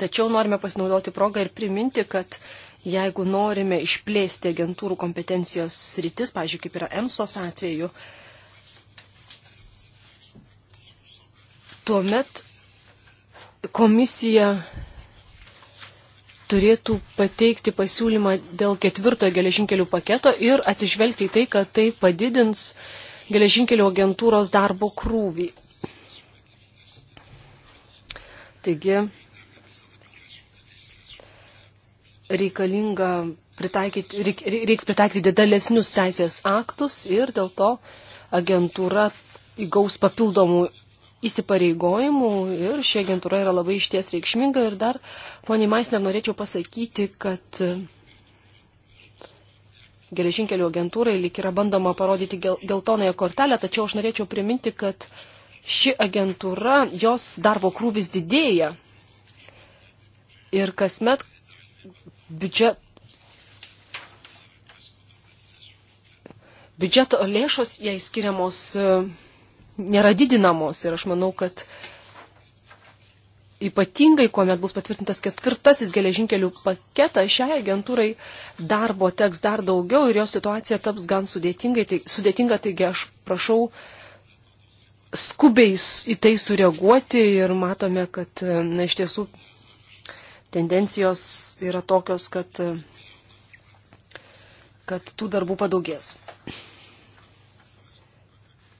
B: tačiau norime pasinaudoti progą ir priminti, kad jeigu norime išplėsti agentūrų kompetencijos sritis, pažiūrėjau, kaip yra EMSOS atveju, tuomet komisija turėtų pateikti pasiūlymą dėl ketvirtojo geležinkelių paketo ir atsižvelgti į tai, kad tai padidins geležinkelių agentūros darbo krūvį. Taigi, reikalinga pritaikyti, reik, reiks pritaikyti didelesnius teisės aktus ir dėl to agentūra įgaus papildomų įsipareigojimų ir ši agentūra yra labai išties reikšminga. Ir dar, poniai Maisner, norėčiau pasakyti, kad e, geležinkelių agentūrai lik yra bandoma parodyti gel, geltonąją kortelę, tačiau aš norėčiau priminti, kad ši agentūra, jos darbo krūvis didėja. Ir kasmet biudžet, biudžeto lėšos jai skiriamos e, nėra didinamos ir aš manau, kad ypatingai, kuomet bus patvirtintas ketvirtasis geležinkelių paketas, šiai agentūrai darbo teks dar daugiau ir jos situacija taps gan sudėtinga, tai, sudėtinga taigi aš prašau skubiai į tai sureaguoti ir matome, kad e, na, iš tiesų tendencijos yra tokios, kad, kad tų darbų padaugės.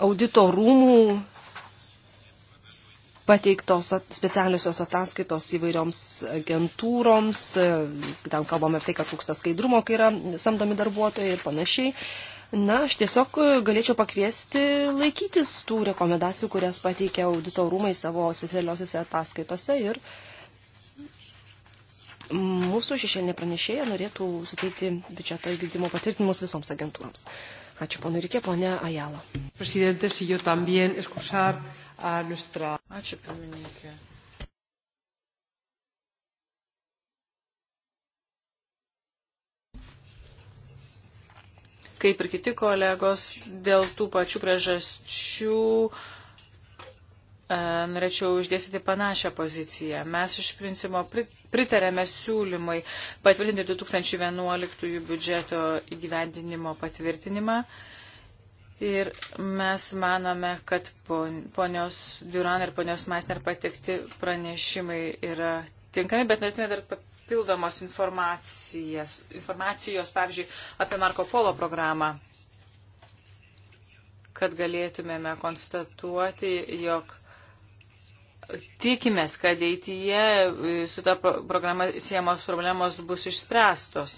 B: Audito rūmų pateiktos specialiosios ataskaitos įvairioms agentūroms, ten kalbame apie tai, kad trūksta skaidrumo, kai yra samdomi darbuotojai ir panašiai. Na, aš tiesiog galėčiau pakviesti laikytis tų rekomendacijų, kurias pateikė audito rūmai savo specialiosiose ataskaitose ir uh, mūsų šešėlinė pranešėja norėtų suteikti biudžeto įvykdymo patvirtinimus visoms agentūrams. Ačiū, ponai Rikė, ponė Ajala. Ačiū, pirmininkė.
A: Kaip ir kiti kolegos, dėl tų pačių priežasčių E, norėčiau išdėstyti panašią poziciją. Mes iš principo pritarėme siūlymui patvirtinti 2011 biudžeto įgyvendinimo patvirtinimą. Ir mes manome, kad ponios Duran ir ponios Maisner patekti pranešimai yra tinkami, bet norėtume dar papildomos informacijos, informacijos, pavyzdžiui, apie Marko Polo programą, kad galėtumėme konstatuoti, jog tikimės, kad ateityje e, su ta programa siejamos problemos bus išspręstos.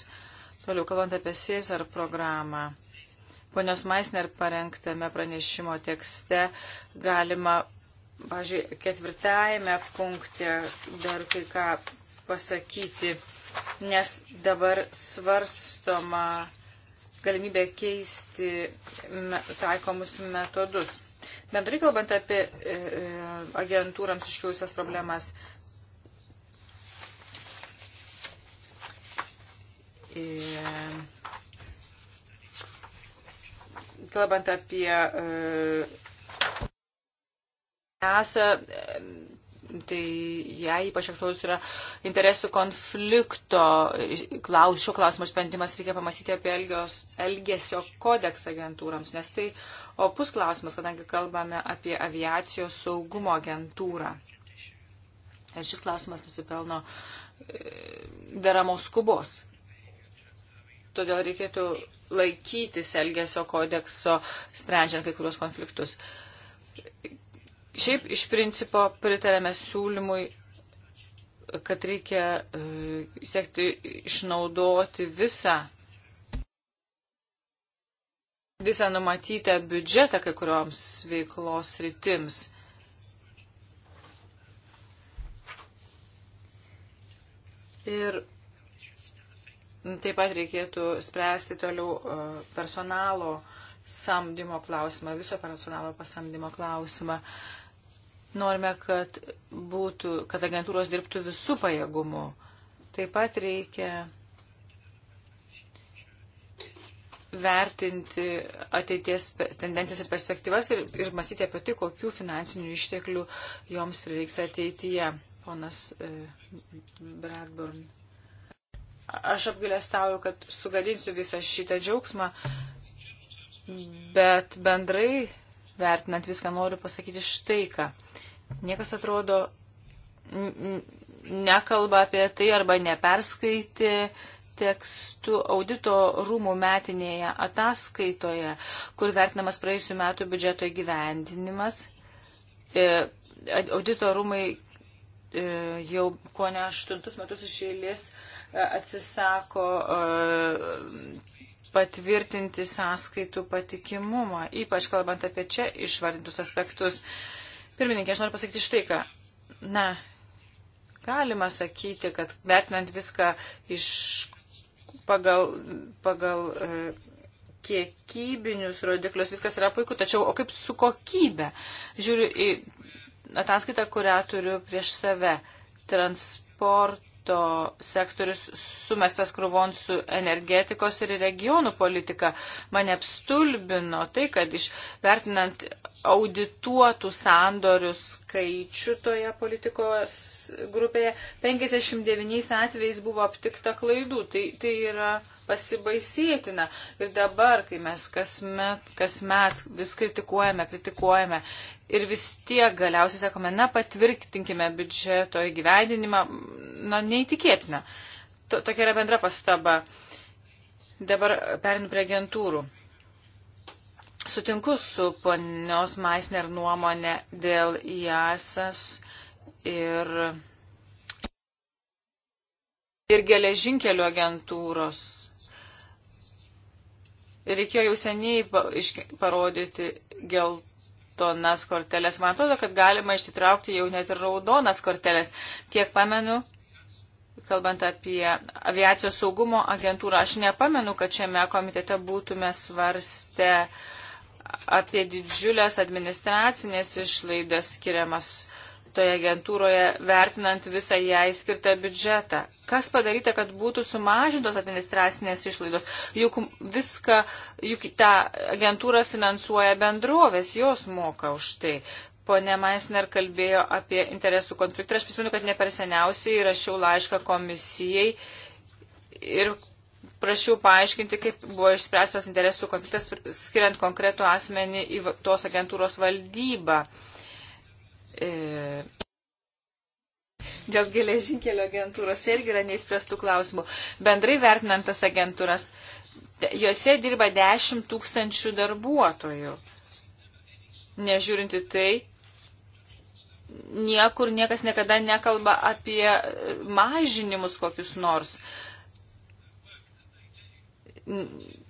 A: Toliau kalbant apie Cesar programą. Ponios Maisner parengtame pranešimo tekste galima, pažiūrėjau, ketvirtajame punkte dar kai ką pasakyti, nes dabar svarstoma galimybė keisti taikomus metodus. Bendrai kalbant apie e, e, agentūrams iškiausias problemas, e, kalbant apie esą tai jai ypač aktualus yra interesų konflikto klaus, šio klausimo sprendimas, reikia pamastyti apie elgios, elgesio kodeksą agentūrams, nes tai opus klausimas, kadangi kalbame apie aviacijos saugumo agentūrą. Ir šis klausimas nusipelno e, deramos skubos. Todėl reikėtų laikytis Elgesio kodekso, sprendžiant kai kurios konfliktus. Uh, Šiaip iš principo pritarėme siūlymui, kad reikia uh, siekti išnaudoti visą, visą numatytą biudžetą kai kurioms veiklos rytims. Ir taip pat reikėtų spręsti toliau e, personalo samdymo klausimą, viso personalo pasamdymo klausimą. Uh, Norime, kad, būtų, kad agentūros dirbtų visų pajėgumų. Taip pat reikia vertinti ateities tendencijas ir perspektyvas ir, ir mąstyti apie tai, kokių finansinių išteklių joms prireiks ateityje. Ponas e, Bradburn. Aš apgailestauju, kad sugadinsiu visą šitą džiaugsmą, bet bendrai vertinant viską, noriu pasakyti štai ką. Niekas atrodo nekalba apie tai arba neperskaitė tekstų audito rūmų metinėje ataskaitoje, kur vertinamas praėjusiu metu biudžeto įgyvendinimas. E, audito rūmai e, jau ko ne aštuntus metus iš eilės e, atsisako patvirtinti sąskaitų patikimumą, ypač kalbant apie čia išvardintus aspektus. Pirmininkė, aš noriu pasakyti štai ką. Na, galima sakyti, kad vertinant viską iš pagal, pagal e, kiekybinius rodiklius, viskas yra puiku, tačiau o kaip su kokybė? Žiūriu į ataskaitą, kurią turiu prieš save. Transport transporto sektorius sumestas krūvon su energetikos ir regionų politika. Mane apstulbino tai, kad iš vertinant audituotų sandorių skaičių toje politikos grupėje 59 atvejais buvo aptikta klaidų. Tai, tai yra pasibaisėtina. Ir dabar, kai mes kasmet, kasmet vis kritikuojame, kritikuojame ir vis tiek galiausiai sakome, na patvirtinkime biudžeto įgyvendinimą, na neįtikėtina. To, tokia yra bendra pastaba. Dabar perinu prie agentūrų. Sutinku su ponios Maisner nuomonė dėl JASAS ir ir geležinkelių agentūros reikėjo jau seniai parodyti geltonas korteles. Man atrodo, kad galima išsitraukti jau net ir raudonas korteles. Kiek pamenu, kalbant apie aviacijos saugumo agentūrą, aš nepamenu, kad šiame komitete būtume svarstę apie didžiulės administracinės išlaidas skiriamas toje agentūroje, vertinant visą jai skirtą biudžetą? Kas padaryta, kad būtų sumažintos administracinės išlaidos? Juk viską, juk tą agentūrą finansuoja bendrovės, jos moka už tai. Pone Maisner kalbėjo apie interesų konfliktą. Aš prisimenu, kad ne per seniausiai rašiau laišką komisijai ir prašiau paaiškinti, kaip buvo išspręstas interesų konfliktas, skiriant konkretų asmenį į tos agentūros valdybą. Uh, E, Dėl geležinkelio agentūros irgi yra neįspręstų klausimų. Bendrai vertinant tas agentūras, jose dirba 10 tūkstančių darbuotojų. Nežiūrinti tai, niekur niekas niekada nekalba apie mažinimus kokius nors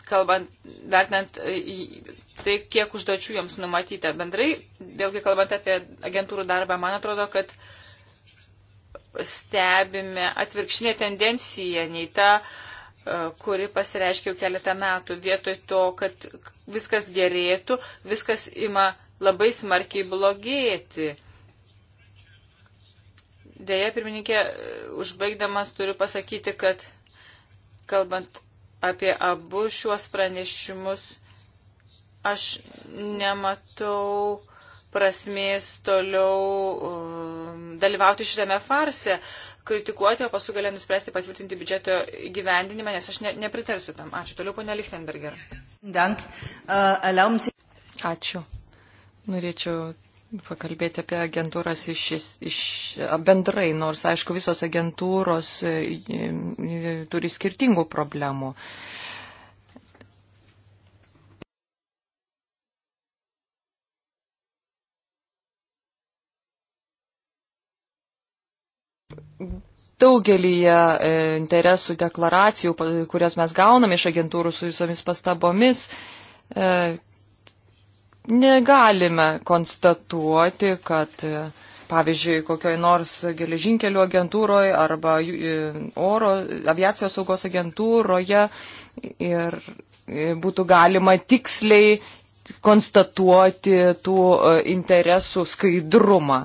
A: kalbant, vertinant e, tai, kiek užduočių joms numatyta. Bendrai, vėlgi kalbant apie agentūrų darbą, man atrodo, kad stebime atvirkštinę tendenciją, nei tą, e, kuri pasireiškia jau keletą metų. Vietoj to, kad viskas gerėtų, viskas ima labai smarkiai blogėti. Deja, pirmininkė, e, užbaigdamas turiu pasakyti, kad kalbant apie abu šiuos pranešimus. Aš nematau prasmės toliau um, dalyvauti šitame farse, kritikuoti, o paskui galė nuspręsti patvirtinti biudžeto gyvendinimą, nes aš ne, nepritarsiu tam. Ačiū. Toliau ponia Lichtenberger.
C: Dank. Äh, Ačiū. Norėčiau pakalbėti apie agentūras iš, iš bendrai, nors aišku visos agentūros e, e, turi skirtingų problemų.
B: Daugelį e,
C: interesų deklaracijų, kurias mes gauname iš agentūrų su visomis pastabomis, negalime konstatuoti, kad e, pavyzdžiui, kokioj nors geležinkelių agentūroje arba e, oro aviacijos saugos agentūroje ir e, būtų galima tiksliai konstatuoti tų interesų skaidrumą.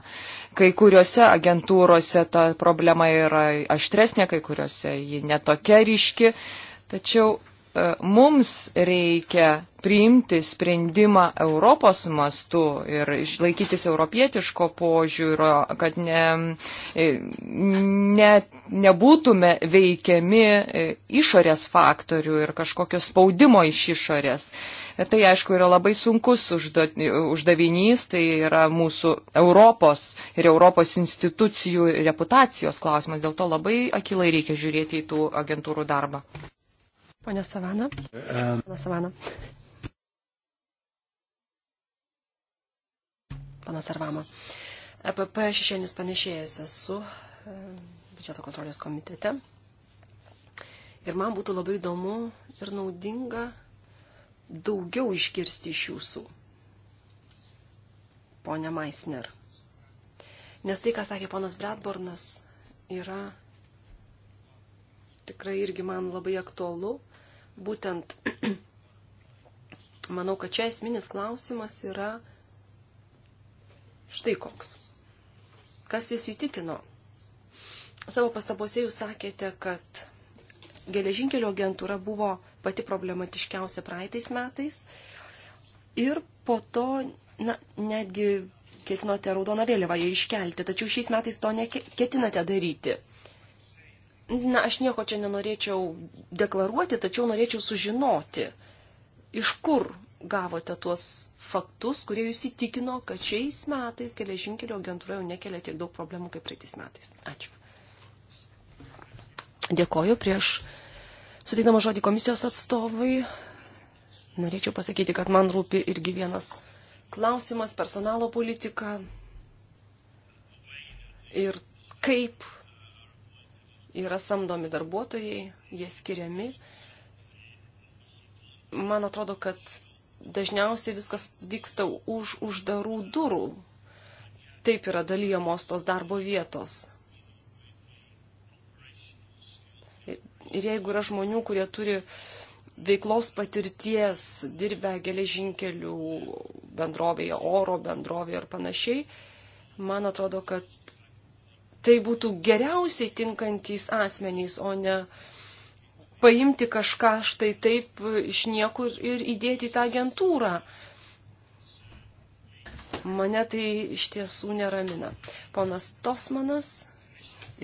C: Kai kuriuose agentūrose ta problema yra aštresnė, kai kuriuose ji netokia ryški, tačiau mums reikia priimti sprendimą Europos mastu ir išlaikytis europietiško požiūrio, kad ne, e, ne, nebūtume veikiami e, išorės faktorių ir kažkokio spaudimo iš išorės. E, tai aišku yra labai sunkus užda, uždavinys, tai yra mūsų Europos ir Europos institucijų reputacijos klausimas, dėl to labai akilai reikia žiūrėti į tų agentūrų darbą.
B: Pane Savana. Pane Savana. panas Arvama. EPP šešėlis panešėjęs esu e, biudžeto kontrolės komitete. Ir man būtų labai įdomu ir naudinga daugiau išgirsti iš jūsų, ponia Maisner. Nes tai, ką sakė ponas Bradbornas, yra tikrai irgi man labai aktualu. Būtent manau, kad čia esminis klausimas yra štai koks. Kas jūs įtikino? Savo pastabose jūs sakėte, kad geležinkelio agentūra buvo pati problematiškiausia praeitais metais ir po to na, netgi ketinote raudoną vėliavą ją iškelti, tačiau šiais metais to neketinate daryti. Na, aš nieko čia nenorėčiau deklaruoti, tačiau norėčiau sužinoti, iš kur gavote tuos faktus, kurie jūs įtikino, kad šiais metais geležinkelio agentūra jau nekelia tiek daug problemų kaip praeitais metais. Ačiū. Dėkoju prieš suteikdama žodį komisijos atstovui. Norėčiau pasakyti, kad man rūpi irgi vienas klausimas - personalo politika ir kaip yra samdomi darbuotojai, jie skiriami. Man atrodo, kad dažniausiai viskas vyksta už uždarų durų. Taip yra dalyjamos tos darbo vietos. Ir jeigu yra žmonių, kurie turi veiklos patirties, dirbę geležinkelių bendrovėje, oro bendrovėje ir panašiai, man atrodo, kad tai būtų geriausiai tinkantys asmenys, o ne uh, paimti kažką štai taip iš niekur ir įdėti į tą agentūrą. Mane tai iš tiesų neramina. Ponas Tosmanas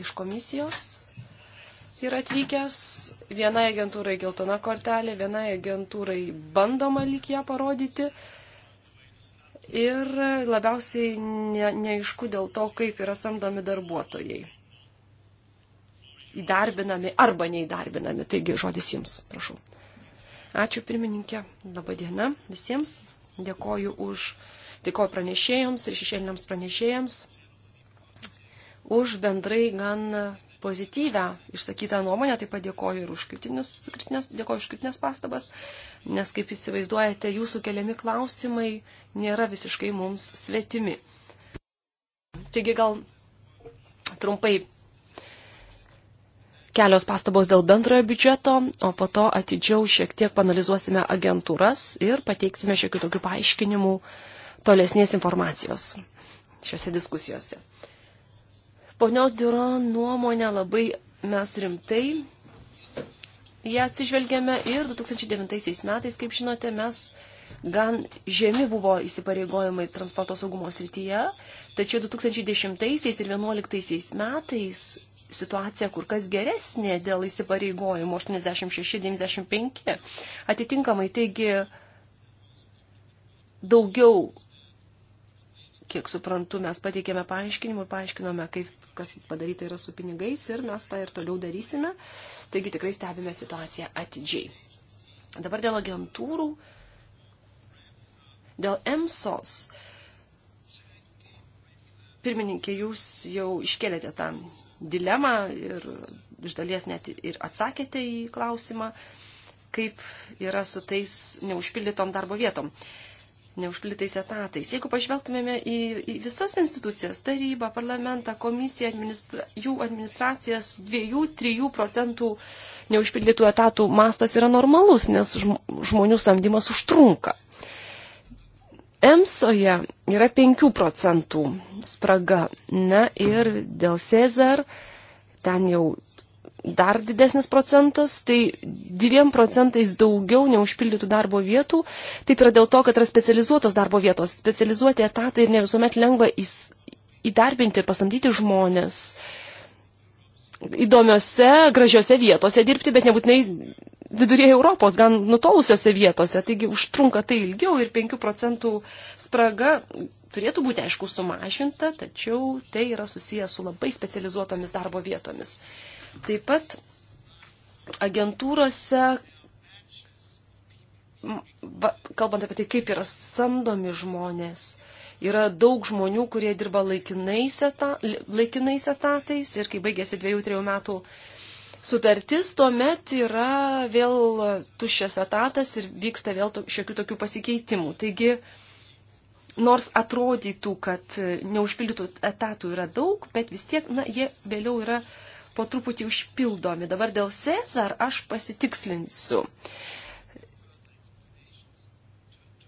B: iš komisijos yra atvykęs. Vienai agentūrai geltona kortelė, vienai agentūrai bandoma lyg ją parodyti. Ir labiausiai ne, neaišku dėl to, kaip yra samdomi darbuotojai įdarbinami arba neįdarbinami. Taigi žodis jums, prašau. Ačiū pirmininkė, laba diena visiems. Dėkoju už, dėkoju pranešėjams ir šešėliniams pranešėjams už bendrai gan pozityvę išsakytą nuomonę, taip pat dėkoju ir už kritinės, dėkoju už kritinės pastabas, nes, kaip įsivaizduojate, jūsų keliami klausimai nėra visiškai mums svetimi. Taigi gal trumpai kelios pastabos dėl bendrojo biudžeto, o po to atidžiau šiek tiek panalizuosime agentūras ir pateiksime šiek tiek tokių paaiškinimų tolesnės informacijos šiuose diskusijose. Ponios Diro nuomonė labai mes rimtai ją atsižvelgėme ir 2009 metais, kaip žinote, mes gan žemi buvo įsipareigojimai transporto saugumo srityje, tačiau 2010 ir 2011 metais situacija kur kas geresnė dėl įsipareigojimų 86-95. Atitinkamai, taigi daugiau, kiek suprantu, mes pateikėme paaiškinimų ir paaiškinome, kaip kas padaryta yra su pinigais ir mes tą ir toliau darysime. Taigi tikrai stebime situaciją atidžiai. Dabar dėl agentūrų, dėl EMSOS pirmininkė, jūs jau iškėlėte tam dilemą ir iš dalies net ir atsakėte į klausimą, kaip yra su tais neužpildytom darbo vietom, neužpildytais etatais. Jeigu pažvelgtumėme į, į visas institucijas - tarybą, parlamentą, komisiją, administra, jų administracijas, 2-3 procentų neužpildytų etatų mastas yra normalus, nes žmonių samdymas užtrunka. Uh, EMSOje yra 5 procentų spraga. Na ir dėl Cezar ten jau dar didesnis procentas, tai 2 procentais daugiau neužpildytų darbo vietų. Taip yra dėl to, kad yra specializuotos darbo vietos, specializuoti etatai ir ne visuomet lengva įdarbinti ir pasamdyti žmonės įdomiose, gražiose vietose dirbti, bet nebūtinai vidurėje Europos, gan nutolusiose vietose, taigi užtrunka tai ilgiau ir 5 procentų spraga turėtų būti, aišku, sumažinta, tačiau tai yra susijęs su labai specializuotomis darbo vietomis. Taip pat agentūrose, kalbant apie tai, kaip yra samdomi žmonės, yra daug žmonių, kurie dirba laikinais, eta, laikinais etatais ir kai baigėsi dviejų, trejų metų sutartis, tuomet yra vėl tuščias etatas ir vyksta vėl to, šiokių tokių pasikeitimų. Taigi, nors atrodytų, kad neužpildytų etatų yra daug, bet vis tiek, na, jie vėliau yra po truputį užpildomi. Dabar dėl Cezar aš pasitikslinsiu.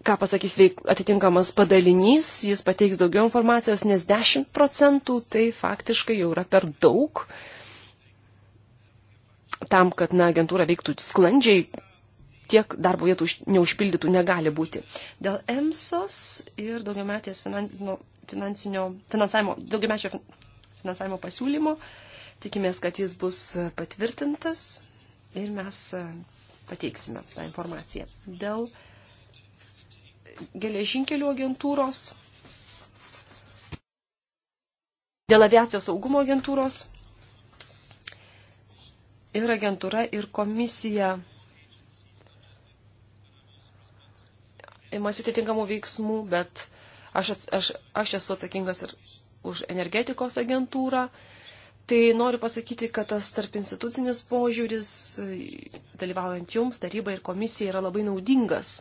B: Ką pasakys veik, atitinkamas padalinys, jis pateiks daugiau informacijos, nes 10 procentų tai faktiškai jau yra per daug. Uh, tam, kad na, agentūra veiktų sklandžiai, tiek darbo vietų neužpildytų negali būti. Dėl EMSOS ir daugiametės finansinio, finansinio finansavimo, daugiamečio finansavimo pasiūlymo tikimės, kad jis bus patvirtintas ir mes e, pateiksime tą informaciją. Dėl geležinkelių agentūros, dėl aviacijos saugumo agentūros ir agentūra, ir komisija imasi atitinkamų veiksmų, bet aš, aš, aš esu atsakingas ir už energetikos agentūrą. Tai noriu pasakyti, kad tas tarp institucinis požiūris, dalyvaujant jums, taryba ir komisija yra labai naudingas,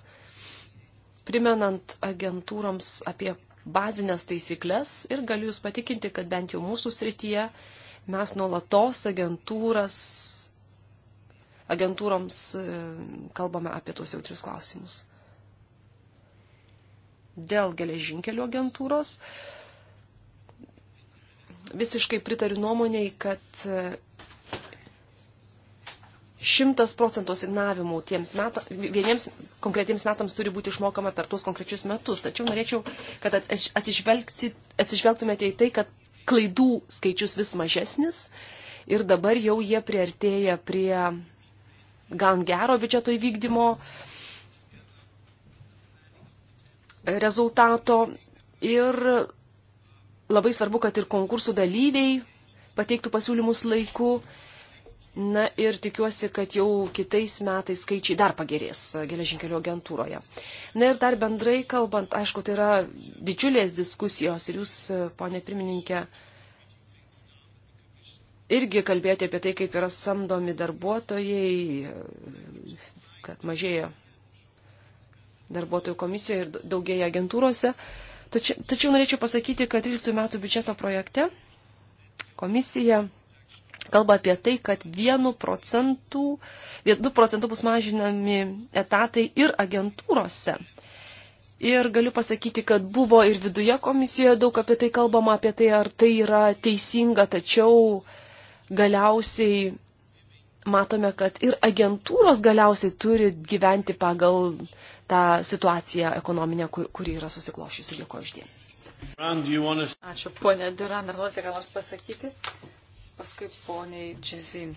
B: primenant agentūroms apie bazinės taisyklės ir galiu jūs patikinti, kad bent jau mūsų srityje mes nuolatos agentūras agentūroms e, kalbame apie tuos jautrius klausimus. Dėl geležinkelių agentūros visiškai pritariu nuomoniai, kad e, šimtas procentų asignavimų meta, vieniems konkretiems metams turi būti išmokama per tuos konkrečius metus. Tačiau norėčiau, kad atsižvelgtumėte į tai, kad klaidų skaičius vis mažesnis ir dabar jau jie priartėja prie gan gero biudžeto įvykdymo rezultato ir labai svarbu, kad ir konkursų dalyviai pateiktų pasiūlymus laiku. Na ir tikiuosi, kad jau kitais metais skaičiai dar pagerės geležinkelio agentūroje. Na ir dar bendrai kalbant, aišku, tai yra didžiulės diskusijos ir jūs, ponė pirmininkė, irgi kalbėti apie tai, kaip yra samdomi darbuotojai, kad mažėja darbuotojų komisijoje ir daugėja agentūrose. Tačiau, tačiau norėčiau pasakyti, kad 13 metų biudžeto projekte komisija kalba apie tai, kad 1 procentų, 2 procentų bus mažinami etatai ir agentūrose. Ir galiu pasakyti, kad buvo ir viduje komisijoje daug apie tai kalbama, apie tai, ar tai yra teisinga, tačiau uh, galiausiai matome, kad ir agentūros galiausiai turi gyventi pagal tą situaciją ekonominę, kuri yra susiklošiusi. Dėkuoju uždėmesi.
A: Wanna... Ačiū, ponė Duran, ar norite ką nors pasakyti? Paskui poniai Džezin.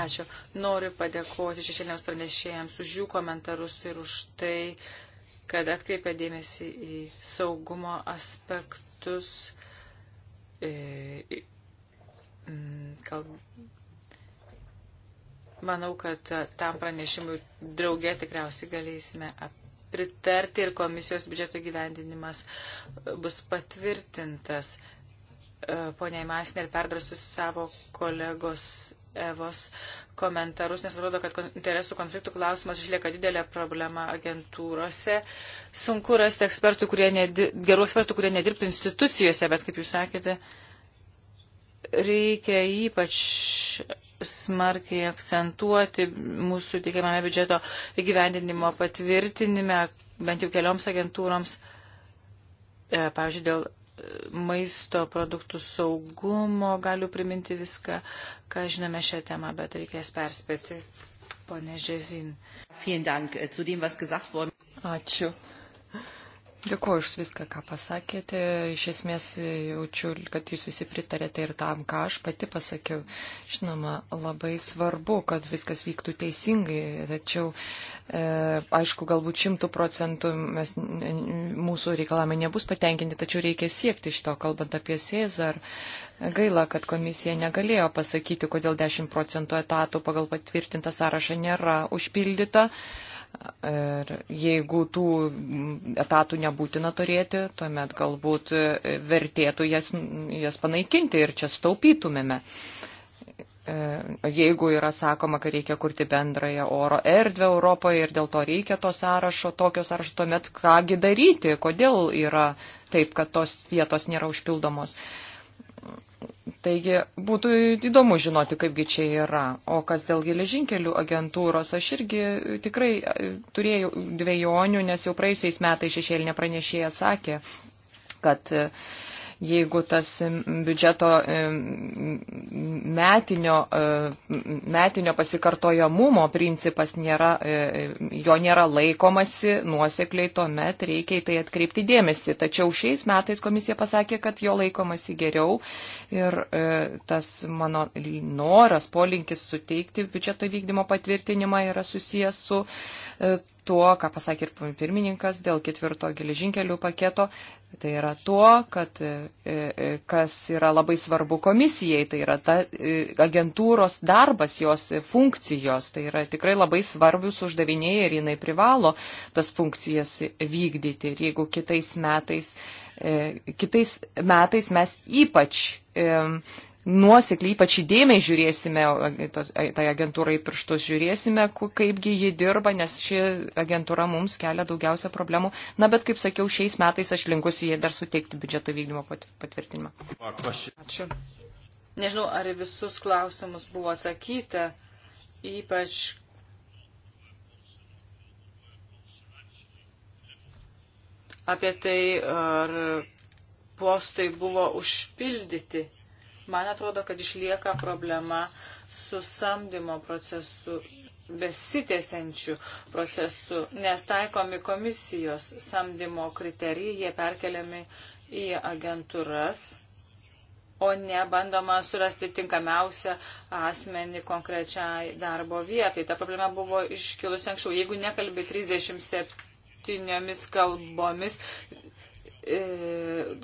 A: Ačiū. Noriu padėkoti šešėliams pranešėjams už jų komentarus ir už tai, kad atkreipia dėmesį į saugumo aspektus E, mm, kal... Manau, kad e, tam pranešimui draugė tikriausiai galėsime pritarti ir komisijos biudžeto gyvendinimas e, bus patvirtintas. Pone Masner perdrasiu savo kolegos Evos komentarus, nes atrodo, kad interesų konfliktų klausimas išlieka didelė problema agentūrose. Sunku rasti ekspertų, kurie nedi, gerų ekspertų, kurie nedirbtų institucijose, bet, kaip jūs sakėte, reikia ypač smarkiai akcentuoti mūsų teikiamame biudžeto įgyvendinimo patvirtinime, bent jau kelioms agentūroms, e, pavyzdžiui, dėl maisto produktų saugumo, galiu priminti viską, ką žinome šią temą, bet reikės perspėti. Pone Žezin. Äh, Ačiū. Dėkuoju už viską, ką pasakėte.
C: Iš esmės e, jaučiu, kad jūs visi pritarėte ir tam, ką aš pati pasakiau. Žinoma, labai svarbu, kad viskas vyktų teisingai, tačiau, e, aišku, galbūt šimtų procentų mes, mūsų reikalavimai nebus patenkinti, tačiau reikia siekti šito, kalbant apie Cezar. Gaila, kad komisija negalėjo pasakyti, kodėl 10 procentų etatų pagal patvirtintą sąrašą nėra užpildyta. E, Ir jeigu tų etatų nebūtina turėti, tuomet galbūt vertėtų jas, jas panaikinti ir čia staupytumėme. E, jeigu yra sakoma, kad reikia kurti bendrąją oro erdvę Europoje ir dėl to reikia to sąrašo, tokio sąrašo, tuomet kągi daryti, kodėl yra taip, kad tos vietos nėra užpildomos. Uh, Taigi būtų įdomu žinoti, kaipgi čia yra. O kas dėl geležinkelių agentūros, aš irgi tikrai e, turėjau dviejonių, nes jau praėjusiais metais šešėlinė pranešėja sakė, kad uh, jeigu tas biudžeto metinio, e, metinio pasikartojamumo principas nėra, e, jo nėra laikomasi nuosekliai, tuomet reikia į tai atkreipti dėmesį. Tačiau šiais metais komisija pasakė, kad jo laikomasi geriau ir e, tas mano noras, polinkis suteikti biudžeto vykdymo patvirtinimą yra susijęs su tuo, ką pasakė ir pirmininkas dėl ketvirto geležinkelių paketo, Tai yra tuo, kad e, e, kas yra labai svarbu komisijai, tai yra ta e, agentūros darbas, jos funkcijos, tai yra tikrai labai svarbus uždaviniai ir jinai privalo tas funkcijas vykdyti. Ir jeigu kitais metais, kitais metais mes ypač nuosekliai, ypač įdėmiai žiūrėsime, tos, tai agentūrai pirštus žiūrėsime, kaipgi ji dirba, nes ši agentūra mums kelia daugiausia problemų. Na, bet kaip sakiau, šiais metais aš linkusi jai dar suteikti biudžeto vykdymo patvirtinimą. Ačiū.
A: Nežinau, ar visus klausimus buvo atsakyta, ypač. Apie tai, ar postai buvo užpildyti Man atrodo, kad išlieka problema su samdymo procesu, besitėsiančių procesu, nes taikomi komisijos samdymo kriterijai, jie perkeliami į agentūras, o ne bandoma surasti tinkamiausią asmenį konkrečiai darbo vietai. Ta problema buvo iškilusi anksčiau. Jeigu nekalbi 37 kalbomis, E,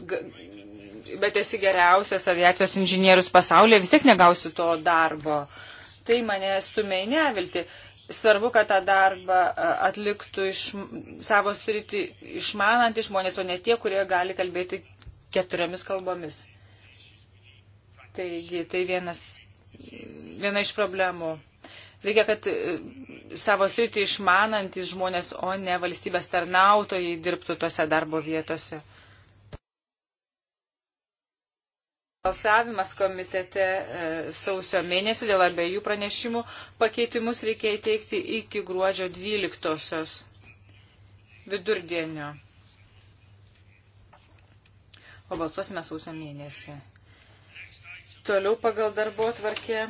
A: bet esi geriausias aviacijos inžinierius pasaulyje, vis tiek negausi to darbo. Tai mane stumia į nevilti. Svarbu, kad tą darbą e, atliktų iš savo sritį išmanantys žmonės, o ne tie, kurie gali kalbėti keturiomis kalbomis. Taigi, tai vienas, viena iš problemų. Reikia, kad e, savo sritį išmanantis žmonės, o ne valstybės tarnautojai dirbtų tose darbo vietose. Balsavimas komitete e, sausio mėnesį dėl abiejų pranešimų pakeitimus reikia įteikti iki gruodžio 12 vidurdienio. O balsuosime sausio mėnesį. Toliau pagal darbo tvarkę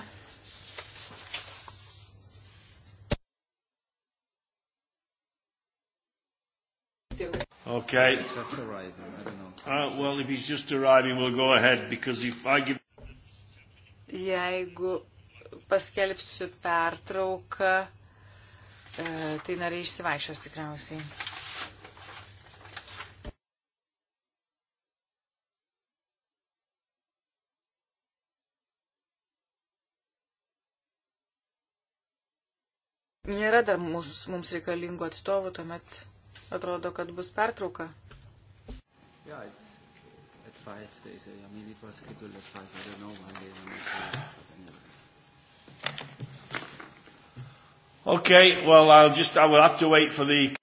A: Okay. Just arriving, I don't know. Uh, well, if he's just arriving, we'll go ahead because if I give. Jeigu paskelbsiu pertrauką, e, tai nariai išsivaišios tikriausiai. Nėra dar mūs, mums reikalingų atstovų, tuomet Atrodo, kad bus pertrauka. Yeah, at five they say. I mean, it was scheduled at five. I don't know why they were not here, but anyway. Okay, well, I'll just, I will have to wait for the...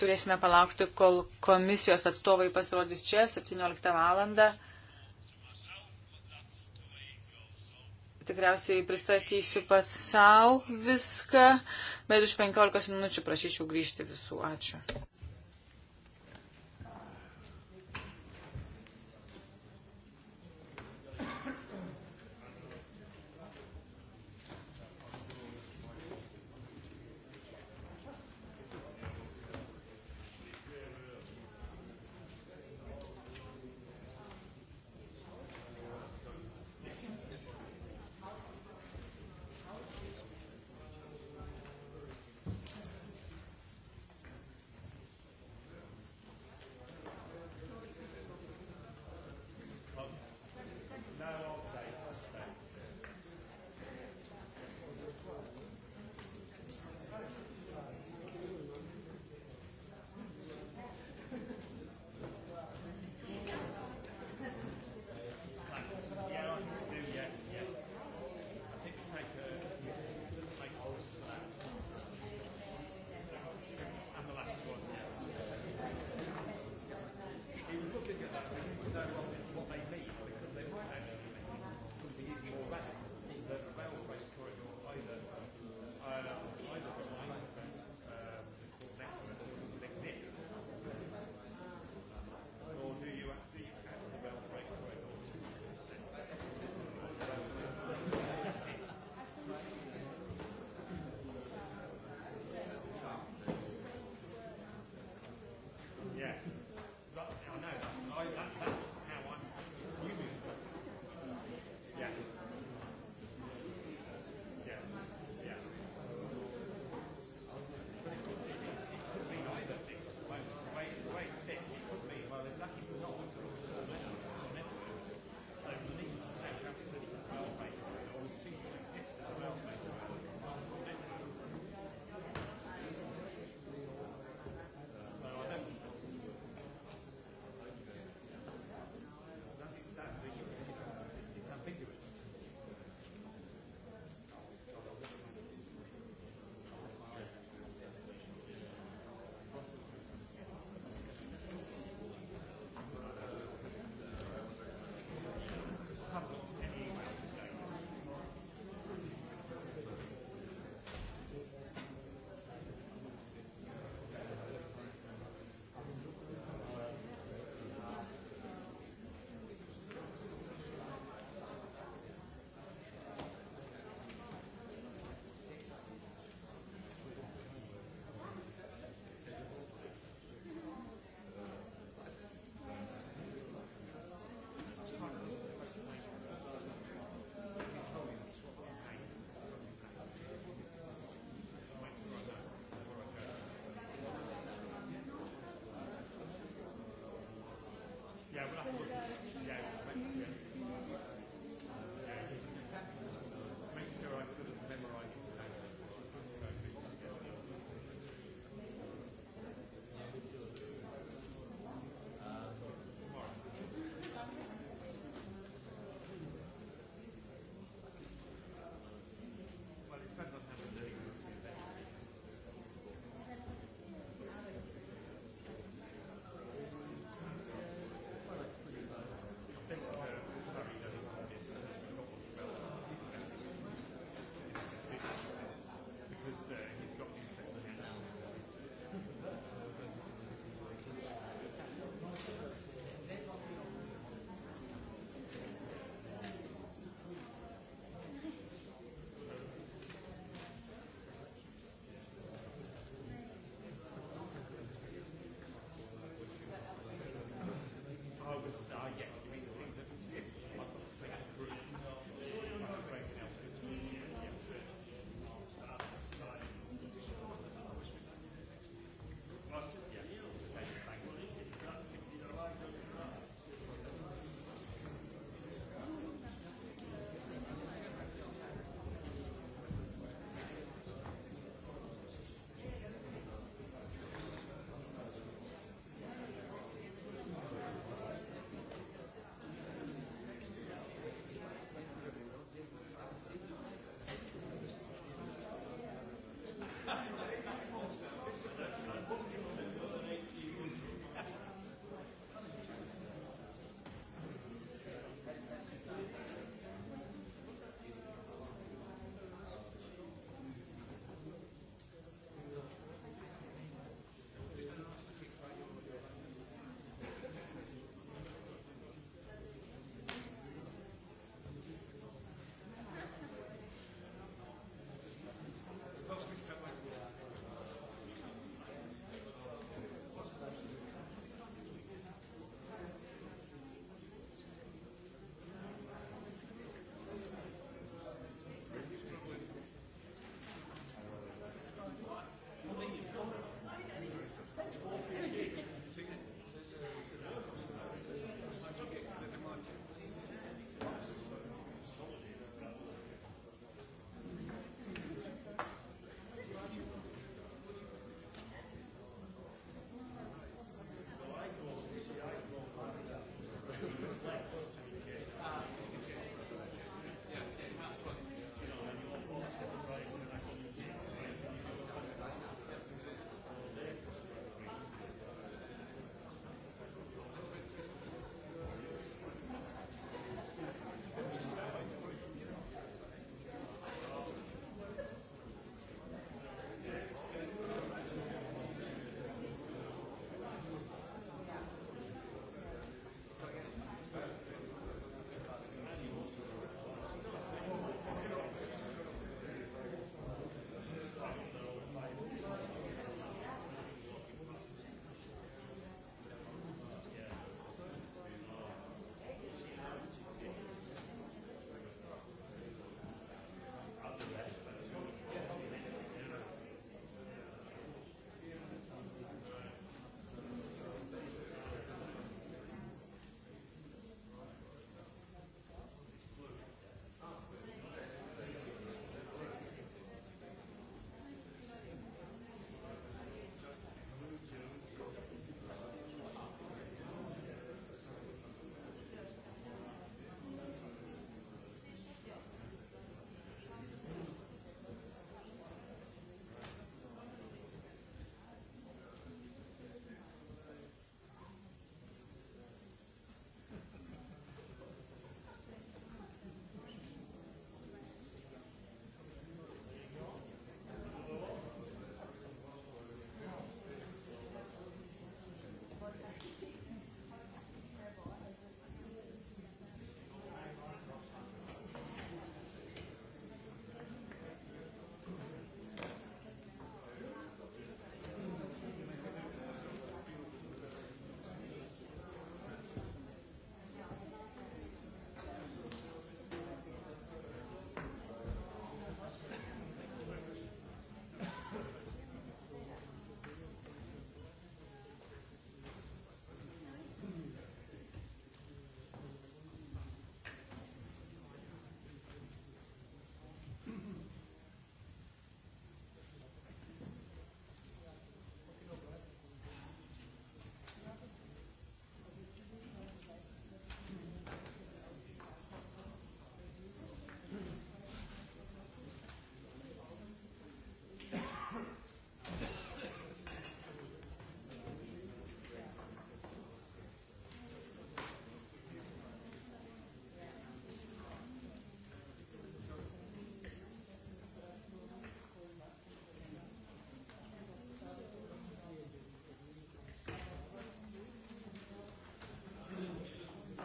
A: Turėsime palaukti, kol komisijos atstovai pasirodys čia 17 valandą. tikriausiai pristatysiu pats savo viską, bet už 15 minučių prašyčiau grįžti visų. Ačiū.
B: Yeah, we'll have to look.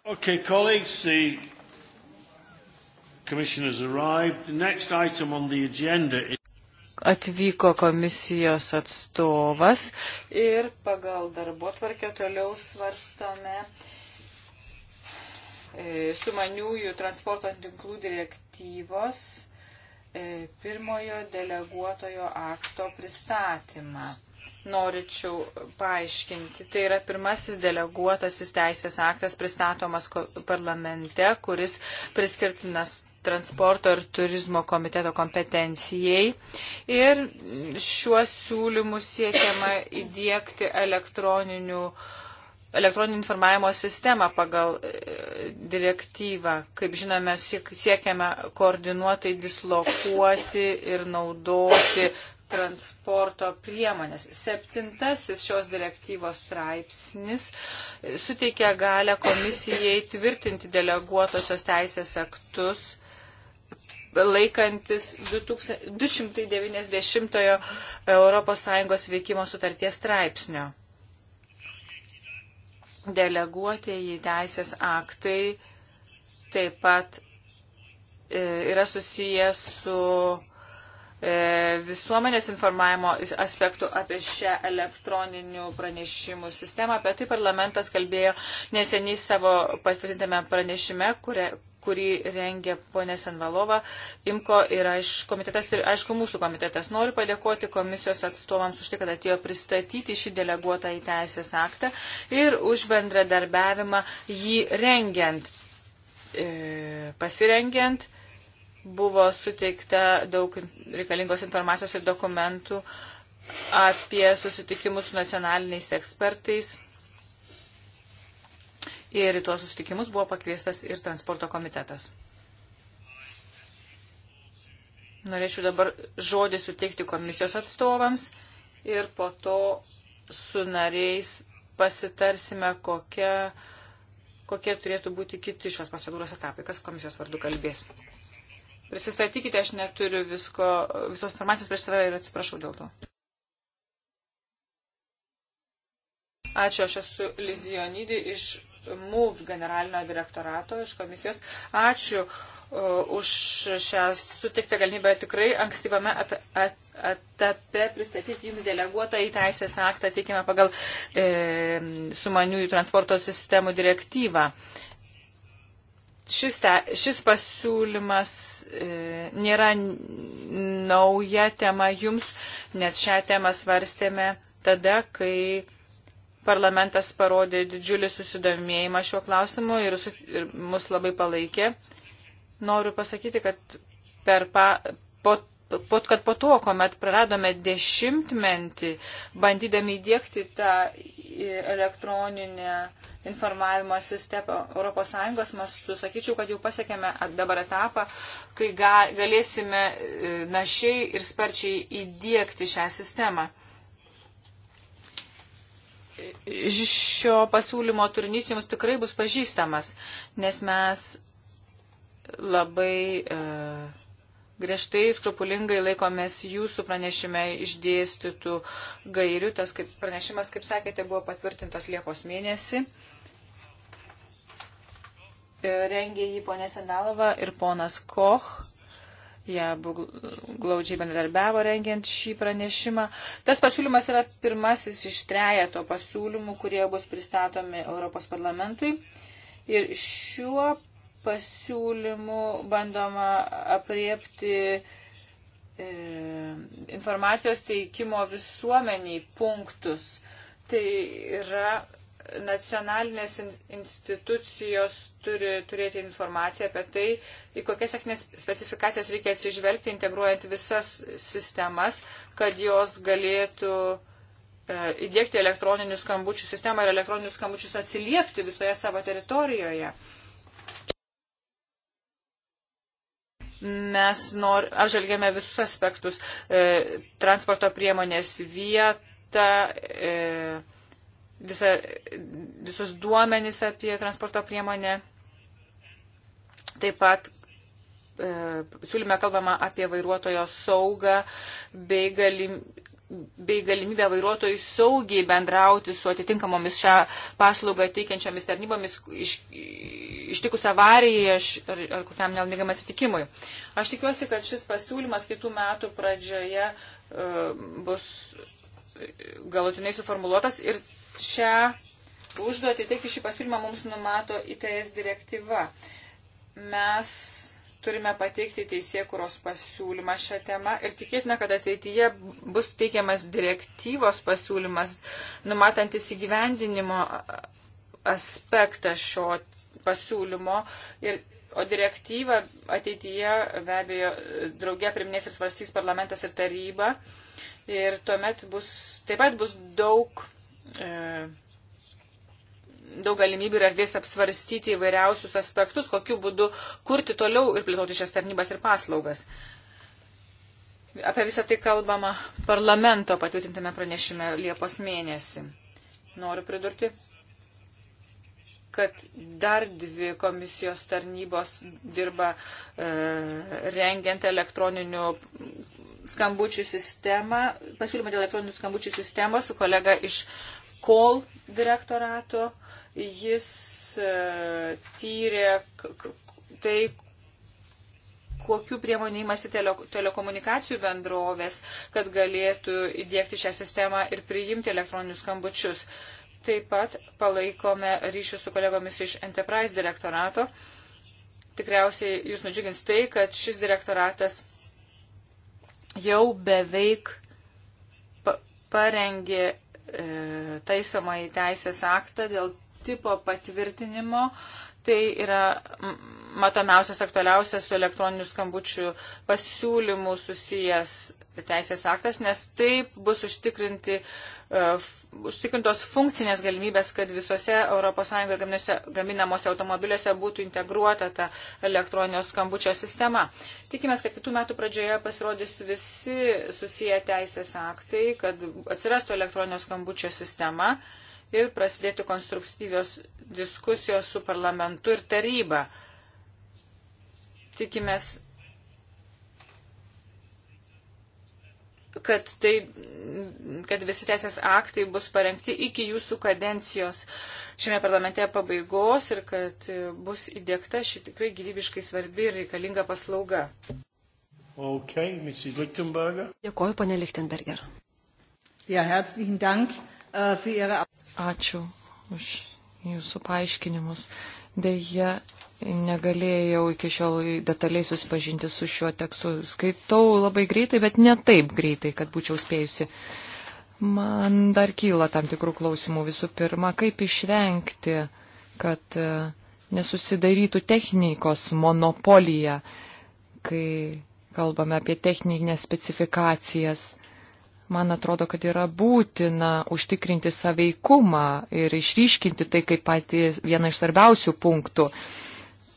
A: Okay, colleagues, the commissioners arrived. The next item on the agenda is atvyko komisijos atstovas ir pagal darbo tvarkę toliau svarstome e, sumaniųjų transporto tinklų direktyvos e, pirmojo deleguotojo akto pristatymą norėčiau paaiškinti. Tai yra pirmasis deleguotasis teisės aktas pristatomas parlamente, kuris priskirtinas transporto ir turizmo komiteto kompetencijai. Ir šiuos siūlymus siekiama įdėkti elektroninių elektroninį informavimo sistemą pagal e, direktyvą. Kaip žinome, siekiame koordinuotai dislokuoti ir naudoti transporto priemonės. Septintasis šios direktyvos straipsnis suteikia galę komisijai tvirtinti deleguotosios teisės aktus laikantis 290 ES veikimo sutarties straipsnio. Deleguotieji teisės aktai taip pat e, yra susijęs su E, visuomenės informavimo aspektų apie šią elektroninių pranešimų sistemą. Apie tai parlamentas kalbėjo neseniai savo patvirtintame pranešime, kuria, kurį rengė ponė Senvalova, Imko ir aiš, komitetas ir aišku mūsų komitetas. Noriu padėkoti komisijos atstovams už tai, kad atėjo pristatyti šį deleguotą į teisės aktą ir už bendradarbiavimą jį rengiant, e, pasirengiant buvo suteikta daug reikalingos informacijos ir dokumentų apie susitikimus su nacionaliniais ekspertais. Ir į tuos susitikimus buvo pakviestas ir transporto komitetas. Norėčiau dabar žodį suteikti komisijos atstovams ir po to su nariais pasitarsime, kokia, kokie turėtų būti kiti šios procedūros etapai, kas komisijos vardu kalbės. Prisistatykite, aš neturiu visko, visos informacijos prieš save ir atsiprašau dėl to. Ačiū, aš esu Lizijonydį iš MUV generalinio direktorato, iš komisijos. Ačiū uh, už šią sutiktą galimybę tikrai ankstyvame etape pristatyti jums deleguotą į teisės aktą, teikime pagal e, sumaniųjų transporto sistemų direktyvą. E, šis, te, šis pasiūlymas e, nėra nauja tema jums, nes šią temą svarstėme tada, kai parlamentas parodė didžiulį susidomėjimą šiuo klausimu ir, su, ir mus labai palaikė. Noriu pasakyti, kad per pa, po kad po to, kuomet praradome dešimtmetį, bandydami įdėkti tą elektroninę informavimo sistemą ES mastu, sakyčiau, kad jau pasiekėme dabar etapą, kai galėsime e, našiai ir sparčiai įdėkti šią sistemą šio pasiūlymo turinys jums tikrai bus pažįstamas, nes mes labai uh, griežtai, skrupulingai laikomės jūsų pranešime išdėstytų gairių. Tas kaip, pranešimas, kaip sakėte, buvo patvirtintas Liepos mėnesį. E, rengė jį ponė Sendalova ir ponas Koch. Jie ja, buvo glaudžiai bendradarbiavo rengiant šį pranešimą. Tas pasiūlymas yra pirmasis iš trejato pasiūlymų, kurie bus pristatomi Europos parlamentui. Ir šiuo pasiūlymų bandoma apriepti e, informacijos teikimo visuomeniai punktus. Tai yra nacionalinės institucijos turi turėti informaciją apie tai, į kokias techninės specifikacijas reikia atsižvelgti, integruojant visas sistemas, kad jos galėtų e, įdėkti elektroninių skambučių sistemą ir elektroninius skambučius atsiliepti visoje savo teritorijoje. Mes nor, apžvelgėme visus aspektus e, - transporto priemonės vietą, e, visa, visus duomenys apie transporto priemonę. Taip pat e, siūlyme kalbama apie vairuotojo saugą bei galim, bei galimybę vairuotojui saugiai bendrauti su atitinkamomis šią paslaugą teikiančiomis tarnybomis iš, ištikus avarijai aš, ar, ar kokiam nelmigam atsitikimui. Aš tikiuosi, kad šis pasiūlymas kitų metų pradžioje uh, bus galutinai suformuluotas ir šią užduotį, taigi šį pasiūlymą mums numato ITS direktyva. Mes turime pateikti teisėkuros pasiūlymą šią temą ir tikėtina, kad ateityje bus teikiamas direktyvos pasiūlymas, numatantis įgyvendinimo aspektą šio pasiūlymo. Ir, o direktyvą ateityje be abejo draugė priminės ir svarstys parlamentas ir taryba. Ir tuomet bus, taip pat bus daug. E, daug galimybių ir erdvės apsvarstyti įvairiausius aspektus, kokiu būdu kurti toliau ir plėtoti šias tarnybas ir paslaugas. Apie visą tai kalbama parlamento patvirtintame pranešime Liepos mėnesį. Noriu pridurti, kad dar dvi komisijos tarnybos dirba e, rengiant elektroninių skambučių sistemą, pasiūlymą dėl elektroninių skambučių sistemos su kolega iš KOL direktorato. E, Jis e, tyrė tai, kokiu priemonė įmasi tele, telekomunikacijų bendrovės, kad galėtų įdėkti šią sistemą ir priimti elektroninius skambučius. Taip pat palaikome ryšių su kolegomis iš Enterprise direktorato. Tikriausiai jūs nudžiugins tai, kad šis direktoratas jau beveik pa parengė e, taisomą į teisės aktą dėl tipo patvirtinimo. Tai yra matomiausias, aktualiausias su elektroniniu skambučiu pasiūlymu susijęs teisės aktas, nes taip bus užtikrinti, uh, užtikrintos funkcinės galimybės, kad visose ES gaminamuose automobiliuose būtų integruota ta elektroninio skambučio sistema. Tikimės, kad kitų metų pradžioje pasirodys visi susiję teisės aktai, kad atsirastų elektroninio skambučio sistema. Uh, ir prasidėti konstruktyvios diskusijos su parlamentu ir taryba. Tikimės, kad, tai, kad visi teisės aktai bus parengti iki jūsų kadencijos šiame parlamente pabaigos ir kad bus įdėkta ši tikrai gyvybiškai svarbi ir reikalinga paslauga. Okay, Dėkuoju,
B: ponė Lichtenberger. Ja, herzlichen Dank. Ačiū už jūsų paaiškinimus. Deja,
C: negalėjau iki šiol detaliai susipažinti su šiuo tekstu. Skaitau labai greitai, bet ne taip greitai, kad būčiau spėjusi. Man dar kyla tam tikrų klausimų. Visų pirma, kaip išvengti, kad e, nesusidarytų technikos monopolija, kai kalbame apie techninės specifikacijas man atrodo, kad yra būtina užtikrinti saveikumą ir išryškinti tai kaip patį vieną iš svarbiausių punktų,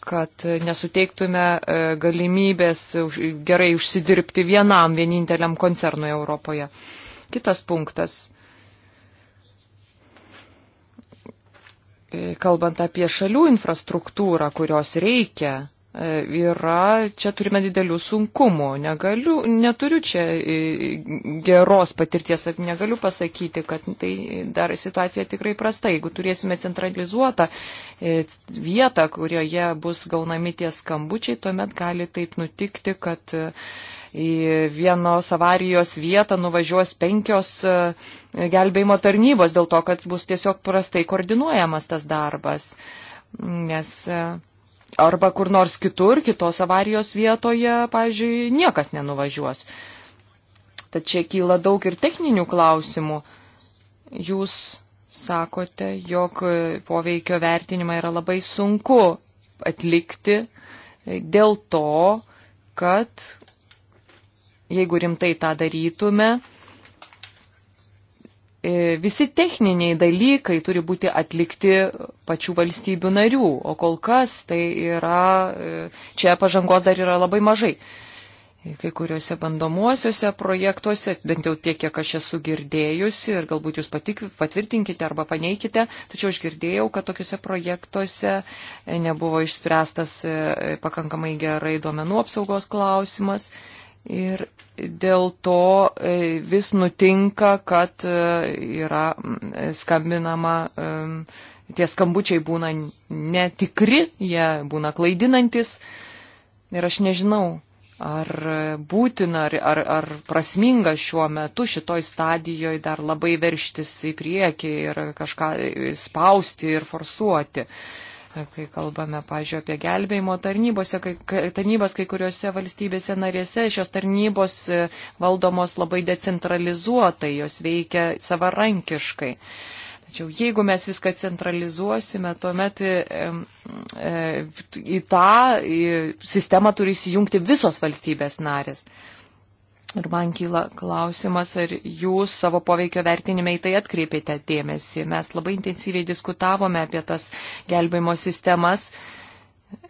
C: kad nesuteiktume e, galimybės gerai užsidirbti vienam vieninteliam koncernui Europoje. Kitas punktas. E, kalbant apie šalių infrastruktūrą, kurios reikia, E, yra, čia turime didelių sunkumų. Negaliu, neturiu čia e, geros patirties, negaliu pasakyti, kad tai dar situacija tikrai prasta. Jeigu turėsime centralizuotą e, vietą, kurioje bus gaunami tie skambučiai, tuomet gali taip nutikti, kad į vienos avarijos vietą nuvažiuos penkios gelbėjimo tarnybos dėl to, kad bus tiesiog prastai koordinuojamas tas darbas. Nes uh, Arba kur nors kitur, kitos avarijos vietoje, pavyzdžiui, niekas nenuvažiuos. Tad čia kyla daug ir techninių klausimų. Jūs sakote, jog poveikio vertinimą yra labai sunku atlikti dėl to, kad jeigu rimtai tą darytume, E, visi techniniai dalykai turi būti atlikti pačių valstybių narių, o kol kas tai yra, e, čia pažangos dar yra labai mažai. E, kai kuriuose bandomuosiuose projektuose, bent jau tiek, kiek aš esu girdėjusi ir galbūt jūs patik, patvirtinkite arba paneikite, tačiau aš girdėjau, kad tokiuose projektuose nebuvo išspręstas pakankamai gerai duomenų apsaugos klausimas ir dėl to e, vis nutinka, kad e, yra skambinama, tie skambučiai būna netikri, jie būna klaidinantis. Ir aš nežinau, ar būtina, ar, ar, ar prasminga šiuo metu šitoj stadijoje dar labai verštis į priekį ir kažką spausti ir forsuoti. Uh, kai kalbame, pažiūrėjau, apie gelbėjimo tarnybose, kai, tarnybas kai kuriuose valstybėse narėse, šios tarnybos e, valdomos labai decentralizuotai, jos veikia savarankiškai. Tačiau jeigu mes viską centralizuosime, tuomet e, e, į tą sistemą turi įsijungti visos valstybės narės. Ir man kyla klausimas, ar jūs savo poveikio vertinime į tai atkreipėte dėmesį. Mes labai intensyviai diskutavome apie tas gelbėjimo sistemas.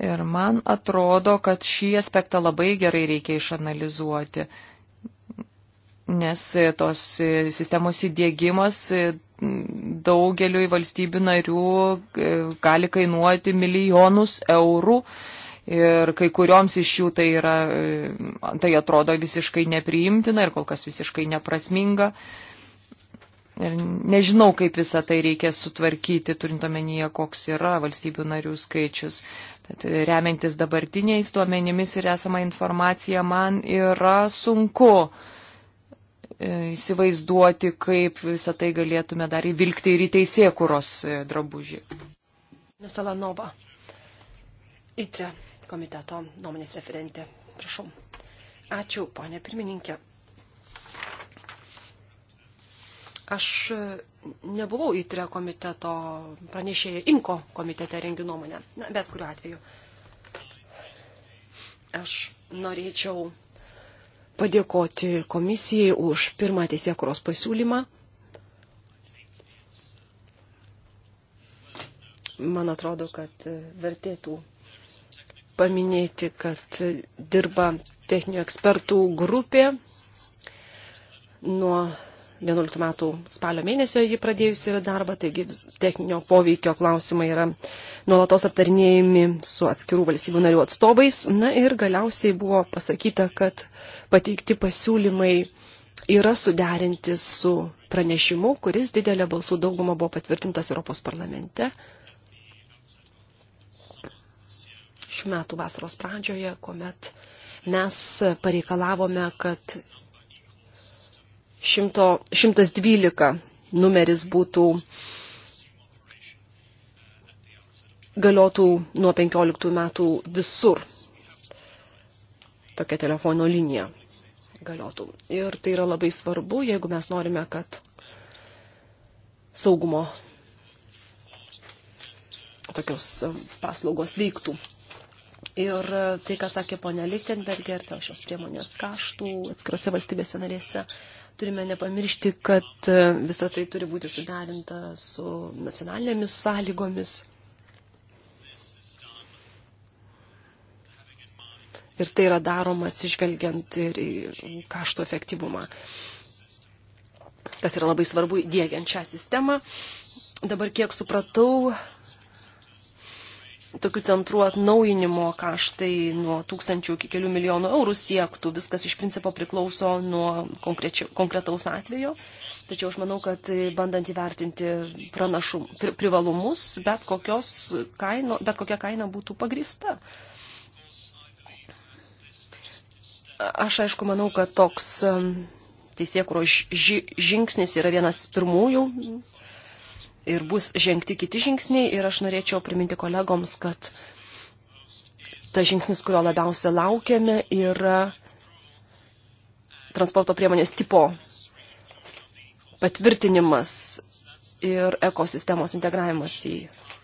C: Ir man atrodo, kad šį aspektą labai gerai reikia išanalizuoti. Nes tos sistemos įdėgymas daugeliu valstybių narių e, gali kainuoti milijonus eurų ir kai kurioms iš jų tai, yra, e, tai atrodo visiškai nepriimtina ir kol kas visiškai neprasminga. Ir nežinau, kaip visą tai reikia sutvarkyti, turint omenyje, koks yra valstybių narių skaičius. Tad remiantis dabartiniais duomenimis ir esama informacija, man yra sunku e, įsivaizduoti, kaip visą tai galėtume dar įvilgti ir į teisėkuros e, drabužį.
B: Nesalanova. Itre komiteto nuomonės referentė. Prašau. Ačiū, ponė pirmininkė. Aš nebuvau įtrio komiteto pranešėja, inko komitete rengiu nuomonę, Na, bet kuriuo atveju. Aš norėčiau padėkoti komisijai už pirmą teisėkuros pasiūlymą. Man atrodo, kad vertėtų paminėti, kad dirba techninių ekspertų grupė. Nuo 11 metų spalio mėnesio jį pradėjusi yra darbą, taigi techninio poveikio klausimai yra nuolatos aptarinėjami su atskirų valstybių narių atstovais. Na ir galiausiai buvo pasakyta, kad pateikti pasiūlymai yra suderinti su pranešimu, kuris didelė balsų dauguma buvo patvirtintas Europos parlamente. šių metų vasaros pradžioje, kuomet mes pareikalavome, kad 100, 112 numeris būtų galiotų nuo 15 metų visur. Tokia telefono linija galiotų. Ir tai yra labai svarbu, jeigu mes norime, kad saugumo tokios um, paslaugos veiktų. Ir e, tai, ką sakė ponia Lichtenberger, dėl šios priemonės kaštų atskirose valstybėse narėse, turime nepamiršti, kad e, visa tai turi būti sudarinta su nacionalinėmis sąlygomis. Ir tai yra daroma atsižvelgiant ir į kaštų efektyvumą, kas yra labai svarbu dėgiant šią sistemą. Dabar, kiek supratau, tokių centrų atnaujinimo kaštai nuo tūkstančių iki kelių milijonų eurų siektų. Viskas iš principo priklauso nuo konkretaus atvejo. Tačiau aš manau, kad bandant įvertinti pranašum, pri, privalumus, bet, kaino, bet kokia kaina būtų pagrįsta. Aš aišku manau, kad toks um, teisėkuros žingsnis yra vienas pirmųjų ir bus žengti kiti žingsniai ir aš norėčiau priminti kolegoms, kad tas žingsnis, kurio labiausia laukiame, yra transporto priemonės tipo patvirtinimas ir ekosistemos integravimas į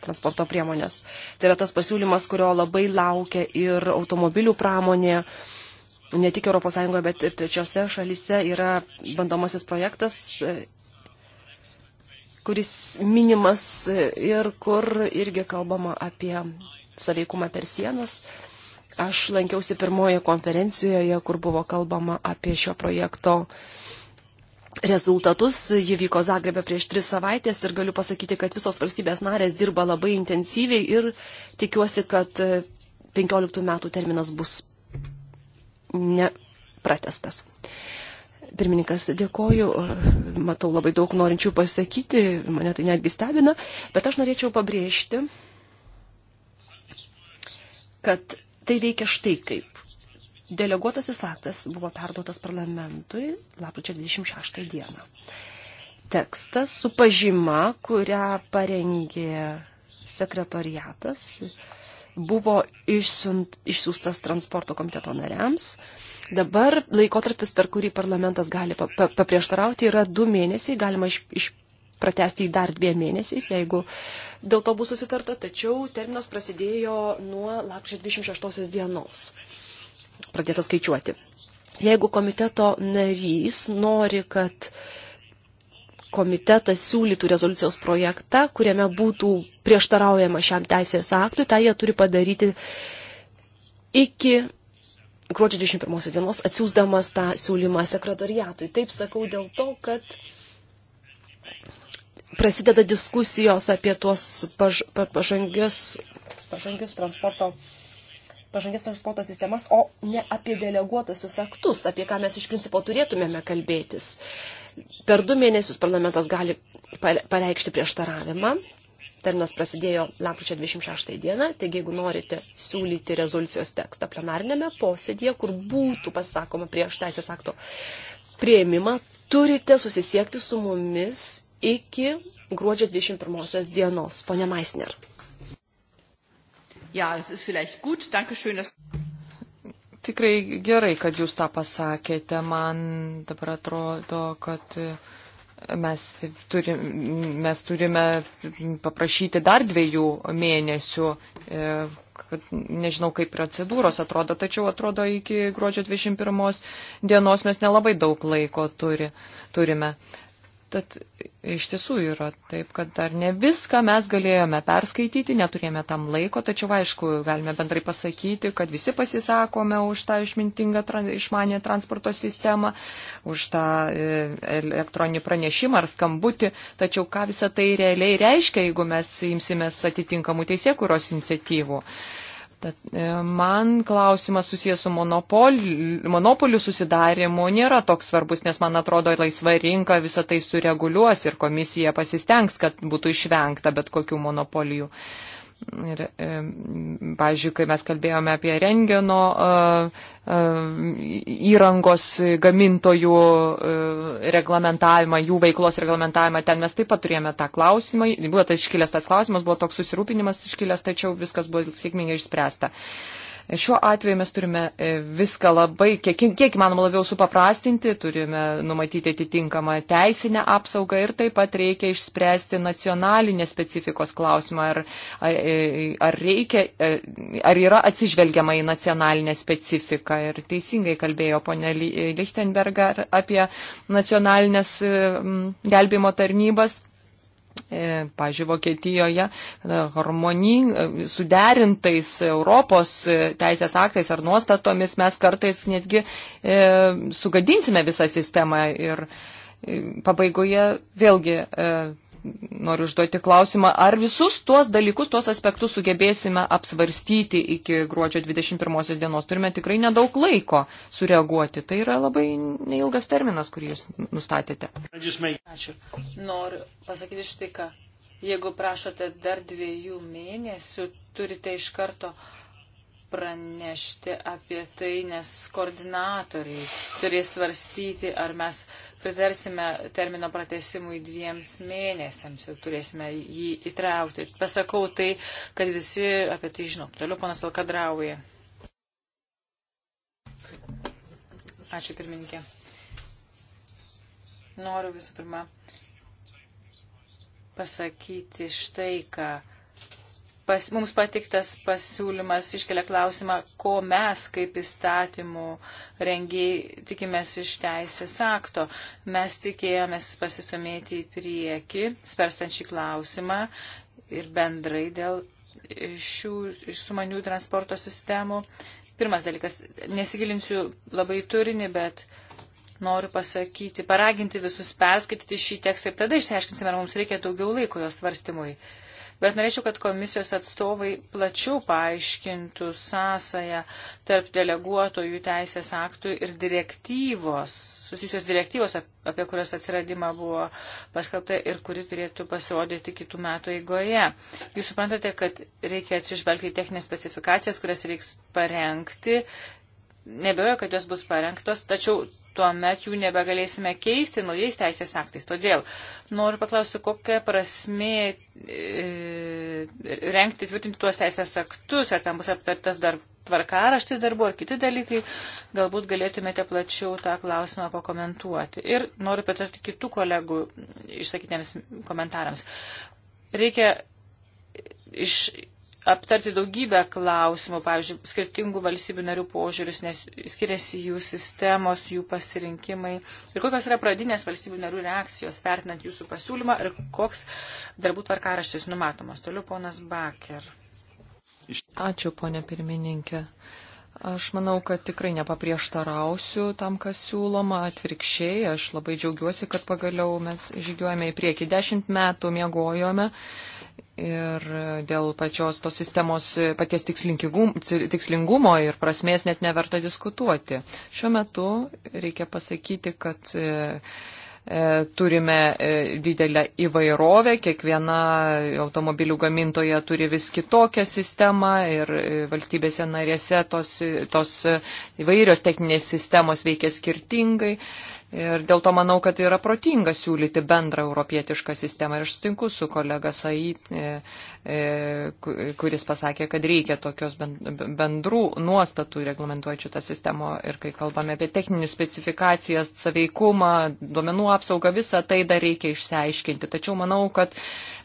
B: transporto priemonės. Tai yra tas pasiūlymas, kurio labai laukia ir automobilių pramonė. Ne tik ES, bet ir trečiose šalyse yra bandomasis projektas kuris minimas ir kur irgi kalbama apie saveikumą per sienas. Aš lankiausi pirmoje konferencijoje, kur buvo kalbama apie šio projekto rezultatus. Ji vyko Zagrebė prieš tris savaitės ir galiu pasakyti, kad visos valstybės narės dirba labai intensyviai ir tikiuosi, kad 15 metų terminas bus nepratestas. Pirmininkas, dėkoju, matau labai daug norinčių pasakyti, mane tai netgi stebina, bet aš norėčiau pabrėžti, kad tai veikia štai kaip. Deleguotasis aktas buvo perduotas parlamentui lapkričio 26 dieną. Tekstas su pažyma, kurią parengė sekretoriatas, buvo išsiunt, išsiųstas transporto komiteto nariams. Dabar laikotarpis, per kurį parlamentas gali paprieštarauti, yra du mėnesiai, galima iš, iš pratesti į dar dviem mėnesiais, jeigu dėl to bus susitarta, tačiau terminas prasidėjo nuo lapkričio 26 dienos. Pradėta skaičiuoti. Jeigu komiteto narys nori, kad komitetas siūlytų rezoliucijos projektą, kuriame būtų prieštaraujama šiam teisės aktui, tai jie turi padaryti iki gruodžio 21 dienos atsiūsdamas tą siūlymą sekretariatui. Taip sakau dėl to, kad prasideda diskusijos apie tuos paž, pa, pažangius, pažangius transporto pažangės transporto sistemas, o ne apie deleguotusius aktus, apie ką mes iš principo turėtumėme kalbėtis. Per du mėnesius parlamentas gali pareikšti prieštaravimą terminas prasidėjo lapkričio 26 dieną, taigi jeigu norite siūlyti rezoliucijos tekstą plenarinėme posėdėje, kur būtų pasakoma prieš teisės akto prieimimą, turite susisiekti su mumis iki gruodžio 21 dienos. Pone Meisner. Ja, das
A: ist vielleicht gut. Dankeschön, dass
B: tikrai gerai, kad jūs tą pasakėte.
C: Man dabar atrodo, kad Mes, turim, mes turime paprašyti dar dviejų mėnesių, e, kad nežinau, kaip procedūros atrodo, tačiau atrodo iki gruodžio 21 dienos mes nelabai daug laiko turi, turime. Tad iš tiesų yra taip, kad dar ne viską mes galėjome perskaityti, neturėjome tam laiko, tačiau aišku, galime bendrai pasakyti, kad visi pasisakome už tą išmintingą išmanę transporto sistemą, už tą e, elektroninį pranešimą ar skambutį, tačiau ką visa tai realiai reiškia, jeigu mes imsimės atitinkamų teisėkuros iniciatyvų. Uh, Tad e, man klausimas susijęs su monopoliu, monopoliu susidarimu nėra toks svarbus, nes man atrodo, laisva rinka visą tai sureguliuos ir komisija pasistengs, kad būtų išvengta bet kokių monopolijų. Uh, Ir, e, pažiūrėjau, kai mes kalbėjome apie rengeno e, e, įrangos gamintojų reglamentavimą, jų veiklos reglamentavimą, ten mes taip pat turėjome tą klausimą, buvo tai iškilęs tas klausimas, buvo toks susirūpinimas iškilęs, tačiau viskas buvo sėkmingai išspręsta. Uh, Šiuo atveju mes turime e, viską labai, kiek, kiek įmanoma labiau supaprastinti, turime numatyti atitinkamą teisinę apsaugą ir taip pat reikia išspręsti nacionalinės specifikos klausimą, ar, ar, e, ar, reikia, e, ar yra atsižvelgiama į nacionalinę specifiką. Ir teisingai kalbėjo ponė Lichtenberger apie nacionalinės gelbėjimo tarnybas. E, pažiūrėjau, Vokietijoje e, harmoning, e, suderintais Europos teisės aktais ar nuostatomis mes kartais netgi sugadinsime visą sistemą ir pabaigoje vėlgi noriu užduoti klausimą, ar visus tuos dalykus, tuos aspektus sugebėsime apsvarstyti iki gruodžio 21 dienos. Turime tikrai nedaug laiko sureaguoti. Tai yra labai neilgas terminas, kurį jūs nustatėte. Ačiū.
A: Noriu pasakyti štai ką. Jeigu prašote dar dviejų mėnesių, turite iš karto uh, pranešti apie tai, nes koordinatoriai turės svarstyti, ar mes pritarsime termino pratesimui dviems mėnesiams ir turėsime jį įtraukti. Pasakau tai, kad visi apie tai žino. Toliau ponas Alkadrauja. Ačiū pirmininkė. Noriu visų pirma pasakyti štai ką pas, mums patiktas pasiūlymas iškelia klausimą, ko mes kaip įstatymų rengiai tikimės iš teisės akto. Mes tikėjomės pasistumėti į priekį, sparstant šį klausimą ir bendrai dėl šių išsumanių transporto sistemų. Pirmas dalykas, nesigilinsiu labai turinį, bet noriu pasakyti, paraginti visus perskaityti šį tekstą ir tada išsiaiškinsime, ar mums reikia daugiau laiko jos svarstymui. Uh, bet norėčiau, kad komisijos atstovai plačiau paaiškintų sąsają tarp deleguotojų teisės aktų ir direktyvos, susijusios direktyvos, apie kurios atsiradimą buvo paskelbta ir kuri turėtų pasirodyti kitų metų eigoje. Jūs suprantate, kad reikia atsižvelgti į techninės specifikacijas, kurias reiks parengti nebejoju, kad jos bus parengtos, tačiau tuomet jų nebegalėsime keisti naujais teisės aktais. Todėl noriu paklausti, kokia prasme e, renkti, tvirtinti tuos teisės aktus, ar ten bus aptartas dar tvarkaraštis darbų ar kiti dalykai, galbūt galėtumėte plačiau tą klausimą pakomentuoti. Ir noriu patarti kitų kolegų išsakytiems komentarams. Reikia iš aptarti daugybę klausimų, pavyzdžiui, skirtingų valstybių narių požiūris, nes skiriasi jų sistemos, jų pasirinkimai ir kokios yra pradinės valstybių narių reakcijos, vertinant jūsų pasiūlymą ir koks darbų tvarkaraštis numatomas. Toliau ponas Baker.
C: Ačiū, ponė pirmininkė. Aš manau, kad tikrai nepaprieštarausiu tam, kas siūloma, atvirkščiai. Aš labai džiaugiuosi, kad pagaliau mes žygiuojame į priekį. Dešimt metų mėgojome Ir dėl pačios tos sistemos paties tikslingumo ir prasmės net neverta diskutuoti. Šiuo metu reikia pasakyti, kad E, turime e, didelę įvairovę, kiekviena automobilių gamintoja turi vis kitokią sistemą ir e, valstybėse narėse tos, tos įvairios techninės sistemos veikia skirtingai. Ir dėl to manau, kad yra protinga siūlyti bendrą europietišką sistemą. Ir aš sutinku su kolega Said, E, kuris pasakė, kad reikia tokios bendrų nuostatų reglamentuojančių tą sistemą ir kai kalbame apie techninius specifikacijas, saveikumą, duomenų apsaugą, visą tai dar reikia išsiaiškinti. Tačiau manau, kad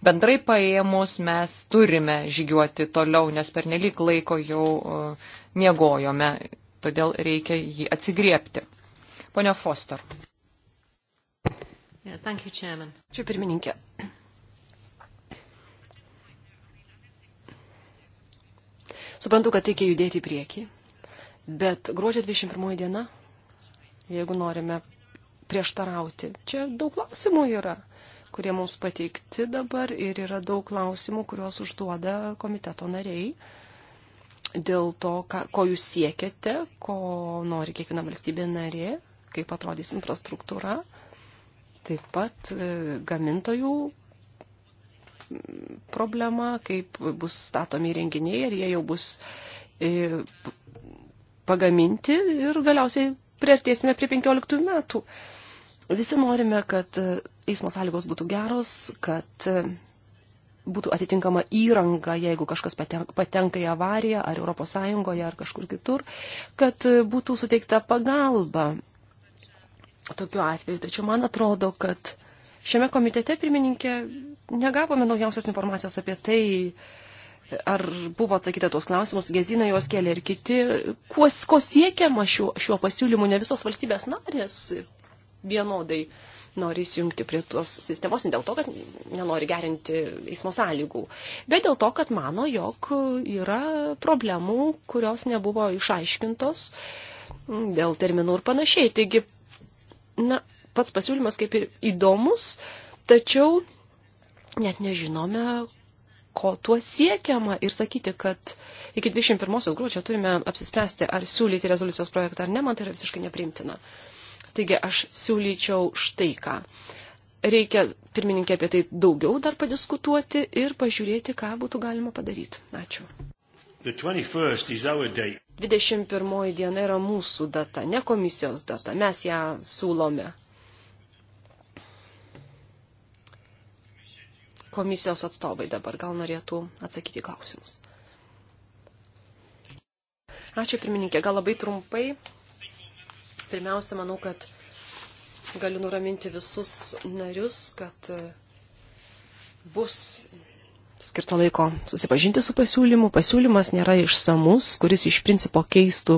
C: bendrai paėmus mes turime žygiuoti toliau, nes per nelik laiko jau e, miegojome, todėl reikia jį atsigriepti. Pone
B: Foster. Yeah, thank you, Chairman. Čia pirmininkė. Suprantu, kad reikia judėti į priekį, bet gruodžio 21 diena, jeigu norime prieštarauti, čia daug klausimų yra, kurie mums pateikti dabar ir yra daug klausimų, kuriuos užduoda komiteto nariai dėl to, ką, ko jūs siekiate, ko nori kiekviena valstybė narė, kaip atrodys infrastruktūra, taip pat e, gamintojų problema, kaip bus statomi renginiai, ar jie jau bus e, pagaminti ir galiausiai priartėsime prie 15 metų. Visi norime, kad e, eismo sąlygos būtų geros, kad e, būtų atitinkama įranga, jeigu kažkas patenka į avariją ar ES ar kažkur kitur, kad būtų suteikta pagalba tokiu atveju. Tačiau man atrodo, kad Šiame komitete, pirmininkė, negavome naujausios informacijos apie tai, ar buvo atsakyta tuos klausimus, Gezina juos kėlė ir kiti. Kuo, ko siekiama šiuo, šiuo pasiūlymu, ne visos valstybės narės vienodai nori įsijungti prie tos sistemos, ne dėl to, kad nenori gerinti eismo sąlygų, bet dėl to, kad mano, jog yra problemų, kurios nebuvo išaiškintos dėl terminų ir panašiai. Taigi, na, pats pasiūlymas kaip ir įdomus, tačiau net nežinome, ko tuo siekiama ir sakyti, kad iki 21 gruodžio turime apsispręsti, ar siūlyti rezoliucijos projektą ar ne, man tai yra visiškai nepriimtina. Taigi aš siūlyčiau štai ką. Reikia pirmininkė apie tai daugiau dar padiskutuoti ir pažiūrėti, ką būtų galima padaryti. Ačiū. 21 diena yra mūsų data, ne komisijos data. Mes ją siūlome. komisijos atstovai dabar gal norėtų atsakyti klausimus. Ačiū pirmininkė, gal labai trumpai. Pirmiausia, manau, kad galiu nuraminti visus narius, kad bus skirto laiko susipažinti su pasiūlymu. Pasiūlymas nėra išsamus, kuris iš principo keistų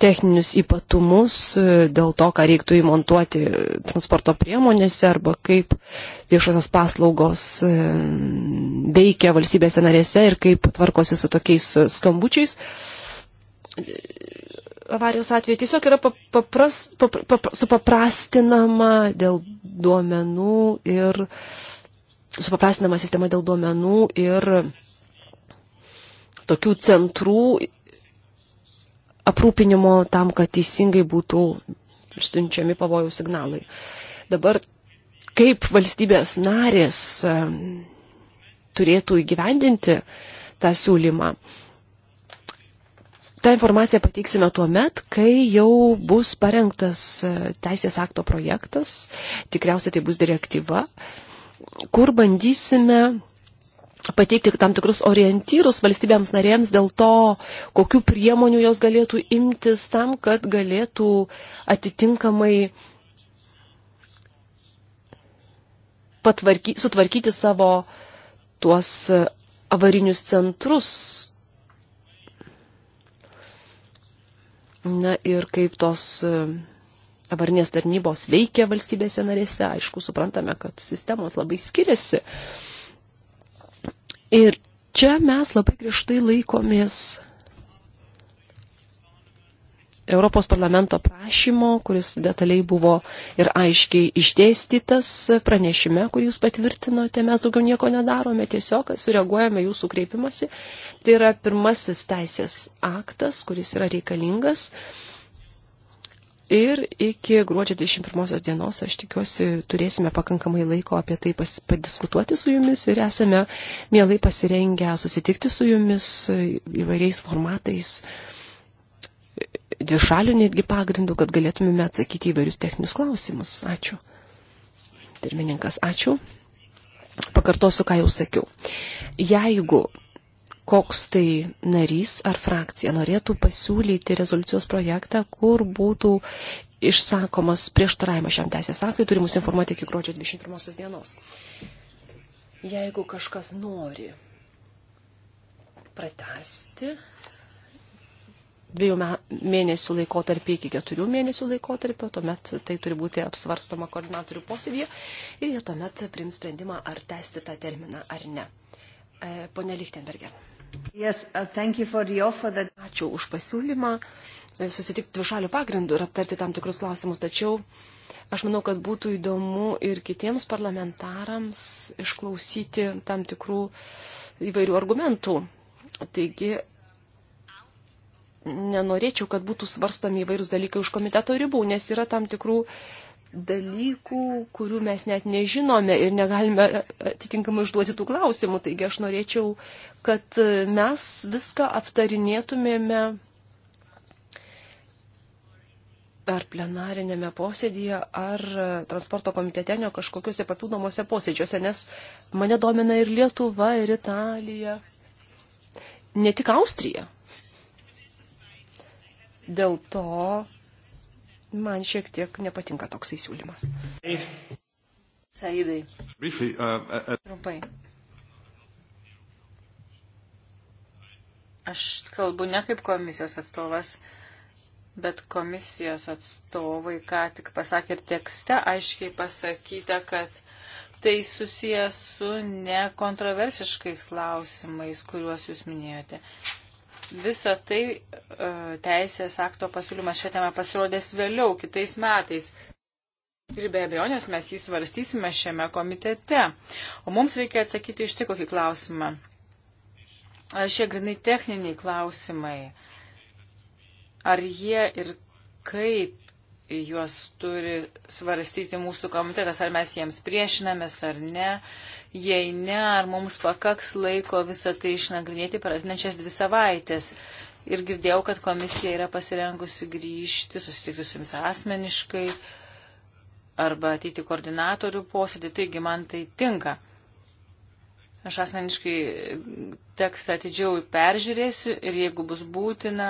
B: techninius ypatumus e, dėl to, ką reiktų įmontuoti transporto priemonėse arba kaip viešosios paslaugos e, veikia valstybėse narėse ir kaip tvarkosi su tokiais skambučiais. Avarijos atveju tiesiog yra papras, papras, papras, supaprastinama dėl duomenų ir uh, supaprastinama sistema dėl duomenų ir tokių centrų aprūpinimo tam, kad teisingai būtų išsiunčiami pavojų signalai. Dabar kaip valstybės narės turėtų įgyvendinti tą siūlymą. Ta informacija pateiksime tuo met, kai jau bus parengtas teisės akto projektas, tikriausiai tai bus direktyva. Uh, kur bandysime pateikti tam tikrus orientyrus valstybėms narėms dėl to, kokiu priemonių jos galėtų imtis tam, kad galėtų atitinkamai patvarky, sutvarkyti savo tuos avarinius centrus. Na ir kaip tos avarinės tarnybos veikia valstybėse narėse, aišku, suprantame, kad sistemos labai skiriasi. Ir čia mes labai griežtai laikomės Europos parlamento prašymo, kuris detaliai buvo ir aiškiai išdėstytas pranešime, kurį jūs patvirtinote, mes daugiau nieko nedarome, tiesiog sureaguojame jūsų kreipimasi. Tai yra pirmasis teisės aktas, kuris yra reikalingas Ir iki gruodžio 21 dienos, aš tikiuosi, turėsime pakankamai laiko apie tai pas, padiskutuoti su jumis ir esame mielai pasirengę susitikti su jumis įvairiais formatais, dvišalių netgi pagrindų, kad galėtumėme atsakyti įvairius techninius klausimus. Ačiū. Pirmininkas, ačiū. Pakartosiu, ką jau sakiau. Jeigu koks tai narys ar frakcija norėtų pasiūlyti rezoliucijos projektą, kur būtų išsakomas prieštaravimas šiam teisės aktui, turi mus informuoti iki gruodžio 21 dienos. Jeigu kažkas nori pratesti dviejų mėnesių laikotarpį iki keturių mėnesių laikotarpio, tuomet tai turi būti apsvarstoma koordinatorių posėdėje ir jie tuomet prims sprendimą, ar tęsti tą terminą ar ne. E, pone Lichtenberger. Yes, uh, that... Ačiū už pasiūlymą e, susitikti dvišalių pagrindų ir aptarti tam tikrus klausimus, tačiau aš manau, kad būtų įdomu ir kitiems parlamentarams išklausyti tam tikrų įvairių argumentų. Taigi, nenorėčiau, kad būtų svarstami įvairūs dalykai už komiteto ribų, nes yra tam tikrų uh, dalykų, kurių mes net nežinome ir negalime atitinkamai užduoti tų klausimų. Taigi aš norėčiau, kad mes viską aptarinėtumėme ar plenarinėme posėdėje, ar transporto komitete, ne kažkokiuose papildomuose posėdžiuose, nes mane domina ir Lietuva, ir Italija, ne tik Austrija. Dėl to man šiek tiek nepatinka toks įsiūlymas. Saidai. Uh, uh, uh,
A: Trumpai. Aš kalbu ne kaip komisijos atstovas, bet komisijos atstovai ką tik pasakė ir tekste aiškiai pasakyta, kad tai susijęs su nekontroversiškais klausimais, kuriuos jūs minėjote. Visa tai e, teisės akto pasiūlymas šią temą pasirodės vėliau, kitais metais. Ir be abejonės mes jį svarstysime šiame komitete. O mums reikia atsakyti iš tik kokį klausimą. Ar šie grinai techniniai klausimai, ar jie ir kaip juos turi svarstyti mūsų komitetas, ar mes jiems priešinamės ar ne. Jei ne, ar mums pakaks laiko visą tai išnagrinėti per atnečias dvi savaitės. Ir girdėjau, kad komisija yra pasirengusi grįžti, susitikti su jumis asmeniškai arba ateiti koordinatorių posėdį, taigi man tai tinka. Aš asmeniškai tekstą atidžiau peržiūrėsiu ir jeigu bus būtina,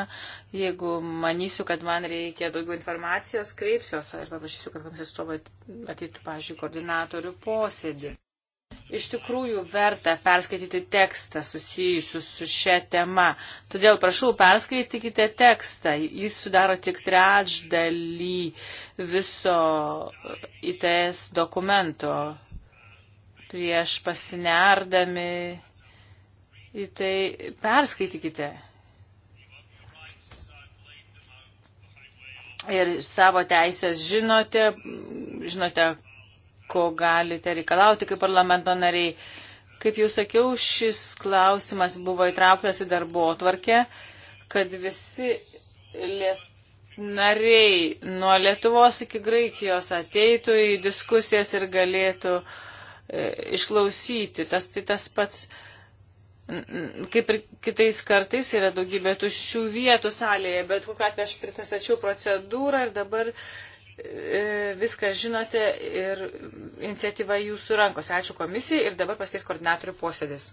A: jeigu manysiu, kad man reikia daugiau informacijos, kreipsiuos ir paprašysiu, kad komisijos atstovai ateitų, pažiūrėjau, koordinatorių posėdį. Iš tikrųjų verta perskaityti tekstą susijusius su šia tema. Todėl prašau, perskaitykite tekstą. Jis sudaro tik trečdalį viso ITS dokumento prieš pasinerdami į tai perskaitykite. Ir savo teisės žinote, žinote, ko galite reikalauti kaip parlamento nariai. Kaip jau sakiau, šis klausimas buvo įtrauktas į darbo atvarkę, kad visi liet... nariai nuo Lietuvos iki Graikijos ateitų į diskusijas ir galėtų uh, E, išklausyti. Tas tai tas pats, kaip ir kitais kartais, yra daugybė tuščių vietų salėje, bet kokią atveju aš pritastačiau procedūrą ir dabar e, viską žinote ir iniciatyva jūsų rankose. Ačiū komisijai ir dabar pasties koordinatorių posėdis.